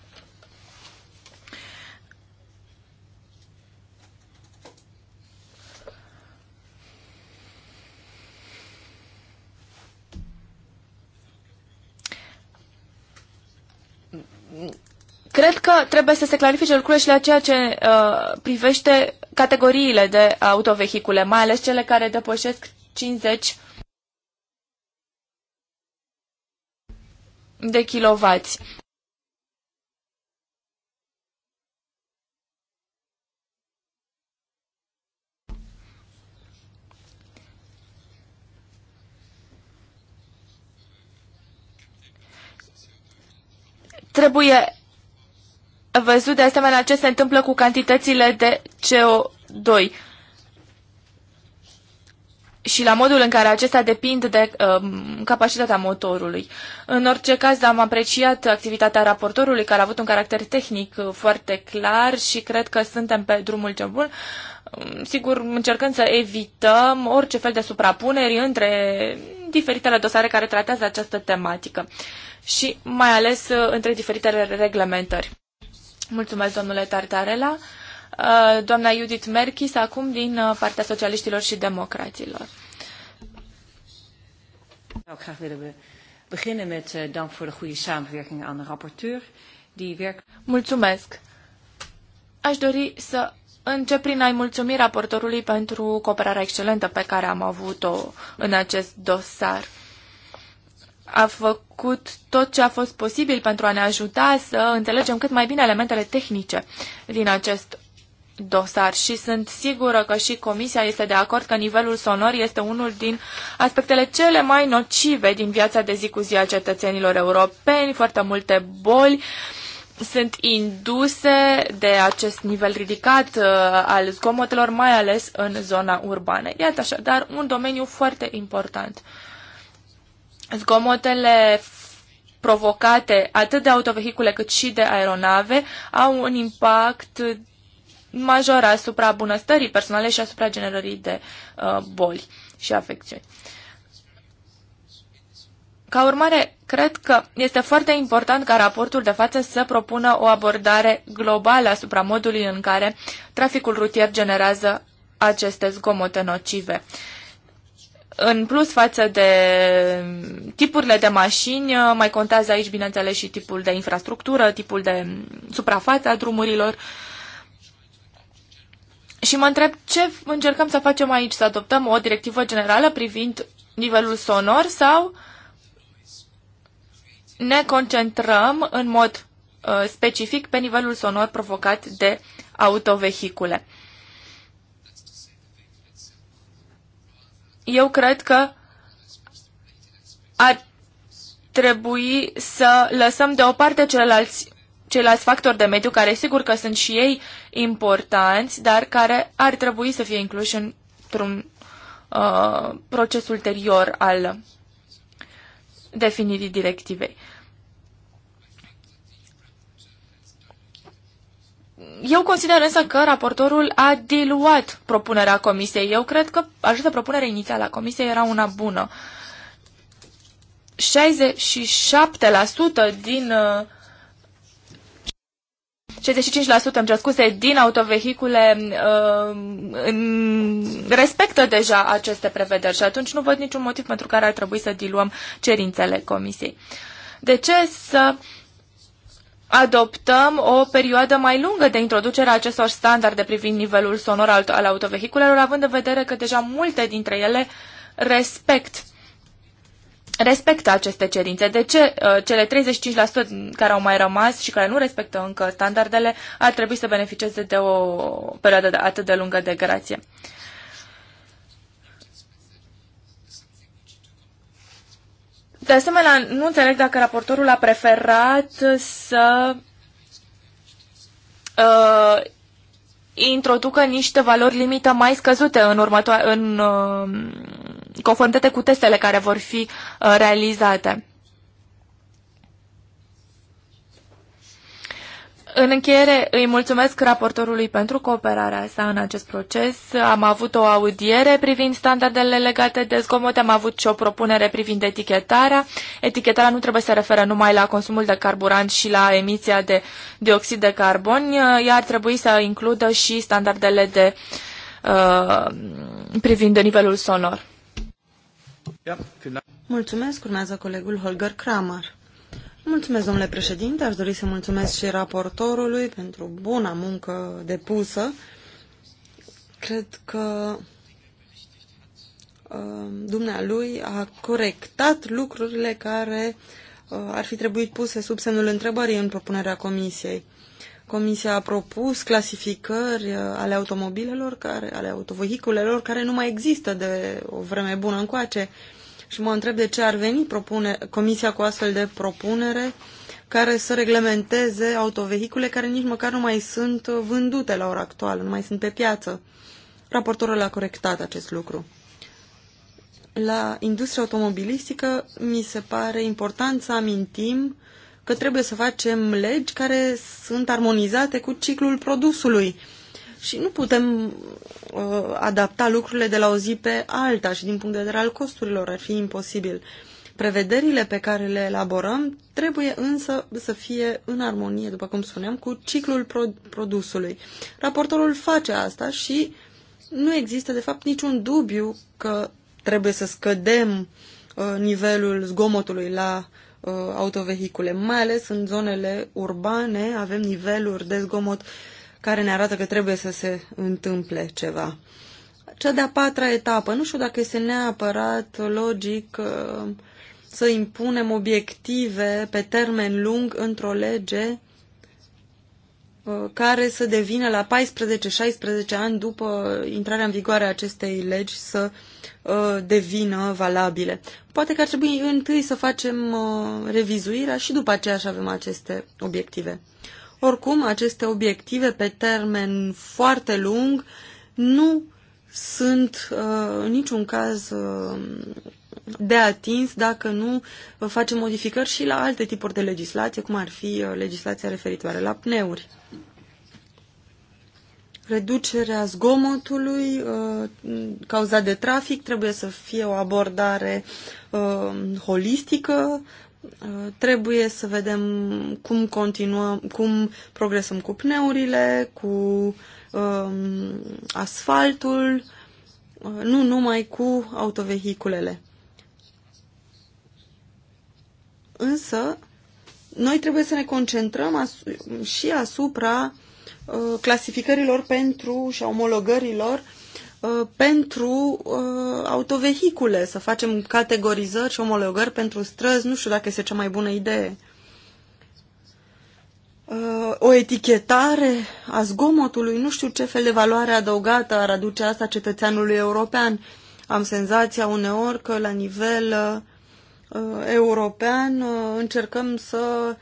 cred că trebuie să se clarifice lucrurile și la ceea ce uh, privește categoriile de autovehicule, mai ales cele care depășesc 50 de kilovați. Trebuie văzut de asemenea ce se întâmplă cu cantitățile de CO2 și la modul în care acestea depind de um, capacitatea motorului. În orice caz, am apreciat activitatea raportorului, care a avut un caracter tehnic uh, foarte clar și cred că suntem pe drumul cel bun. Um, sigur, încercând să evităm orice fel de suprapuneri între diferitele dosare care tratează această tematică și mai ales uh, între diferitele reglementări. Mulțumesc, domnule Tartarela. Uh, doamna Judith Merkis, acum din uh, partea socialiștilor și democraților. Eh, Mulțumesc. Aș dori să încep prin a-i mulțumi raportorului pentru cooperarea excelentă pe care am avut-o în acest dosar a făcut tot ce a fost posibil pentru a ne ajuta să înțelegem cât mai bine elementele tehnice din acest dosar și sunt sigură că și Comisia este de acord că nivelul sonor este unul din aspectele cele mai nocive din viața de zi cu zi a cetățenilor europeni. Foarte multe boli sunt induse de acest nivel ridicat uh, al zgomotelor, mai ales în zona urbană. Iată așadar un domeniu foarte important. Zgomotele provocate atât de autovehicule cât și de aeronave au un impact major asupra bunăstării personale și asupra generării de uh, boli și afecțiuni. Ca urmare, cred că este foarte important ca raportul de față să propună o abordare globală asupra modului în care traficul rutier generează aceste zgomote nocive. Uh, în plus față de tipurile de mașini, uh, mai contează aici, bineînțeles, și tipul de infrastructură, tipul de suprafață a drumurilor. Și mă întreb ce încercăm să facem aici, să adoptăm o directivă generală privind nivelul sonor sau ne concentrăm în mod uh, specific pe nivelul sonor provocat de autovehicule. eu cred că ar trebui să lăsăm deoparte ceilalți, ceilalți factori de mediu, care sigur că sunt și ei importanți, dar care ar trebui să fie incluși într-un uh, proces ulterior al definirii directivei. Eu consider însă că raportorul a diluat propunerea comisiei. Eu cred că această propunere inițială a comisiei era una bună. 67% din... 65% uh, îmi cer scuze, din autovehicule uh, respectă deja aceste prevederi și atunci nu văd niciun motiv pentru care ar trebui să diluăm cerințele comisiei. De ce să adoptăm o perioadă mai lungă de introducere a acestor standarde privind nivelul sonor al, al autovehiculelor, având în vedere că deja multe dintre ele respect respectă aceste cerințe. De ce uh, cele 35% care au mai rămas și care nu respectă încă standardele ar trebui să beneficieze de o perioadă atât de lungă de grație? Uh, De asemenea, nu înțeleg dacă raportorul a preferat să uh, introducă niște valori limită mai scăzute în, următo- în uh, conformitate cu testele care vor fi uh, realizate. În încheiere, îi mulțumesc raportorului pentru cooperarea sa în acest proces. Am avut o audiere privind standardele legate de zgomot, am avut și o propunere privind etichetarea. Etichetarea nu trebuie să referă numai la consumul de carburant și la emisia de dioxid de carbon, iar ar trebui să includă și standardele de uh, privind de nivelul sonor. Mulțumesc, urmează colegul Holger Kramer. Mulțumesc, domnule președinte. Aș dori să mulțumesc și raportorului pentru buna muncă depusă. Cred că uh, dumnealui a corectat lucrurile care uh, ar fi trebuit puse sub semnul întrebării în propunerea comisiei. Comisia a propus clasificări uh, ale automobilelor, care, ale autovehiculelor, care nu mai există de o vreme bună încoace. Uh, și mă întreb de ce ar veni propune, Comisia cu astfel de propunere care să reglementeze autovehicule care nici măcar nu mai sunt vândute la ora actuală, nu mai sunt pe piață. Raportorul a corectat acest lucru. La industria automobilistică mi se pare important să amintim că trebuie să facem legi care sunt armonizate cu ciclul produsului și nu putem uh, adapta lucrurile de la o zi pe alta și din punct de vedere al costurilor ar fi imposibil. Prevederile pe care le elaborăm trebuie însă să fie în armonie, după cum spuneam, cu ciclul pro produsului. Raportorul face asta și nu există, de fapt, niciun dubiu că trebuie să scădem uh, nivelul zgomotului la uh, autovehicule, mai ales în zonele urbane avem niveluri de zgomot uh, care ne arată că trebuie să se întâmple ceva. Cea de-a patra etapă, nu știu dacă este neapărat logic uh, să impunem obiective pe termen lung într-o lege uh, care să devină la 14-16 ani după intrarea în vigoare a acestei legi să uh, devină valabile. Poate că ar trebui întâi să facem revizuirea și după aceea să avem aceste obiective. Oricum, aceste obiective pe termen foarte lung nu sunt uh, în niciun caz uh, de atins dacă nu facem modificări și la alte tipuri de legislație, cum ar fi uh, legislația referitoare la pneuri. Reducerea zgomotului uh, cauzat de trafic trebuie să fie o abordare uh, holistică, Uh, trebuie să vedem cum continuăm, cum progresăm cu pneurile, cu um, asfaltul, uh, nu numai cu autovehiculele. Însă, noi trebuie să ne concentrăm as și asupra uh, clasificărilor pentru și a omologărilor Uh, pentru uh, autovehicule, să facem categorizări și omologări pentru străzi, nu știu dacă este cea mai bună idee. Uh, o etichetare a zgomotului, nu știu ce fel de valoare adăugată ar aduce asta cetățeanului european. Am senzația uneori că la nivel uh, european uh, încercăm să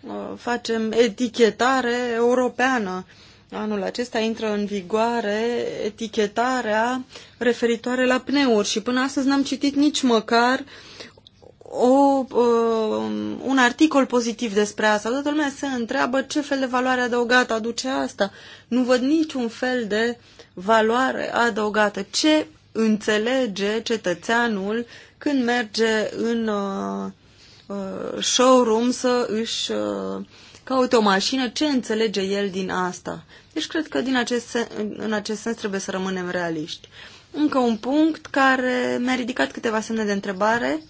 uh, facem etichetare europeană. Uh, anul acesta intră în vigoare etichetarea referitoare la pneuri și până astăzi n-am citit nici măcar o, uh, un articol pozitiv despre asta. Toată lumea se întreabă ce fel de valoare adăugată aduce asta. Nu văd niciun fel de valoare adăugată. Ce înțelege cetățeanul când merge în uh, uh, showroom să își uh, caute o mașină, ce înțelege el din asta? Deci cred că din acest sen, în acest sens trebuie să rămânem realiști. Încă un punct care mi-a ridicat câteva semne de întrebare.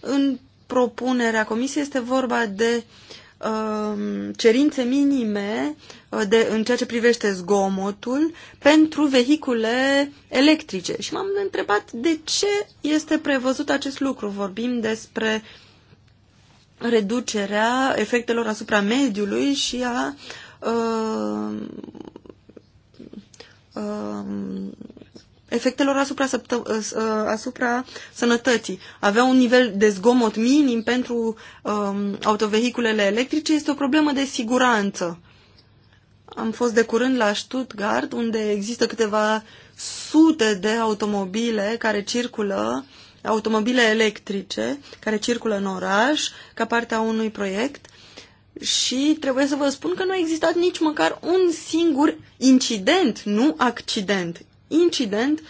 În propunerea comisiei este vorba de uh, cerințe minime uh, de, în ceea ce privește zgomotul pentru vehicule electrice. Și m-am întrebat de ce este prevăzut acest lucru. Vorbim despre reducerea efectelor asupra mediului și a Uh, uh, efectelor asupra, uh, asupra sănătății. Avea un nivel de zgomot minim pentru um, autovehiculele electrice este o problemă de siguranță. Am fost de curând la Stuttgart, unde există câteva sute de automobile care circulă, automobile electrice, care circulă în oraș, ca parte a unui proiect și trebuie să vă spun că nu a existat nici măcar un singur incident, nu accident, incident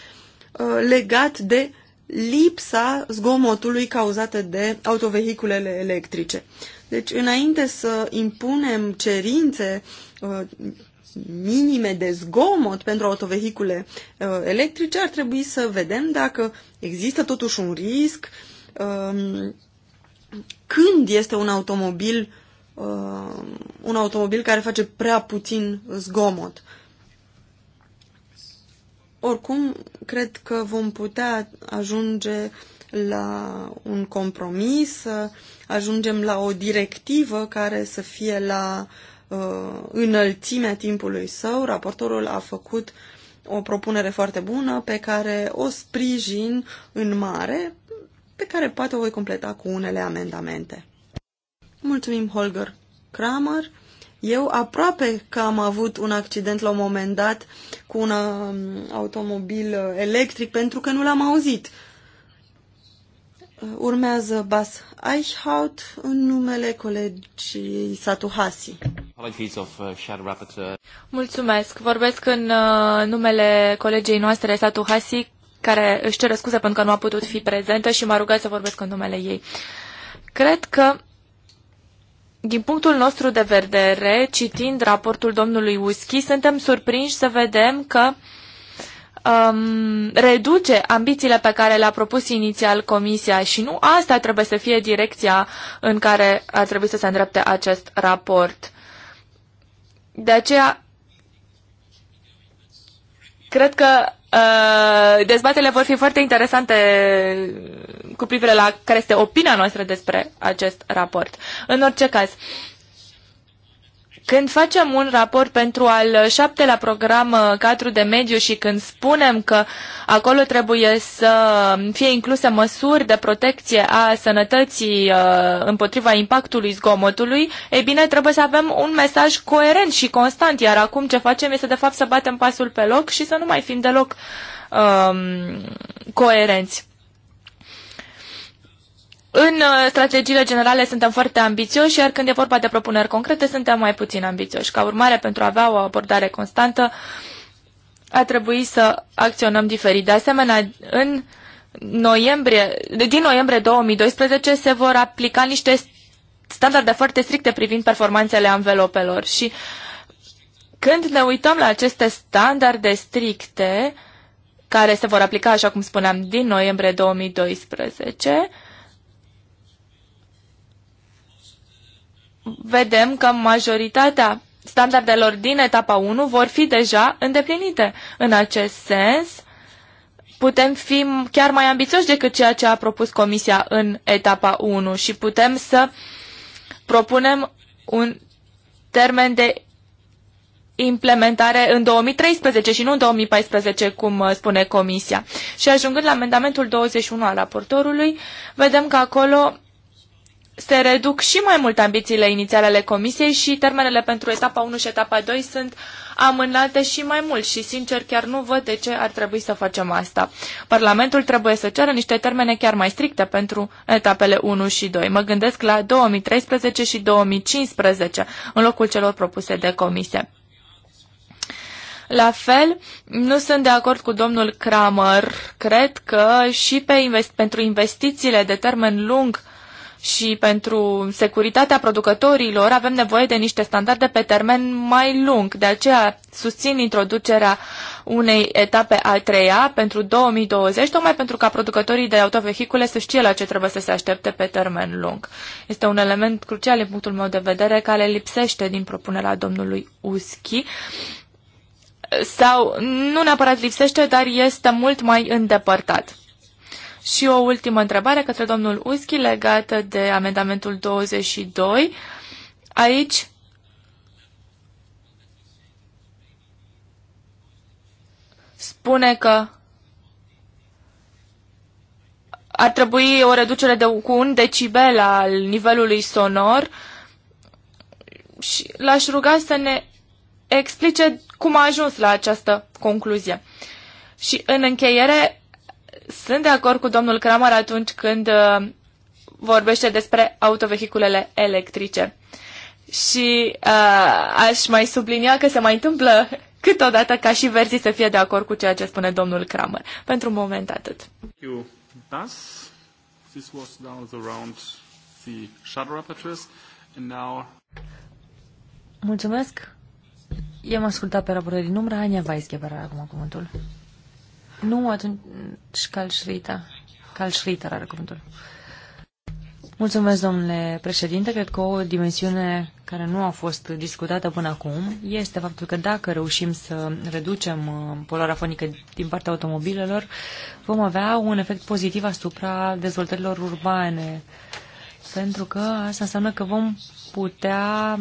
uh, legat de lipsa zgomotului cauzată de autovehiculele electrice. Deci, înainte să impunem cerințe uh, minime de zgomot pentru autovehicule uh, electrice, ar trebui să vedem dacă există totuși un risc, um, când este un automobil Uh, un automobil care face prea puțin zgomot. Oricum, cred că vom putea ajunge la un compromis, ajungem la o directivă care să fie la uh, înălțimea timpului său. Raportorul a făcut o propunere foarte bună pe care o sprijin în mare, pe care poate o voi completa cu unele amendamente. Mulțumim, Holger Kramer. Eu aproape că am avut un accident la un moment dat cu un um, automobil uh, electric pentru că nu l-am auzit. Uh, urmează Bas Eichhout în numele colegii Satuhasi. Uh, Mulțumesc. Vorbesc în numele colegei noastre Satuhasi, care își cere scuze pentru că nu a putut fi prezentă și m-a rugat să vorbesc în numele ei. Cred că din punctul nostru de vedere, citind raportul domnului Uschi, suntem surprinși să vedem că um, reduce ambițiile pe care le-a propus inițial Comisia și nu asta trebuie să fie direcția în care ar trebui să se îndrepte acest raport. De aceea, cred că uh, dezbatele vor fi foarte interesante cu privire la care este opinia noastră despre acest raport. În orice caz, când facem un raport pentru al șaptelea program uh, cadru de mediu și când spunem că acolo trebuie să fie incluse măsuri de protecție a sănătății uh, împotriva impactului zgomotului, e bine, trebuie să avem un mesaj coerent și constant, iar acum ce facem este de fapt să batem pasul pe loc și să nu mai fim deloc um, coerenți. În uh, strategiile generale suntem foarte ambițioși, iar când e vorba de propuneri concrete, suntem mai puțin ambițioși. Ca urmare, pentru a avea o abordare constantă, a trebuit să acționăm diferit. De asemenea, în noiembrie, din noiembrie 2012 se vor aplica niște standarde foarte stricte privind performanțele anvelopelor și când ne uităm la aceste standarde stricte care se vor aplica, așa cum spuneam, din noiembrie 2012, vedem că majoritatea standardelor din etapa 1 vor fi deja îndeplinite. În acest sens, putem fi chiar mai ambițioși decât ceea ce a propus Comisia în etapa 1 și putem să propunem un termen de implementare în 2013 și nu în 2014, cum uh, spune Comisia. Și ajungând la amendamentul 21 al raportorului, vedem că acolo se reduc și mai mult ambițiile inițiale ale Comisiei și termenele pentru etapa 1 și etapa 2 sunt amânate și mai mult și, sincer, chiar nu văd de ce ar trebui să facem asta. Parlamentul trebuie să ceară niște termene chiar mai stricte pentru etapele 1 și 2. Mă gândesc la 2013 și 2015 în locul celor propuse de Comisie. La fel, nu sunt de acord cu domnul Kramer. Cred că și pe invest- pentru investițiile de termen lung și pentru securitatea producătorilor avem nevoie de niște standarde pe termen mai lung. De aceea susțin introducerea unei etape a treia pentru 2020, tocmai pentru ca producătorii de autovehicule să știe la ce trebuie să se aștepte pe termen lung. Este un element crucial din punctul meu de vedere care lipsește din propunerea domnului Uschi sau nu neapărat lipsește, dar este mult mai îndepărtat. Și o ultimă întrebare către domnul Uschi legată de amendamentul 22. Aici spune că ar trebui o reducere de, cu un decibel al nivelului sonor și l-aș ruga să ne explice cum a ajuns la această concluzie. Și în încheiere sunt de acord cu domnul Kramer atunci când uh, vorbește despre autovehiculele electrice. Și uh, aș mai sublinia că se mai întâmplă câteodată ca și verzii să fie de acord cu ceea ce spune domnul Kramer. Pentru un moment atât. Mulțumesc. I-am ascultat pe raportul din umbră. Ania Weisgeber acum cuvântul. Nu, atunci Calșrita. Calșrita are cuvântul. Mulțumesc, domnule președinte. Cred că o dimensiune care nu a fost discutată până acum este faptul că dacă reușim să reducem uh, poluarea fonică din partea automobilelor, vom avea un efect pozitiv asupra dezvoltărilor urbane. Pentru că asta înseamnă că vom putea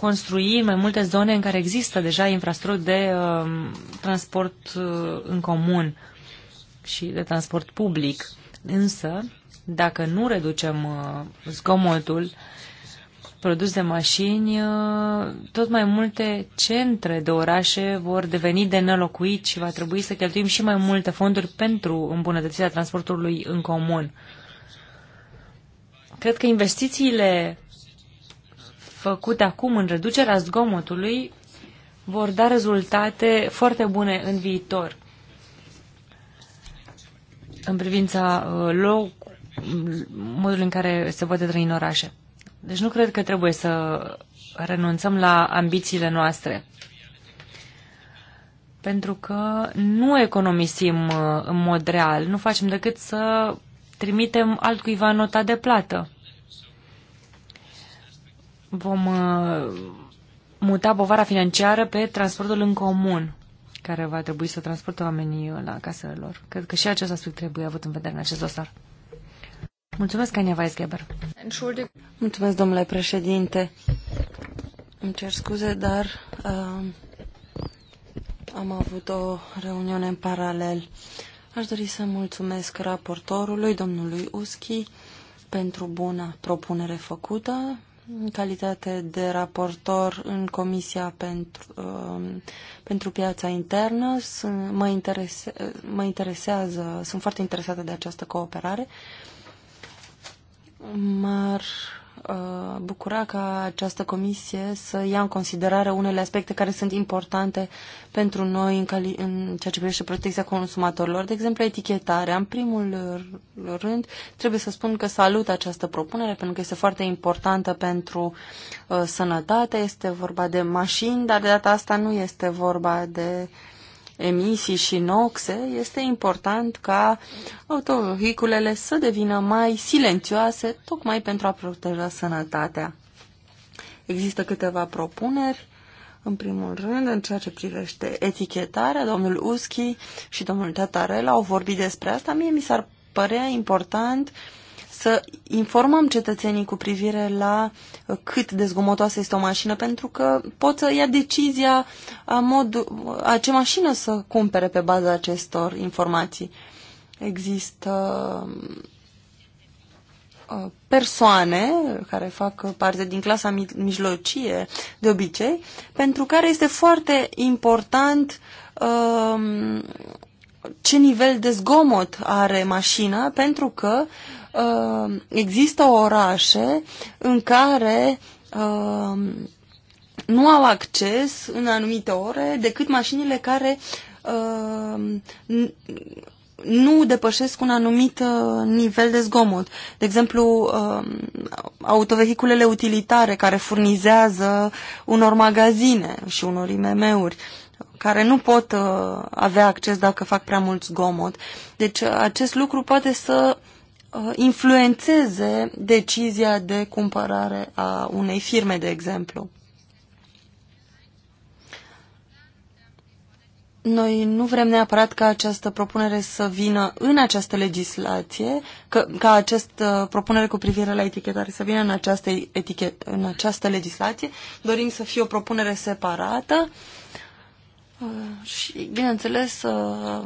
construi mai multe zone în care există deja infrastructură de uh, transport uh, în comun și de transport public. Însă, dacă nu reducem uh, zgomotul produs de mașini, uh, tot mai multe centre de orașe vor deveni de nelocuit și va trebui să cheltuim și mai multe fonduri pentru îmbunătățirea transportului în comun. Cred că investițiile făcute acum în reducerea zgomotului vor da rezultate foarte bune în viitor în privința uh, loc, modul în care se poate trăi în orașe. Deci nu cred că trebuie să renunțăm la ambițiile noastre. Pentru că nu economisim uh, în mod real, nu facem decât să trimitem altcuiva nota de plată vom uh, muta povara financiară pe transportul în comun care va trebui să transporte oamenii la casele lor. Cred că și acest aspect trebuie avut în vedere în acest dosar. Mulțumesc, Ania Weisgeber. Mulțumesc, domnule președinte. Îmi cer scuze, dar uh, am avut o reuniune în paralel. Aș dori să mulțumesc raportorului, domnului Uschi, pentru buna propunere făcută. În calitate de raportor în Comisia pentru, uh, pentru Piața Internă, sunt, mă, interese, mă interesează, sunt foarte interesată de această cooperare. M-ar Uh, bucura ca această comisie să ia în considerare unele aspecte care sunt importante pentru noi în, cali- în ceea ce privește protecția consumatorilor, de exemplu etichetarea. În primul rând, trebuie să spun că salut această propunere pentru că este foarte importantă pentru uh, sănătate, este vorba de mașini, dar de data asta nu este vorba de uh, emisii și noxe, este important ca autovehiculele să devină mai silențioase, tocmai pentru a proteja sănătatea. Există câteva propuneri. În primul rând, în ceea ce privește etichetarea, domnul Uschi și domnul Tatarel au vorbit despre asta. Mie mi s-ar părea important uh, să informăm cetățenii cu privire la uh, cât de zgomotoasă este o mașină, pentru că pot să ia decizia a, uh, mod, a uh, ce mașină să cumpere pe baza acestor informații. Există persoane care fac parte din clasa mijlocie de obicei, pentru care este foarte important ce nivel de zgomot are mașina, pentru că Uh, există orașe în care uh, nu au acces în anumite ore decât mașinile care uh, nu depășesc un anumit nivel de zgomot. De exemplu, autovehiculele utilitare care furnizează unor magazine și unor IMM-uri care nu pot avea acces dacă fac prea mult zgomot. Deci acest lucru poate să Uh, influențeze decizia de cumpărare a unei firme, de exemplu. Noi nu vrem neapărat ca această propunere să vină în această legislație, că, ca această propunere cu privire la etichetare să vină în această, etichet, în această legislație. Dorim să fie o propunere separată uh, și, bineînțeles, uh,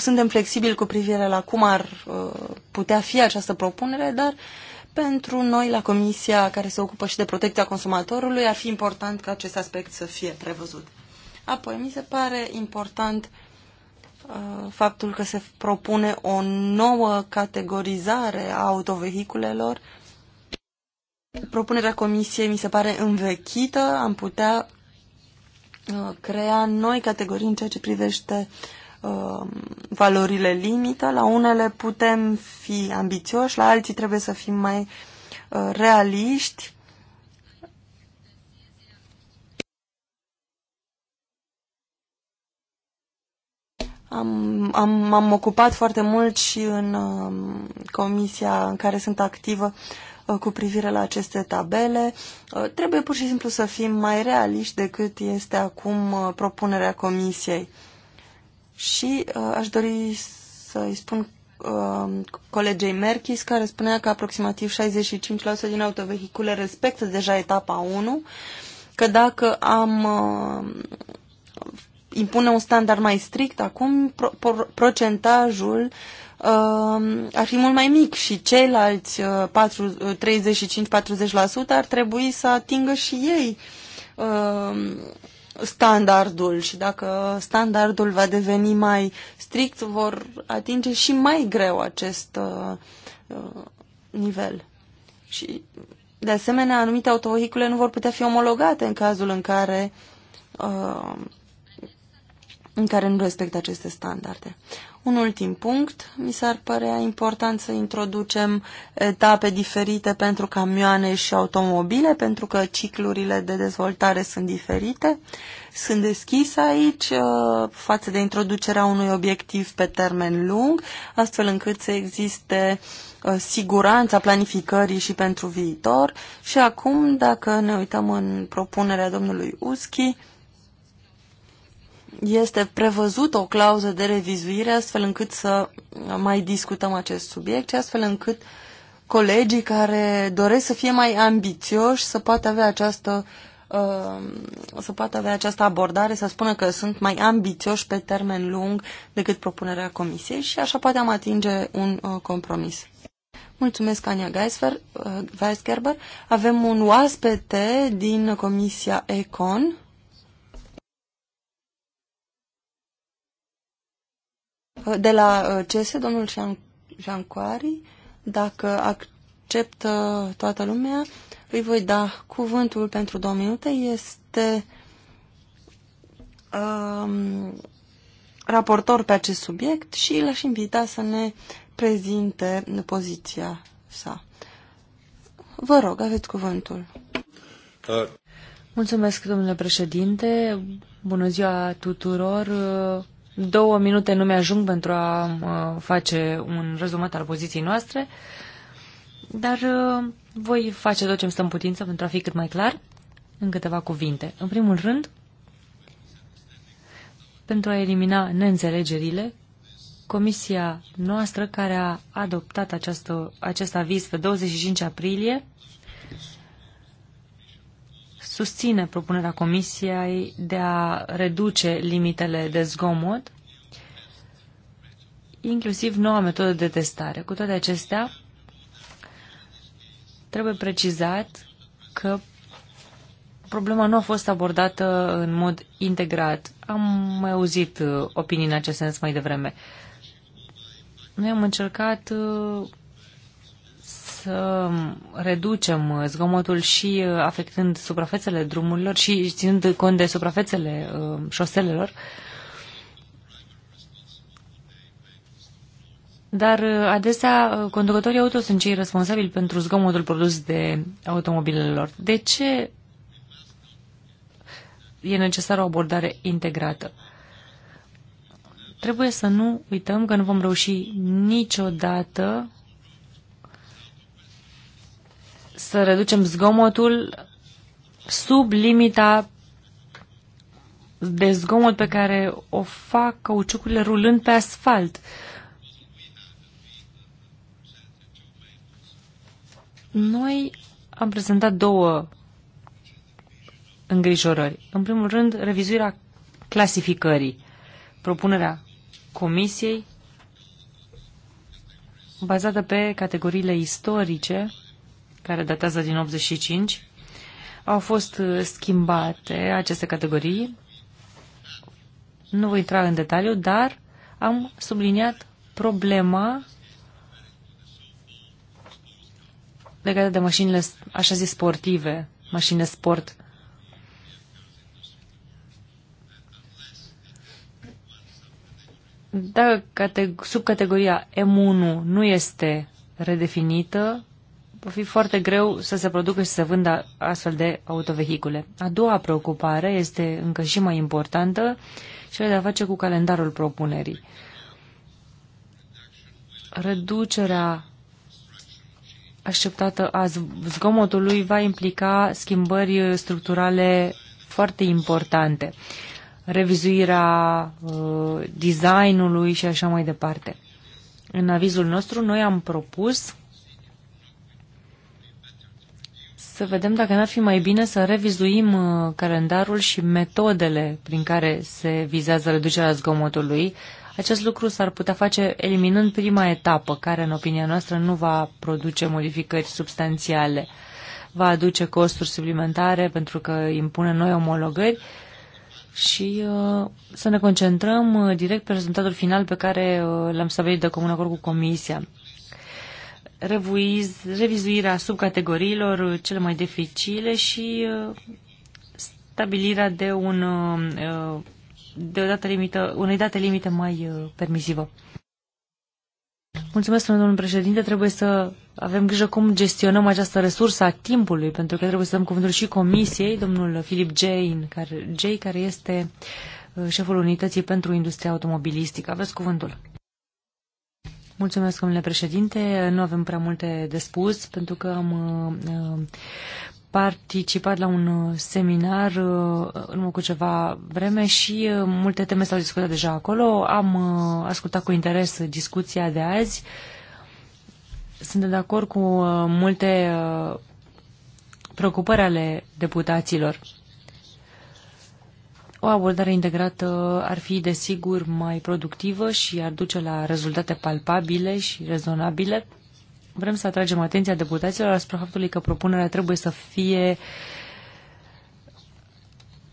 suntem flexibili cu privire la cum ar uh, putea fi această propunere, dar pentru noi, la Comisia care se ocupă și de protecția consumatorului, ar fi important ca acest aspect să fie prevăzut. Apoi, mi se pare important uh, faptul că se propune o nouă categorizare a autovehiculelor. Propunerea Comisiei mi se pare învechită, am putea uh, crea noi categorii în ceea ce privește uh, Um, valorile limită, la unele putem fi ambițioși, la alții trebuie să fim mai uh, realiști. Am, am, m-am ocupat foarte mult și în um, comisia în care sunt activă uh, cu privire la aceste tabele. Uh, trebuie pur și simplu să fim mai realiști decât este acum propunerea comisiei. Și uh, aș dori să-i spun uh, colegei Merchis, care spunea că aproximativ 65% din autovehicule respectă deja etapa 1, că dacă am uh, impune un standard mai strict, acum pro, pro, procentajul uh, ar fi mult mai mic și ceilalți uh, 35-40% uh, ar trebui să atingă și ei uh, standardul și dacă standardul va deveni mai strict, vor atinge și mai greu acest uh, uh, nivel. Și, de asemenea, anumite autovehicule nu vor putea fi omologate în cazul în care, uh, în care nu respectă aceste standarde. Un ultim punct, mi s-ar părea important să introducem etape diferite pentru camioane și automobile, pentru că ciclurile de dezvoltare sunt diferite. Sunt deschis aici uh, față de introducerea unui obiectiv pe termen lung, astfel încât să existe uh, siguranța planificării și pentru viitor. Și acum, dacă ne uităm în propunerea domnului Uschi, este prevăzută o clauză de revizuire astfel încât să mai discutăm acest subiect și astfel încât colegii care doresc să fie mai ambițioși să poată avea această uh, să poată avea această abordare, să spună că sunt mai ambițioși pe termen lung decât propunerea comisiei și așa poate am atinge un uh, compromis. Mulțumesc, Ania Geisfer, uh, Weisgerber. Avem un oaspete din Comisia ECON. Eh, de la eh, CESE, domnul Jancoari, dacă acceptă toată lumea, îi voi da cuvântul pentru două minute. Este um, raportor pe acest subiect și l-aș invita să ne prezinte poziția sa. Vă rog, aveți cuvântul. Eh. Mulțumesc, domnule președinte. Bună ziua tuturor. Două minute nu mi-ajung pentru a face un rezumat al poziției noastre, dar ă, voi face tot ce îmi stă în putință pentru a fi cât mai clar în câteva cuvinte. În primul rând, pentru a elimina neînțelegerile, comisia noastră care a adoptat această, acest aviz pe 25 aprilie susține propunerea Comisiei de a reduce limitele de zgomot, inclusiv noua metodă de testare. Cu toate acestea, trebuie precizat că problema nu a fost abordată în mod integrat. Am mai auzit uh, opinii în acest sens mai devreme. Noi am încercat uh, să reducem zgomotul și uh, afectând suprafețele drumurilor și ținând cont de suprafețele uh, șoselelor. Dar uh, adesea conducătorii auto sunt cei responsabili pentru zgomotul produs de automobilele lor. De ce e necesară o abordare integrată? Trebuie să nu uităm că nu vom reuși niciodată să reducem zgomotul sub limita de zgomot pe care o fac cauciucurile rulând pe asfalt. Noi am prezentat două îngrijorări. În primul rând, revizuirea clasificării. Propunerea comisiei bazată pe categoriile istorice care datează din 85, au fost uh, schimbate aceste categorii. Nu voi intra în detaliu, dar am subliniat problema legată de mașinile, așa zis, sportive, mașinile sport. Dacă sub categoria M1 nu este redefinită, va fi foarte greu să se producă și să vândă astfel de autovehicule. A doua preocupare este încă și mai importantă și are de a face cu calendarul propunerii. Reducerea așteptată a zgomotului va implica schimbări structurale foarte importante, revizuirea uh, designului și așa mai departe. În avizul nostru noi am propus să vedem dacă n-ar fi mai bine să revizuim uh, calendarul și metodele prin care se vizează reducerea zgomotului. Acest lucru s-ar putea face eliminând prima etapă, care, în opinia noastră, nu va produce modificări substanțiale. Va aduce costuri suplimentare pentru că impune noi omologări și uh, să ne concentrăm uh, direct pe rezultatul final pe care uh, l-am stabilit de comun acord cu Comisia revuiz, revizuirea subcategoriilor uh, cele mai dificile și uh, stabilirea de un uh, de o dată limită, unei date limite mai permisivă. Mulțumesc, domnul președinte. Trebuie să avem grijă cum gestionăm această resursă a timpului, pentru că trebuie să dăm cuvântul și comisiei, domnul Philip Jane, care, Jay, care este șeful unității pentru industria automobilistică. Aveți cuvântul. Mulțumesc, domnule președinte. Nu avem prea multe de spus, pentru că am uh, participat la un uh, seminar uh, în urmă cu ceva vreme și multe teme s-au discutat deja acolo. Am ascultat cu interes discuția de azi. Sunt de acord cu multe preocupări ale deputaților. O abordare integrată ar fi, desigur, mai productivă și ar duce la rezultate palpabile și rezonabile. Vrem să atragem atenția deputaților asupra faptului că propunerea trebuie să fie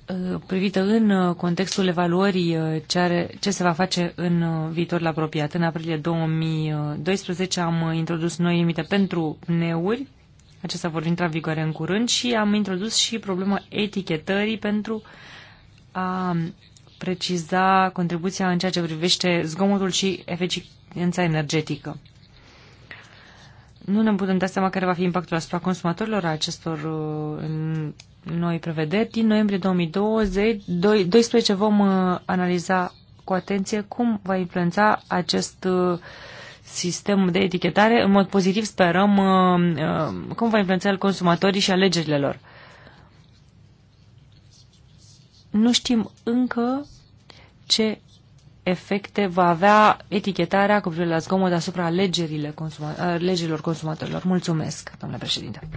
uh, privită în contextul evaluării uh, ce, are, ce se va face în uh, viitorul apropiat. În aprilie 2012 am introdus noi limite pentru neuri, acestea vor intra în vigoare în curând, și am introdus și problema etichetării pentru uh, a preciza contribuția în ceea ce privește zgomotul și eficiența energetică. Nu ne putem da seama care va fi impactul asupra consumatorilor a acestor uh, noi prevederi. Din noiembrie 2012 vom uh, analiza cu atenție cum va influența acest uh, sistem de etichetare. În mod pozitiv sperăm cum va influența consumatorii și alegerile lor nu știm încă ce efecte va avea etichetarea cu privire la zgomot asupra consuma legilor consumatorilor. Mulțumesc, domnule președinte.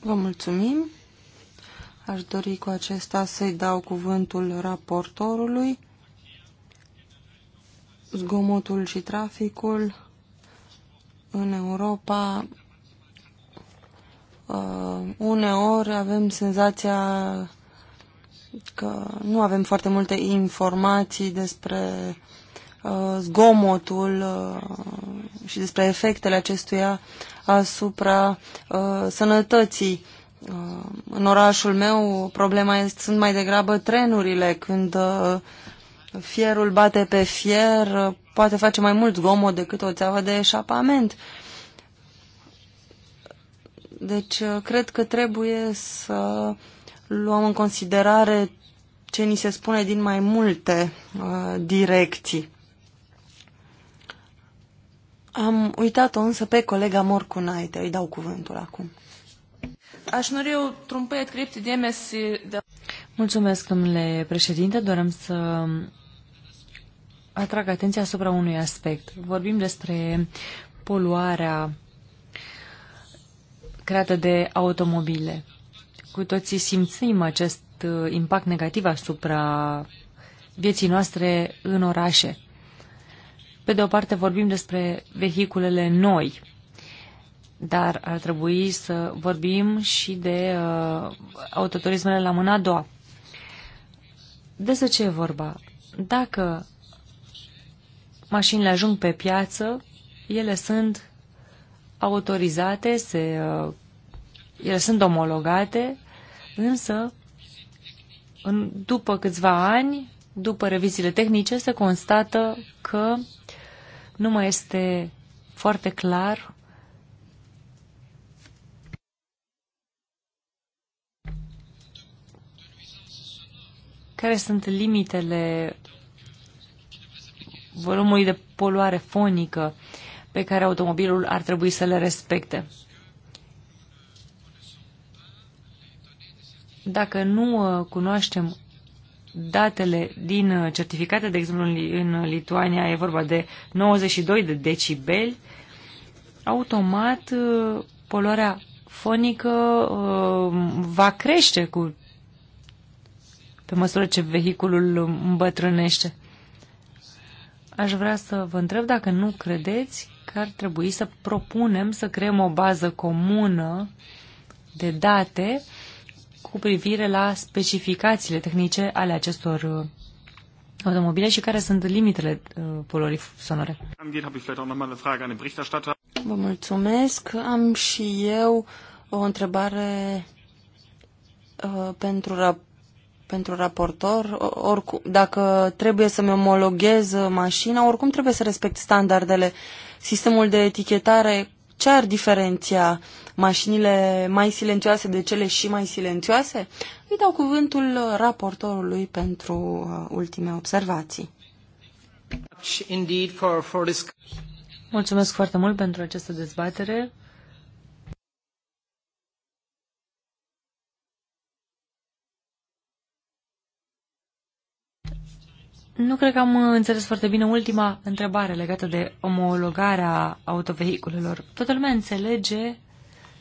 Vă mulțumim. Aș dori cu acesta să-i dau cuvântul raportorului. Zgomotul și traficul în Europa. Uh, uneori avem senzația că nu avem foarte multe informații despre uh, zgomotul uh, și despre efectele acestuia asupra uh, sănătății. Uh, în orașul meu problema este, sunt mai degrabă trenurile când uh, fierul bate pe fier, uh, poate face mai mult zgomot decât o țeavă de eșapament. Deci, uh, cred că trebuie să luăm în considerare ce ni se spune din mai multe uh, direcții. Am uitat-o însă pe colega Morcunaite, îi dau cuvântul acum. Aș noreu de MS. De... Mulțumesc, domnule președinte. Dorem să atrag atenția asupra unui aspect. Vorbim despre poluarea creată de automobile. Cu toții simțim acest uh, impact negativ asupra vieții noastre în orașe. Pe de o parte vorbim despre vehiculele noi, dar ar trebui să vorbim și de uh, autoturismele la mâna a doua. Despre ce e vorba? Dacă mașinile ajung pe piață, ele sunt autorizate, se, uh, ele sunt omologate însă în, după câțiva ani, după reviziile tehnice, se constată că nu mai este foarte clar care sunt limitele volumului de poluare fonică pe care automobilul ar trebui să le respecte. Dacă nu uh, cunoaștem datele din uh, certificate, de exemplu în Lituania e vorba de 92 de decibeli, automat uh, poluarea fonică va crește cu pe măsură ce vehiculul îmbătrânește. Aș vrea să vă întreb dacă nu credeți că ar trebui să propunem să creăm o bază comună de date cu privire la specificațiile tehnice ale acestor uh, automobile și care sunt limitele uh, poluării sonore. Vă mulțumesc. Am și eu o întrebare uh, pentru pentru raportor, oricum, dacă trebuie să-mi omologhez mașina, oricum trebuie să respect standardele. Sistemul de etichetare ce ar diferenția mașinile mai silențioase de cele și mai silențioase? Îi dau cuvântul raportorului pentru uh, ultime observații. Mulțumesc foarte mult pentru această dezbatere. Nu cred că am înțeles foarte bine ultima întrebare legată de omologarea autovehiculelor. Toată lumea înțelege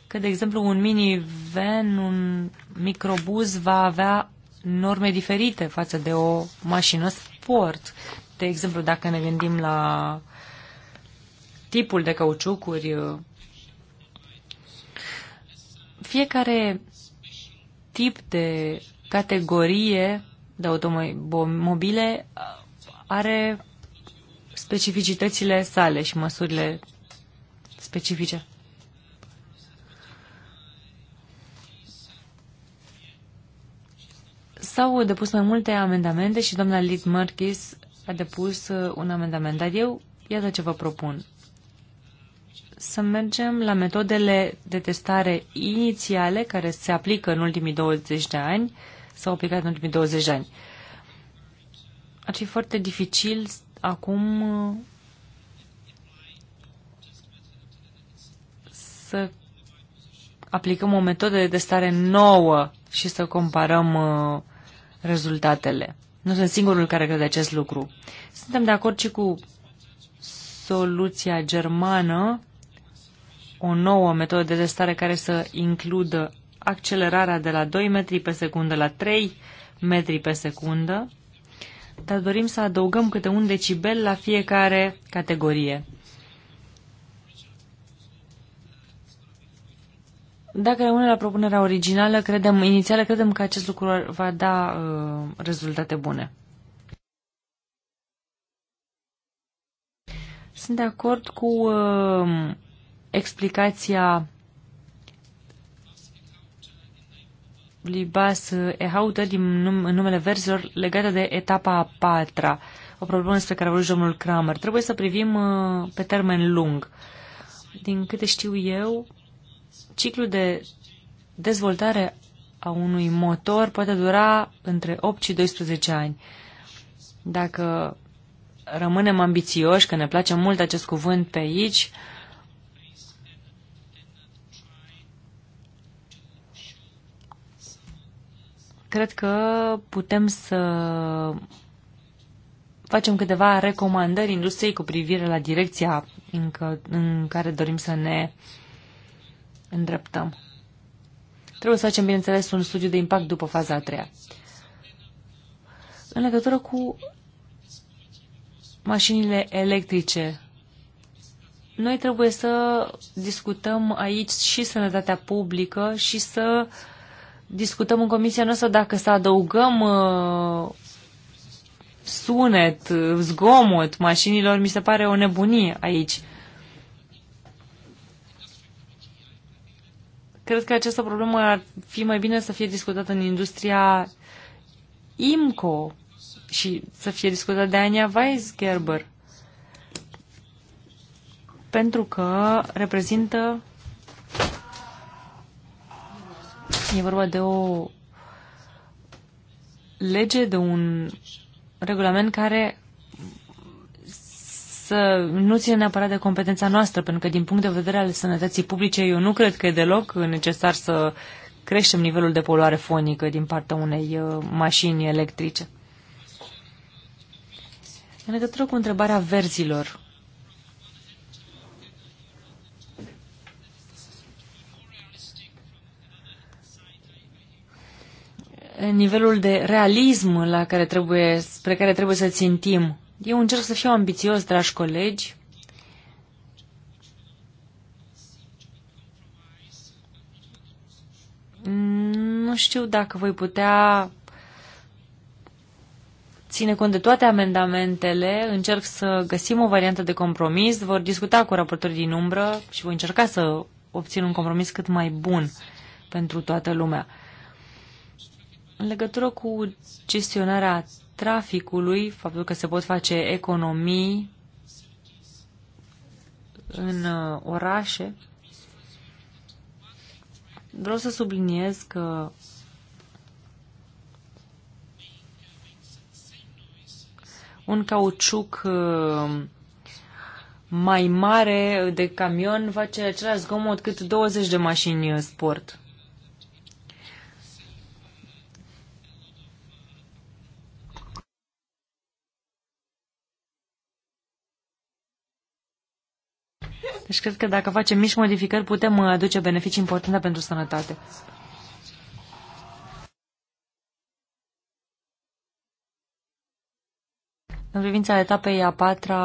că, de exemplu, un minivan, un microbuz va avea norme diferite față de o mașină sport. De exemplu, dacă ne gândim la tipul de cauciucuri, fiecare tip de categorie de automobile are specificitățile sale și măsurile specifice. S-au depus mai multe amendamente și doamna Liz Marquis a depus uh, un amendament, dar eu iată ce vă propun. Să mergem la metodele de testare inițiale care se aplică în ultimii 20 de ani, s-au aplicat în ultimii 20 de ani. Ar fi foarte dificil acum uh, să aplicăm o metodă de testare nouă și să comparăm uh, rezultatele. Nu sunt singurul care crede acest lucru. Suntem de acord și cu soluția germană, o nouă metodă de testare care să includă accelerarea de la 2 metri pe secundă la 3 metri pe secundă, dar dorim să adăugăm câte un decibel la fiecare categorie. Dacă rămâne la propunerea originală, credem, inițială, credem că acest lucru va da uh, rezultate bune. Sunt de acord cu uh, explicația Libas eh, Ehaută din num- în numele verzilor legată de etapa a patra, o problemă despre care a vorbit domnul Kramer. Trebuie să privim uh, pe termen lung. Din câte știu eu, ciclul de dezvoltare a unui motor poate dura între 8 și 12 ani. Dacă rămânem ambițioși, că ne place mult acest cuvânt pe aici, uh, cred că putem să facem câteva recomandări industriei cu privire la direcția în, că, în care dorim să ne îndreptăm. Trebuie să facem, bineînțeles, un studiu de impact după faza a treia. În legătură cu mașinile electrice, noi trebuie să discutăm aici și sănătatea publică și să uh, discutăm în comisia noastră dacă să adăugăm uh, sunet, zgomot mașinilor, mi se pare o nebunie aici. Cred că această problemă ar fi mai bine să fie discutată în industria IMCO și să fie discutată de Ania Weisgerber. Pentru că reprezintă E vorba de o lege, de un regulament care să nu ține neapărat de competența noastră, pentru că din punct de vedere al sănătății publice eu nu cred că e deloc necesar să creștem nivelul de poluare fonică din partea unei uh, mașini electrice. În legătură cu întrebarea verzilor, nivelul de realism la care trebuie, spre care trebuie să țintim. Eu încerc să fiu ambițios, dragi colegi, nu știu dacă voi putea ține cont de toate amendamentele, încerc să găsim o variantă de compromis, vor discuta cu raportorii din umbră și voi încerca să obțin un compromis cât mai bun pentru toată lumea. În legătură cu gestionarea traficului, faptul că se pot face economii în uh, orașe, vreau să subliniez că un cauciuc uh, mai mare de camion face același zgomot cât 20 de mașini uh, sport. Deci cred că dacă facem mici modificări putem uh, aduce beneficii importante pentru sănătate. În privința etapei a patra,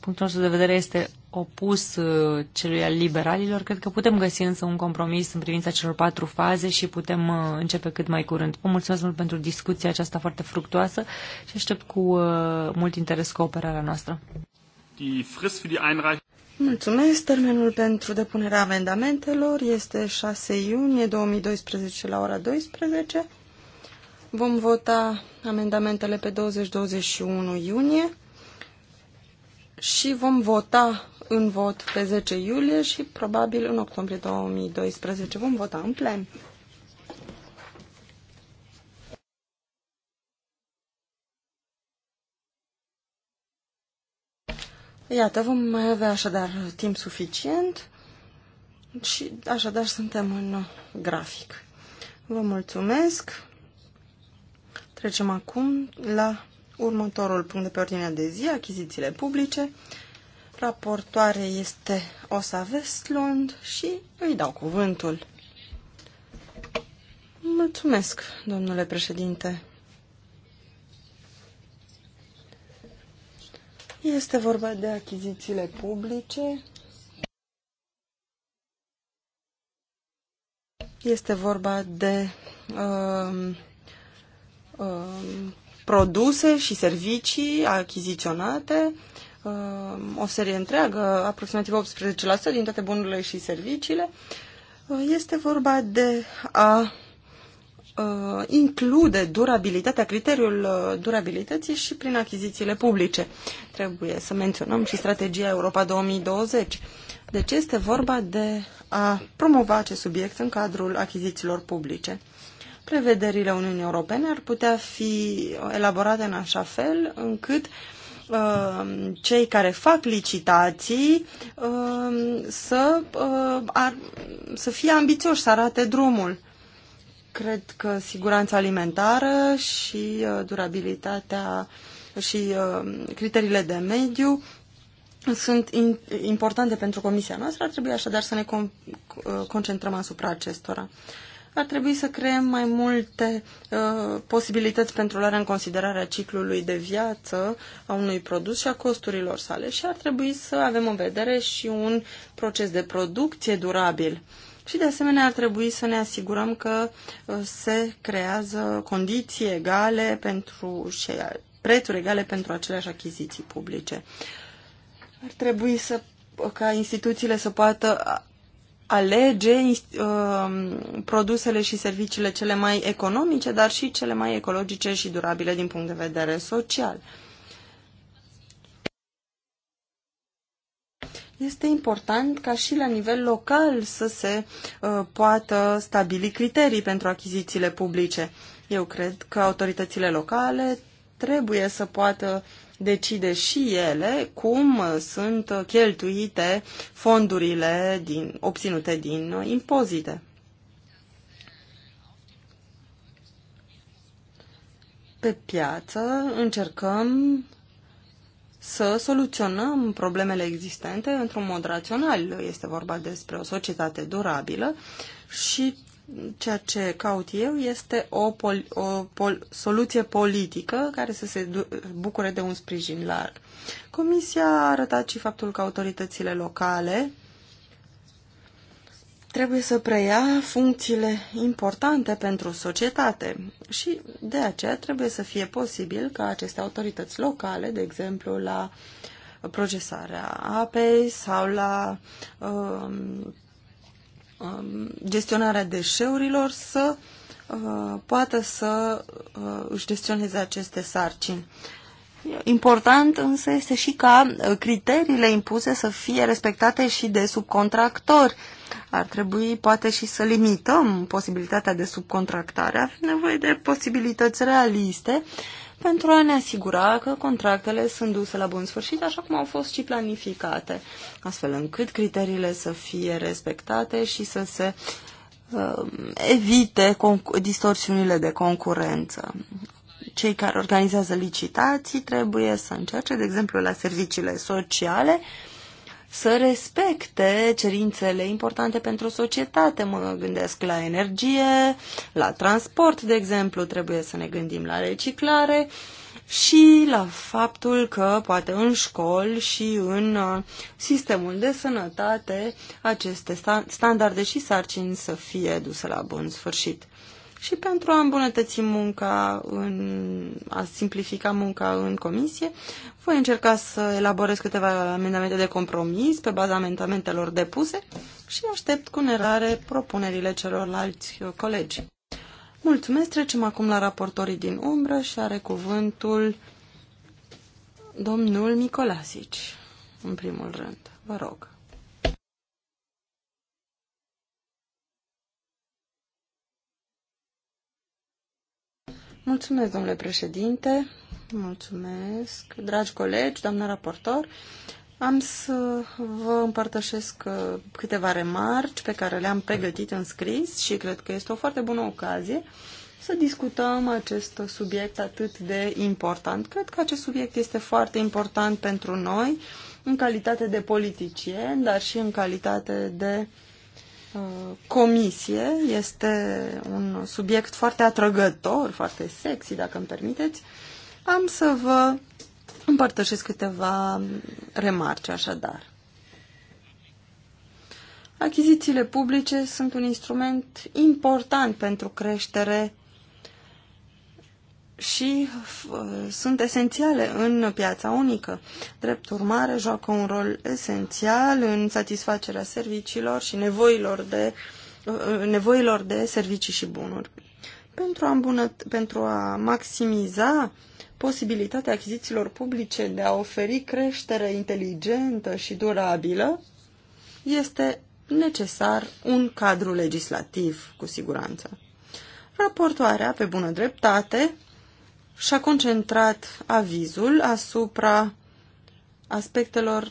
punctul nostru de vedere este opus uh, celui al liberalilor. Cred că putem găsi însă un compromis în privința celor patru faze și putem uh, începe cât mai curând. Vă mulțumesc mult pentru discuția aceasta foarte fructuoasă și aștept cu mult interes cooperarea noastră. Mulțumesc. Termenul pentru depunerea amendamentelor este 6 iunie 2012 la ora 12. Vom vota amendamentele pe 20-21 iunie și vom vota în vot pe 10 iulie și probabil în octombrie 2012 vom vota în plen. Iată, vom mai avea așadar timp suficient și așadar suntem în grafic. Vă mulțumesc. Trecem acum la următorul punct de pe ordinea de zi, achizițiile publice. Raportoare este Osa Westlund și îi dau cuvântul. Mulțumesc, domnule președinte. Este vorba de achizițiile publice. Este vorba de uh, uh, produse și servicii achiziționate, uh, o serie întreagă, aproximativ 18% din toate bunurile și serviciile. Uh, este vorba de a uh, uh, include durabilitatea, criteriul uh, durabilității și prin achizițiile publice. Trebuie să menționăm și strategia Europa 2020. Deci este vorba de a promova acest subiect în cadrul achizițiilor publice. Prevederile Uniunii Europene ar putea fi elaborate în așa fel încât uh, cei care fac licitații uh, să, ar, să fie ambițioși, să arate drumul Cred că siguranța alimentară și uh, durabilitatea și uh, criteriile de mediu sunt importante pentru comisia noastră, ar trebui așadar să ne uh, concentrăm asupra acestora. Ar trebui să creăm mai multe uh, posibilități pentru luarea în considerare a ciclului de viață a unui produs și a costurilor sale și ar trebui să avem în vedere și un proces de producție durabil. Uh, și de asemenea ar trebui să ne asigurăm că uh, se creează condiții egale pentru și uh, prețuri egale pentru aceleași achiziții publice. Ar trebui să, uh, ca instituțiile să poată alege uh, produsele și serviciile cele mai economice, dar și cele mai ecologice și durabile din punct de vedere social. este important ca și la nivel local să se uh, poată stabili criterii pentru achizițiile publice. Eu cred că autoritățile locale trebuie să poată decide și ele cum sunt cheltuite fondurile din, obținute din impozite. Pe piață încercăm să soluționăm problemele existente într-un mod rațional. Este vorba despre o societate durabilă și ceea ce caut eu este o, pol, o pol, soluție politică care să se bucure de un sprijin larg. Comisia a arătat și faptul că autoritățile locale trebuie să preia funcțiile importante pentru societate și de aceea trebuie să fie posibil ca aceste autorități locale, de exemplu la procesarea apei sau la um, um, gestionarea deșeurilor, să uh, poată să uh, își gestioneze aceste sarcini. Important însă este și ca criteriile impuse să fie respectate și de subcontractori, ar trebui poate și să limităm posibilitatea de subcontractare. Avem nevoie de posibilități realiste pentru a ne asigura că contractele sunt duse la bun sfârșit așa cum au fost și planificate, astfel încât criteriile să fie respectate și să se uh, evite distorsiunile de concurență. Cei care organizează licitații trebuie să încerce, de exemplu, la serviciile sociale, uh, să respecte cerințele importante pentru societate. Mă gândesc la energie, la transport, de exemplu, trebuie să ne gândim la reciclare și la faptul că poate în școli și în uh, sistemul de sănătate aceste standarde și sarcini să fie duse la bun sfârșit și pentru a îmbunătăți munca, în, a simplifica munca în comisie, voi încerca să elaborez câteva amendamente de compromis pe baza amendamentelor depuse și aștept cu nerare propunerile celorlalți colegi. Mulțumesc, trecem acum la raportorii din umbră și are cuvântul domnul Nicolasici, în primul rând. Vă rog. Mulțumesc, domnule președinte. Mulțumesc, dragi colegi, doamnă raportor. Am să vă împărtășesc uh, câteva remarci pe care le-am pregătit în scris și cred că este o foarte bună ocazie să discutăm acest subiect atât de important. Cred că acest subiect este foarte important pentru noi în calitate de politicieni, dar și în calitate de uh, Uh, comisie este un subiect foarte atrăgător, foarte sexy, dacă îmi permiteți, am să vă împărtășesc câteva remarce așadar. Achizițiile publice sunt un instrument important pentru creștere și sunt esențiale în piața unică. Drept urmare, joacă un rol esențial în satisfacerea serviciilor și nevoilor de, uh, nevoilor de servicii și bunuri. Pentru a, îmbunăt- pentru a maximiza posibilitatea achizițiilor publice de a oferi creștere inteligentă și durabilă, este necesar un cadru legislativ, cu siguranță. Raportoarea, pe bună dreptate, și-a concentrat avizul asupra aspectelor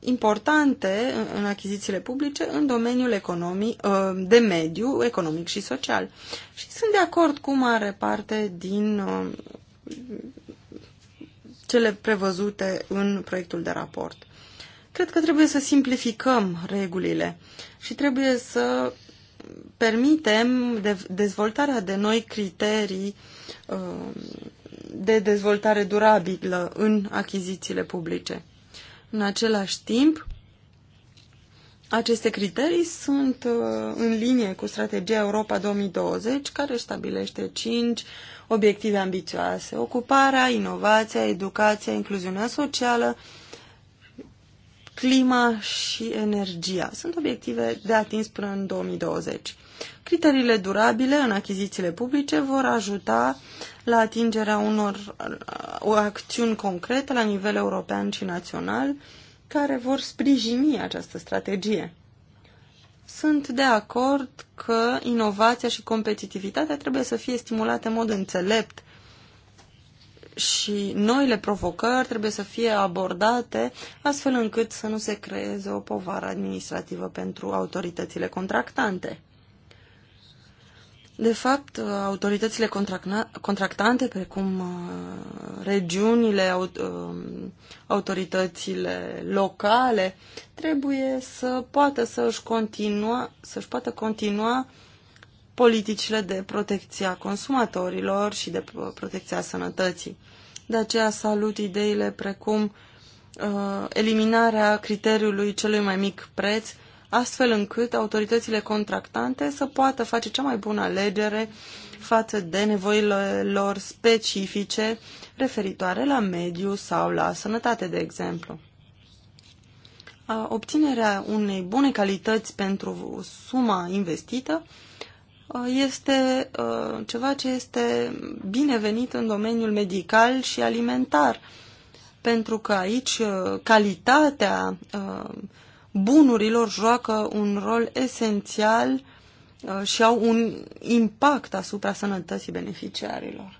importante în achizițiile publice în domeniul economic, ă, de mediu, economic și social. Și sunt de acord cu mare parte din ă, cele prevăzute în proiectul de raport. Cred că trebuie să simplificăm regulile și trebuie să permitem dezvoltarea de noi criterii uh, Uh, de dezvoltare durabilă în achizițiile publice. În același timp, aceste criterii sunt uh, în linie cu strategia Europa 2020, care stabilește cinci obiective ambițioase. Ocuparea, inovația, educația, incluziunea socială, clima și energia. Sunt obiective de atins până în 2020. Criteriile durabile în achizițiile publice vor ajuta la atingerea unor uh, o acțiuni concrete la nivel european și național care vor sprijini această strategie. Sunt de acord că inovația și competitivitatea trebuie să fie stimulate în mod înțelept și noile provocări trebuie să fie abordate astfel încât să nu se creeze o povară administrativă pentru autoritățile contractante. De fapt, uh, autoritățile contractante, precum uh, regiunile, uh, autoritățile locale, trebuie să poată să-și continua, să-și poată continua politicile de protecție a consumatorilor și de protecția sănătății. De aceea salut ideile precum eliminarea criteriului celui mai mic preț astfel încât autoritățile contractante să poată face cea mai bună alegere față de nevoile lor specifice referitoare la mediu sau la sănătate, de exemplu. Obținerea unei bune calități pentru suma investită este ceva ce este binevenit în domeniul medical și alimentar, pentru că aici calitatea bunurilor joacă un rol esențial uh, și au un impact asupra sănătății beneficiarilor.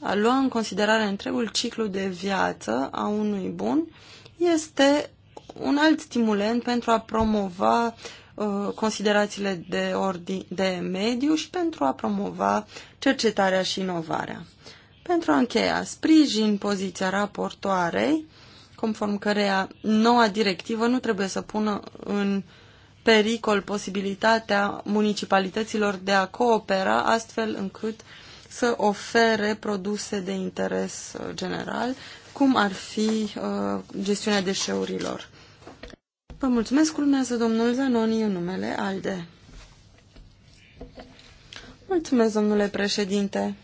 A lua în considerare întregul ciclu de viață a unui bun este un alt stimulent pentru a promova uh, considerațiile de, ordin, de mediu și pentru a promova cercetarea și inovarea. Pentru a încheia, sprijin poziția raportoarei conform căreia noua directivă nu trebuie să pună în pericol posibilitatea municipalităților de a coopera astfel încât să ofere produse de interes uh, general, cum ar fi uh, gestiunea deșeurilor. Vă mulțumesc, urmează domnul Zanoni în numele ALDE. Mulțumesc, domnule președinte.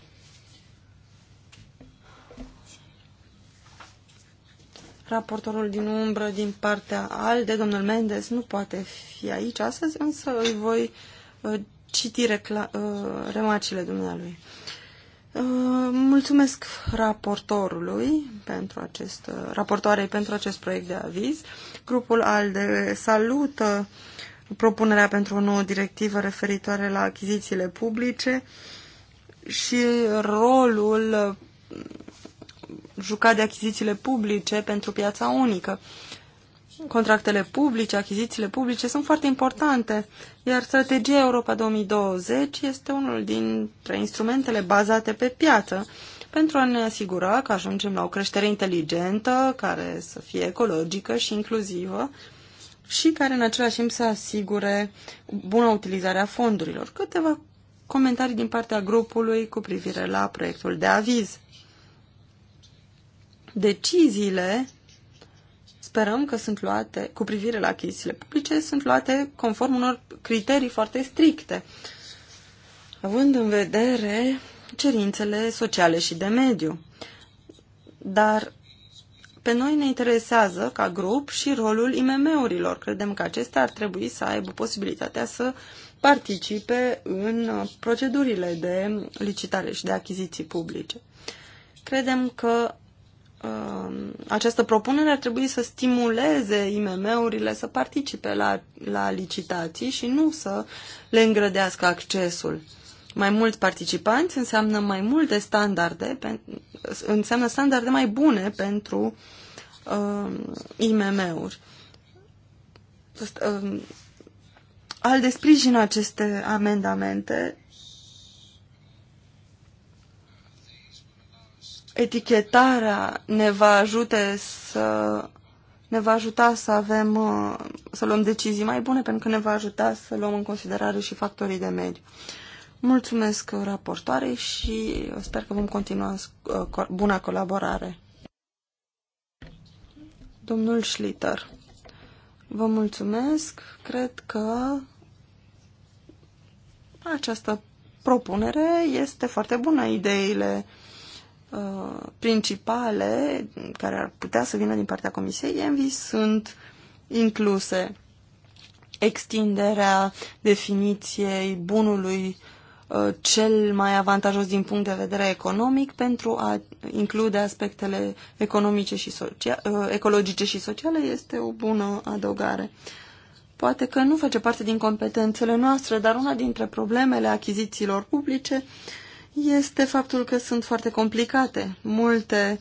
Raportorul din umbră din partea ALDE, domnul Mendes, nu poate fi aici astăzi, însă îi voi uh, citi uh, remarcile dumnealui. Uh, mulțumesc raportorului pentru acest, raportoarei pentru acest proiect de aviz. Grupul ALDE salută propunerea pentru o nouă directivă referitoare la achizițiile publice și rolul juca de achizițiile publice pentru piața unică. Contractele publice, achizițiile publice sunt foarte importante, iar strategia Europa 2020 este unul dintre instrumentele bazate pe piață pentru a ne asigura că ajungem la o creștere inteligentă, care să fie ecologică și inclusivă și care în același timp să asigure bună utilizarea fondurilor. Câteva comentarii din partea grupului cu privire la proiectul de aviz deciziile sperăm că sunt luate, cu privire la achizițiile publice, sunt luate conform unor criterii foarte stricte, având în vedere cerințele sociale și de mediu. Dar pe noi ne interesează ca grup și rolul IMM-urilor. Credem că acestea ar trebui să aibă posibilitatea să participe în procedurile de licitare și de achiziții publice. Credem că Um, această propunere ar trebui să stimuleze IMM-urile să participe la, la licitații și nu să le îngrădească accesul. Mai mulți participanți înseamnă mai multe standarde, pe, înseamnă standarde mai bune pentru uh, IMM-uri. Uh, al de sprijin aceste amendamente etichetarea ne va ajute să ne va ajuta să avem, uh, să luăm decizii mai bune, pentru că ne va ajuta să luăm în considerare și factorii de mediu. Mulțumesc raportoare și sper că vom continua uh, buna colaborare. Domnul Schlitter, vă mulțumesc. Cred că această propunere este foarte bună. Ideile Uh, principale care ar putea să vină din partea Comisiei ENVI sunt incluse extinderea definiției bunului uh, cel mai avantajos din punct de vedere economic pentru a include aspectele economice și socia- uh, ecologice și sociale este o bună adăugare. Poate că nu face parte din competențele noastre, dar una dintre problemele achizițiilor publice uh, este faptul că sunt foarte complicate. Multe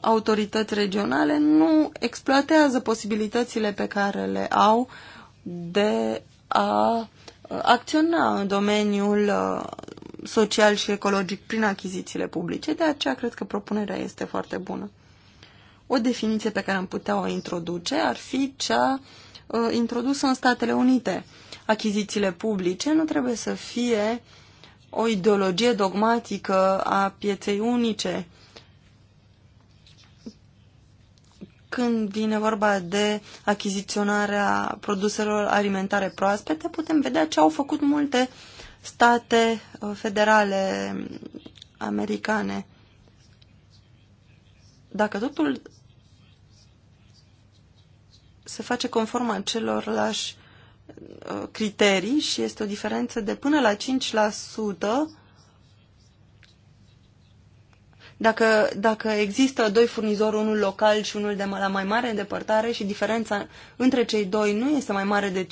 autorități regionale nu exploatează posibilitățile pe care le au de a uh, acționa în domeniul uh, social și ecologic prin achizițiile publice. De aceea cred că propunerea este foarte bună. O definiție pe care am putea o introduce ar fi cea uh, introdusă în Statele Unite. Achizițiile publice nu trebuie să fie uh, o ideologie dogmatică a pieței unice. Când vine vorba de achiziționarea produselor alimentare proaspete, putem vedea ce au făcut multe state uh, federale americane. Dacă totul se face conform acelorlași Uh, criterii și este o diferență de până la 5% dacă, dacă există doi furnizori, unul local și unul de la mai mare îndepărtare și diferența între cei doi nu este mai mare de 5%,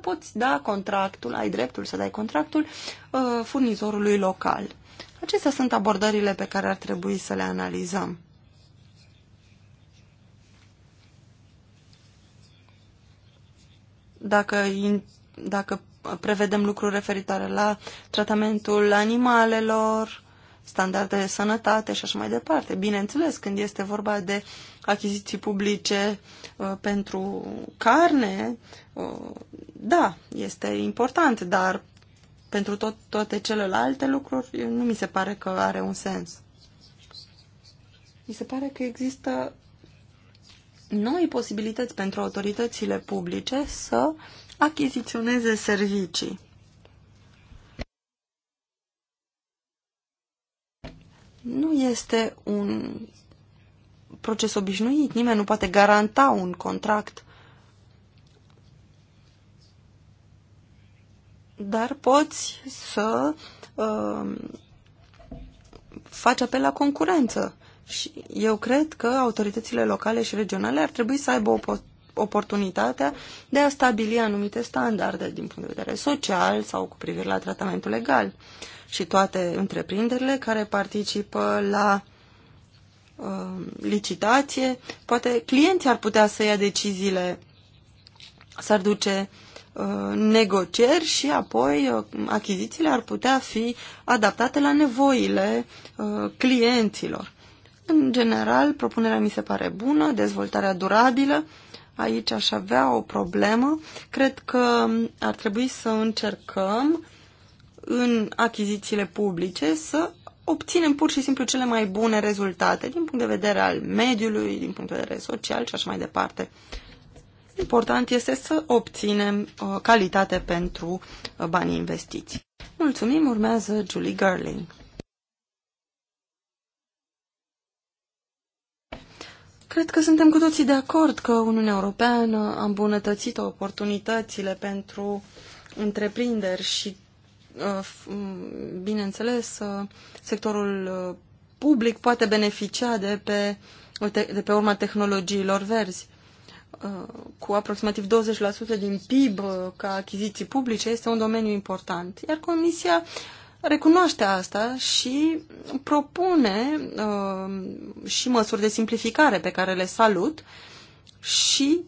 poți da contractul, ai dreptul să dai contractul uh, furnizorului local. Acestea sunt abordările pe care ar trebui să le analizăm. dacă, dacă prevedem lucruri referitoare la tratamentul animalelor, standarde de sănătate și așa mai departe. Bineînțeles, când este vorba de achiziții publice uh, pentru carne, uh, da, este important, dar pentru tot, toate celelalte lucruri nu mi se pare că are un sens. Mi se pare că există noi posibilități pentru autoritățile publice să achiziționeze servicii. Nu este un proces obișnuit, nimeni nu poate garanta un contract, dar poți să uh, faci apel la concurență. Și eu cred că autoritățile locale și regionale ar trebui să aibă oportunitatea de a stabili anumite standarde din punct de vedere social sau cu privire la tratamentul legal. Și toate întreprinderile care participă la uh, licitație, poate clienții ar putea să ia deciziile, s-ar duce uh, negocieri și apoi uh, achizițiile ar putea fi adaptate la nevoile uh, clienților. În general, propunerea mi se pare bună, dezvoltarea durabilă. Aici aș avea o problemă. Cred că ar trebui să încercăm în achizițiile publice să obținem pur și simplu cele mai bune rezultate din punct de vedere al mediului, din punct de vedere social și așa mai departe. Important este să obținem uh, calitate pentru uh, banii investiți. Mulțumim, urmează Julie Garling. Cred că suntem cu toții de acord că Uniunea Europeană a îmbunătățit oportunitățile pentru întreprinderi și, uh, mm, bineînțeles, uh, sectorul uh, public poate beneficia de pe, de pe urma tehnologiilor verzi. Cu aproximativ 20% din PIB ca achiziții publice este un domeniu important, iar Comisia recunoaște asta și propune uh, și măsuri de simplificare pe care le salut și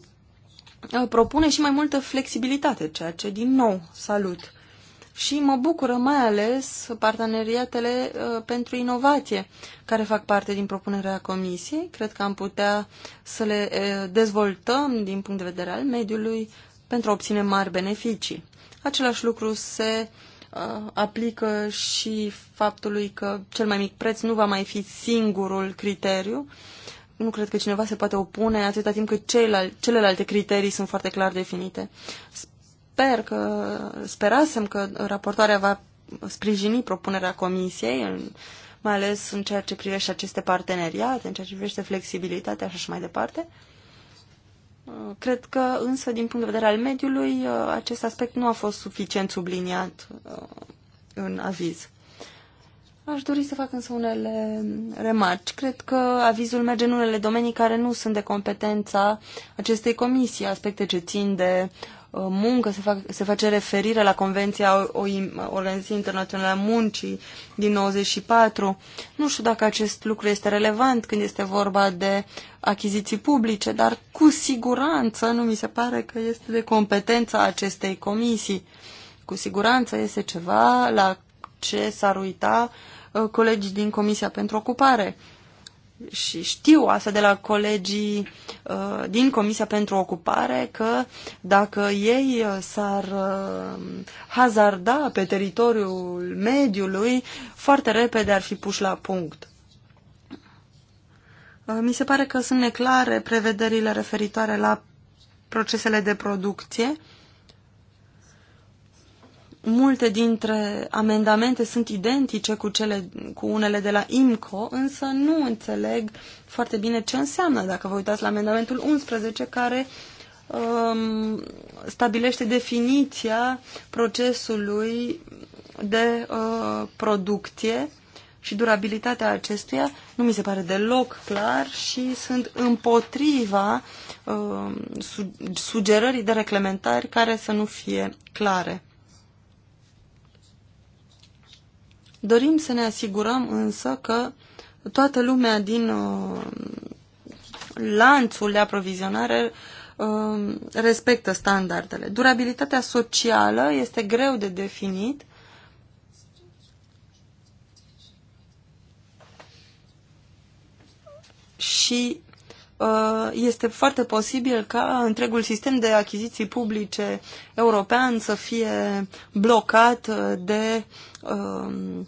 uh, propune și mai multă flexibilitate, ceea ce din nou salut. Și mă bucură mai ales parteneriatele uh, pentru inovație, care fac parte din propunerea Comisiei. Cred că am putea să le uh, dezvoltăm din punct de vedere al mediului pentru a obține mari beneficii. Același lucru se uh, Uh, aplică și faptului că cel mai mic preț nu va mai fi singurul criteriu. Nu cred că cineva se poate opune atâta timp cât celelalte criterii sunt foarte clar definite. Sper că, sperasem că raportoarea va sprijini propunerea comisiei, mai ales în ceea ce privește aceste parteneriate, în ceea ce privește flexibilitatea și așa mai departe. Uh, cred că, însă, din punct de vedere al mediului, uh, acest aspect nu a fost suficient subliniat uh, în aviz. Aș dori să fac însă unele remarci. Cred că avizul merge în unele domenii care nu sunt de competența acestei comisii, aspecte ce țin de Uh, muncă se, fac, se face referire la Convenția Organizației Internaționale a Muncii din 94. Nu știu dacă acest lucru este relevant când este vorba de achiziții publice, dar cu siguranță nu mi se pare că este de competența acestei comisii. Cu siguranță este ceva la ce s-ar uita uh, colegii din Comisia pentru Ocupare și știu asta de la colegii uh, din Comisia pentru Ocupare că dacă ei uh, s-ar uh, hazarda pe teritoriul mediului, foarte repede ar fi puși la punct. mi se pare că sunt neclare prevederile referitoare la procesele de producție Multe dintre amendamente sunt identice cu, cele, cu unele de la IMCO, însă nu înțeleg foarte bine ce înseamnă. Dacă vă uitați la amendamentul 11, care um, stabilește definiția procesului de uh, producție și durabilitatea acestuia, nu mi se pare deloc clar și sunt împotriva uh, sugerării de reclementari care să nu fie clare. Dorim să ne asigurăm însă că toată lumea din uh, lanțul de aprovizionare uh, respectă standardele. Durabilitatea socială este greu de definit și Uh, este foarte posibil ca întregul sistem de achiziții publice european să fie blocat uh, de, um,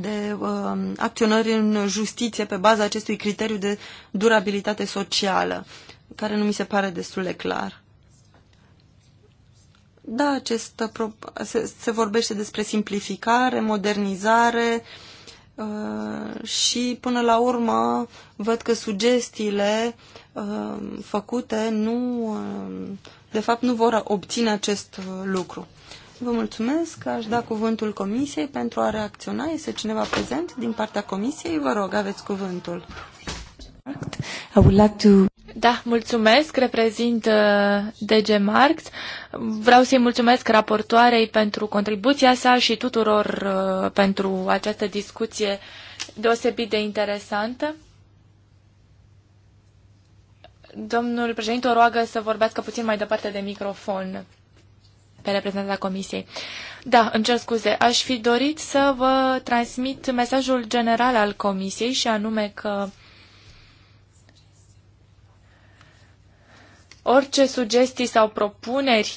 de um, acționări în justiție pe baza acestui criteriu de durabilitate socială, care nu mi se pare destul de clar. Da, acest, uh, se, se vorbește despre simplificare, modernizare, uh, Uh, și până la urmă văd că sugestiile uh, făcute nu, uh, de fapt nu vor obține acest lucru. Vă mulțumesc, aș da cuvântul comisiei pentru a reacționa. Este cineva prezent din partea comisiei? Vă rog, aveți cuvântul. I would like to... Da, mulțumesc, reprezint uh, DG Marx. Vreau să-i mulțumesc raportoarei pentru contribuția sa și tuturor uh, pentru această discuție deosebit de interesantă. Domnul președinte o roagă să vorbească puțin mai departe de microfon pe reprezentanta comisiei. Da, îmi cer scuze. Aș fi dorit să vă transmit mesajul general al comisiei și anume că orice sugestii sau propuneri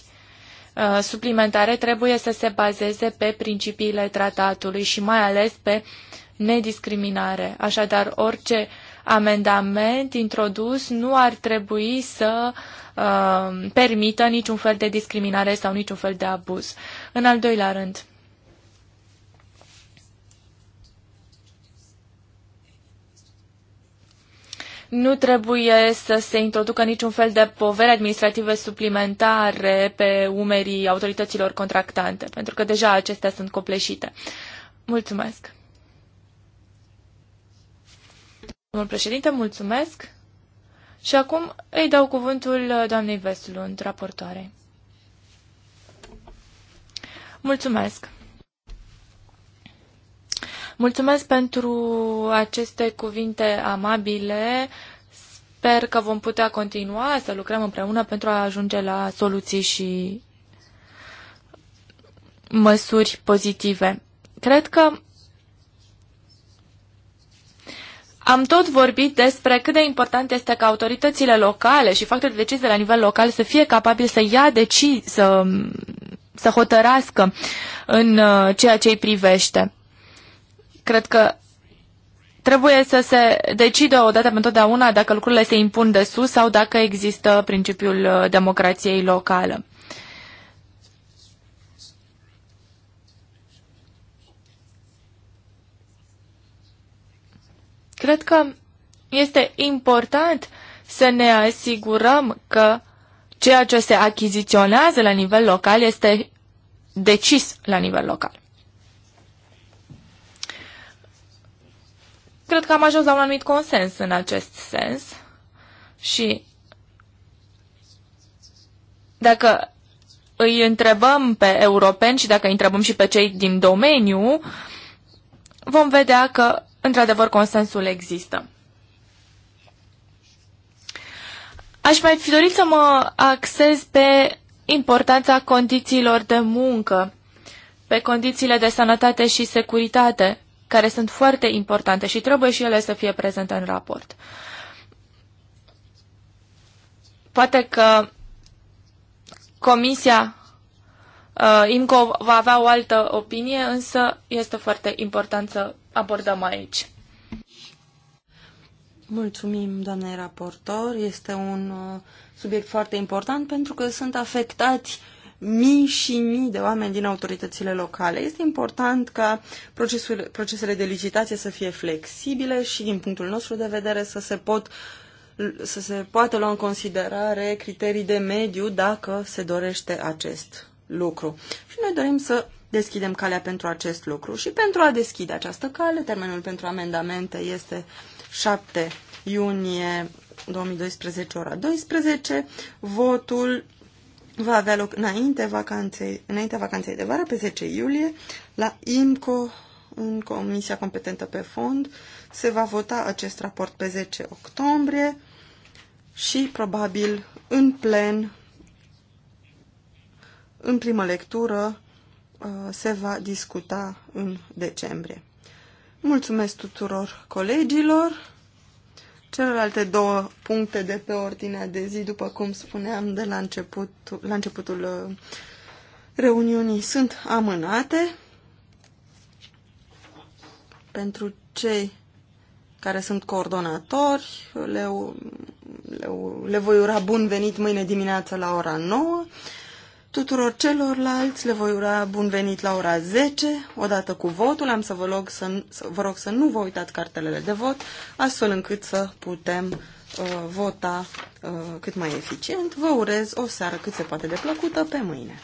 uh, suplimentare trebuie să se bazeze pe principiile tratatului și mai ales pe nediscriminare. Așadar, orice amendament introdus nu ar trebui să uh, permită niciun fel de discriminare sau niciun fel de abuz. În al doilea rând, Nu trebuie să se introducă niciun fel de povere administrative suplimentare pe umerii autorităților contractante, pentru că deja acestea sunt copleșite. Mulțumesc. Domnul președinte, mulțumesc. Și acum îi dau cuvântul doamnei Veslund, raportoare. Mulțumesc. Mulțumesc pentru aceste cuvinte amabile. Sper că vom putea continua să lucrăm împreună pentru a ajunge la soluții și măsuri pozitive. Cred că am tot vorbit despre cât de important este ca autoritățile locale și factorii de decizie de la nivel local să fie capabili să ia decizii, să, să hotărască în uh, ceea ce îi privește. Cred că trebuie să se decidă odată pentru totdeauna dacă lucrurile se impun de sus sau dacă există principiul uh, democrației locală. Cred că este important să ne asigurăm că ceea ce se achiziționează la nivel local este decis la nivel local. Cred că am ajuns la un anumit consens în acest sens și dacă îi întrebăm pe europeni și dacă îi întrebăm și pe cei din domeniu, vom vedea că, într-adevăr, consensul există. Aș mai fi dorit să mă axez pe importanța condițiilor de muncă, pe condițiile de sănătate și securitate care sunt foarte importante și trebuie și ele să fie prezente în raport. Poate că Comisia uh, IMCO va avea o altă opinie, însă este foarte important să abordăm aici. Mulțumim, doamnei raportor. Este un uh, subiect foarte important pentru că sunt afectați uh, mii și mii de oameni din autoritățile locale. Este important ca procesul, procesele de licitație să fie flexibile și, din punctul nostru de vedere, să se, pot, să se poată lua în considerare criterii de mediu dacă se dorește acest lucru. Și noi dorim să deschidem calea pentru acest lucru. Și pentru a deschide această cale, termenul pentru amendamente este 7 iunie 2012, ora 12. Votul va avea loc înainte vacanței, înainte vacanței de vară, pe 10 iulie, la IMCO, în Comisia Competentă pe Fond. Se va vota acest raport pe 10 octombrie și probabil în plen, în primă lectură, uh, se va discuta în decembrie. Mulțumesc tuturor colegilor! Celelalte două puncte de pe ordinea de zi, după cum spuneam de la, început, la începutul uh, reuniunii, sunt amânate. Pentru cei care sunt coordonatori, le, le, le voi ura bun venit mâine dimineață la ora 9 Tuturor celorlalți le voi ura bun venit la ora 10. Odată cu votul am să vă, log să, să, vă rog să nu vă uitați cartelele de vot, astfel încât să putem uh, vota uh, cât mai eficient. Vă urez o seară cât se poate de plăcută pe mâine.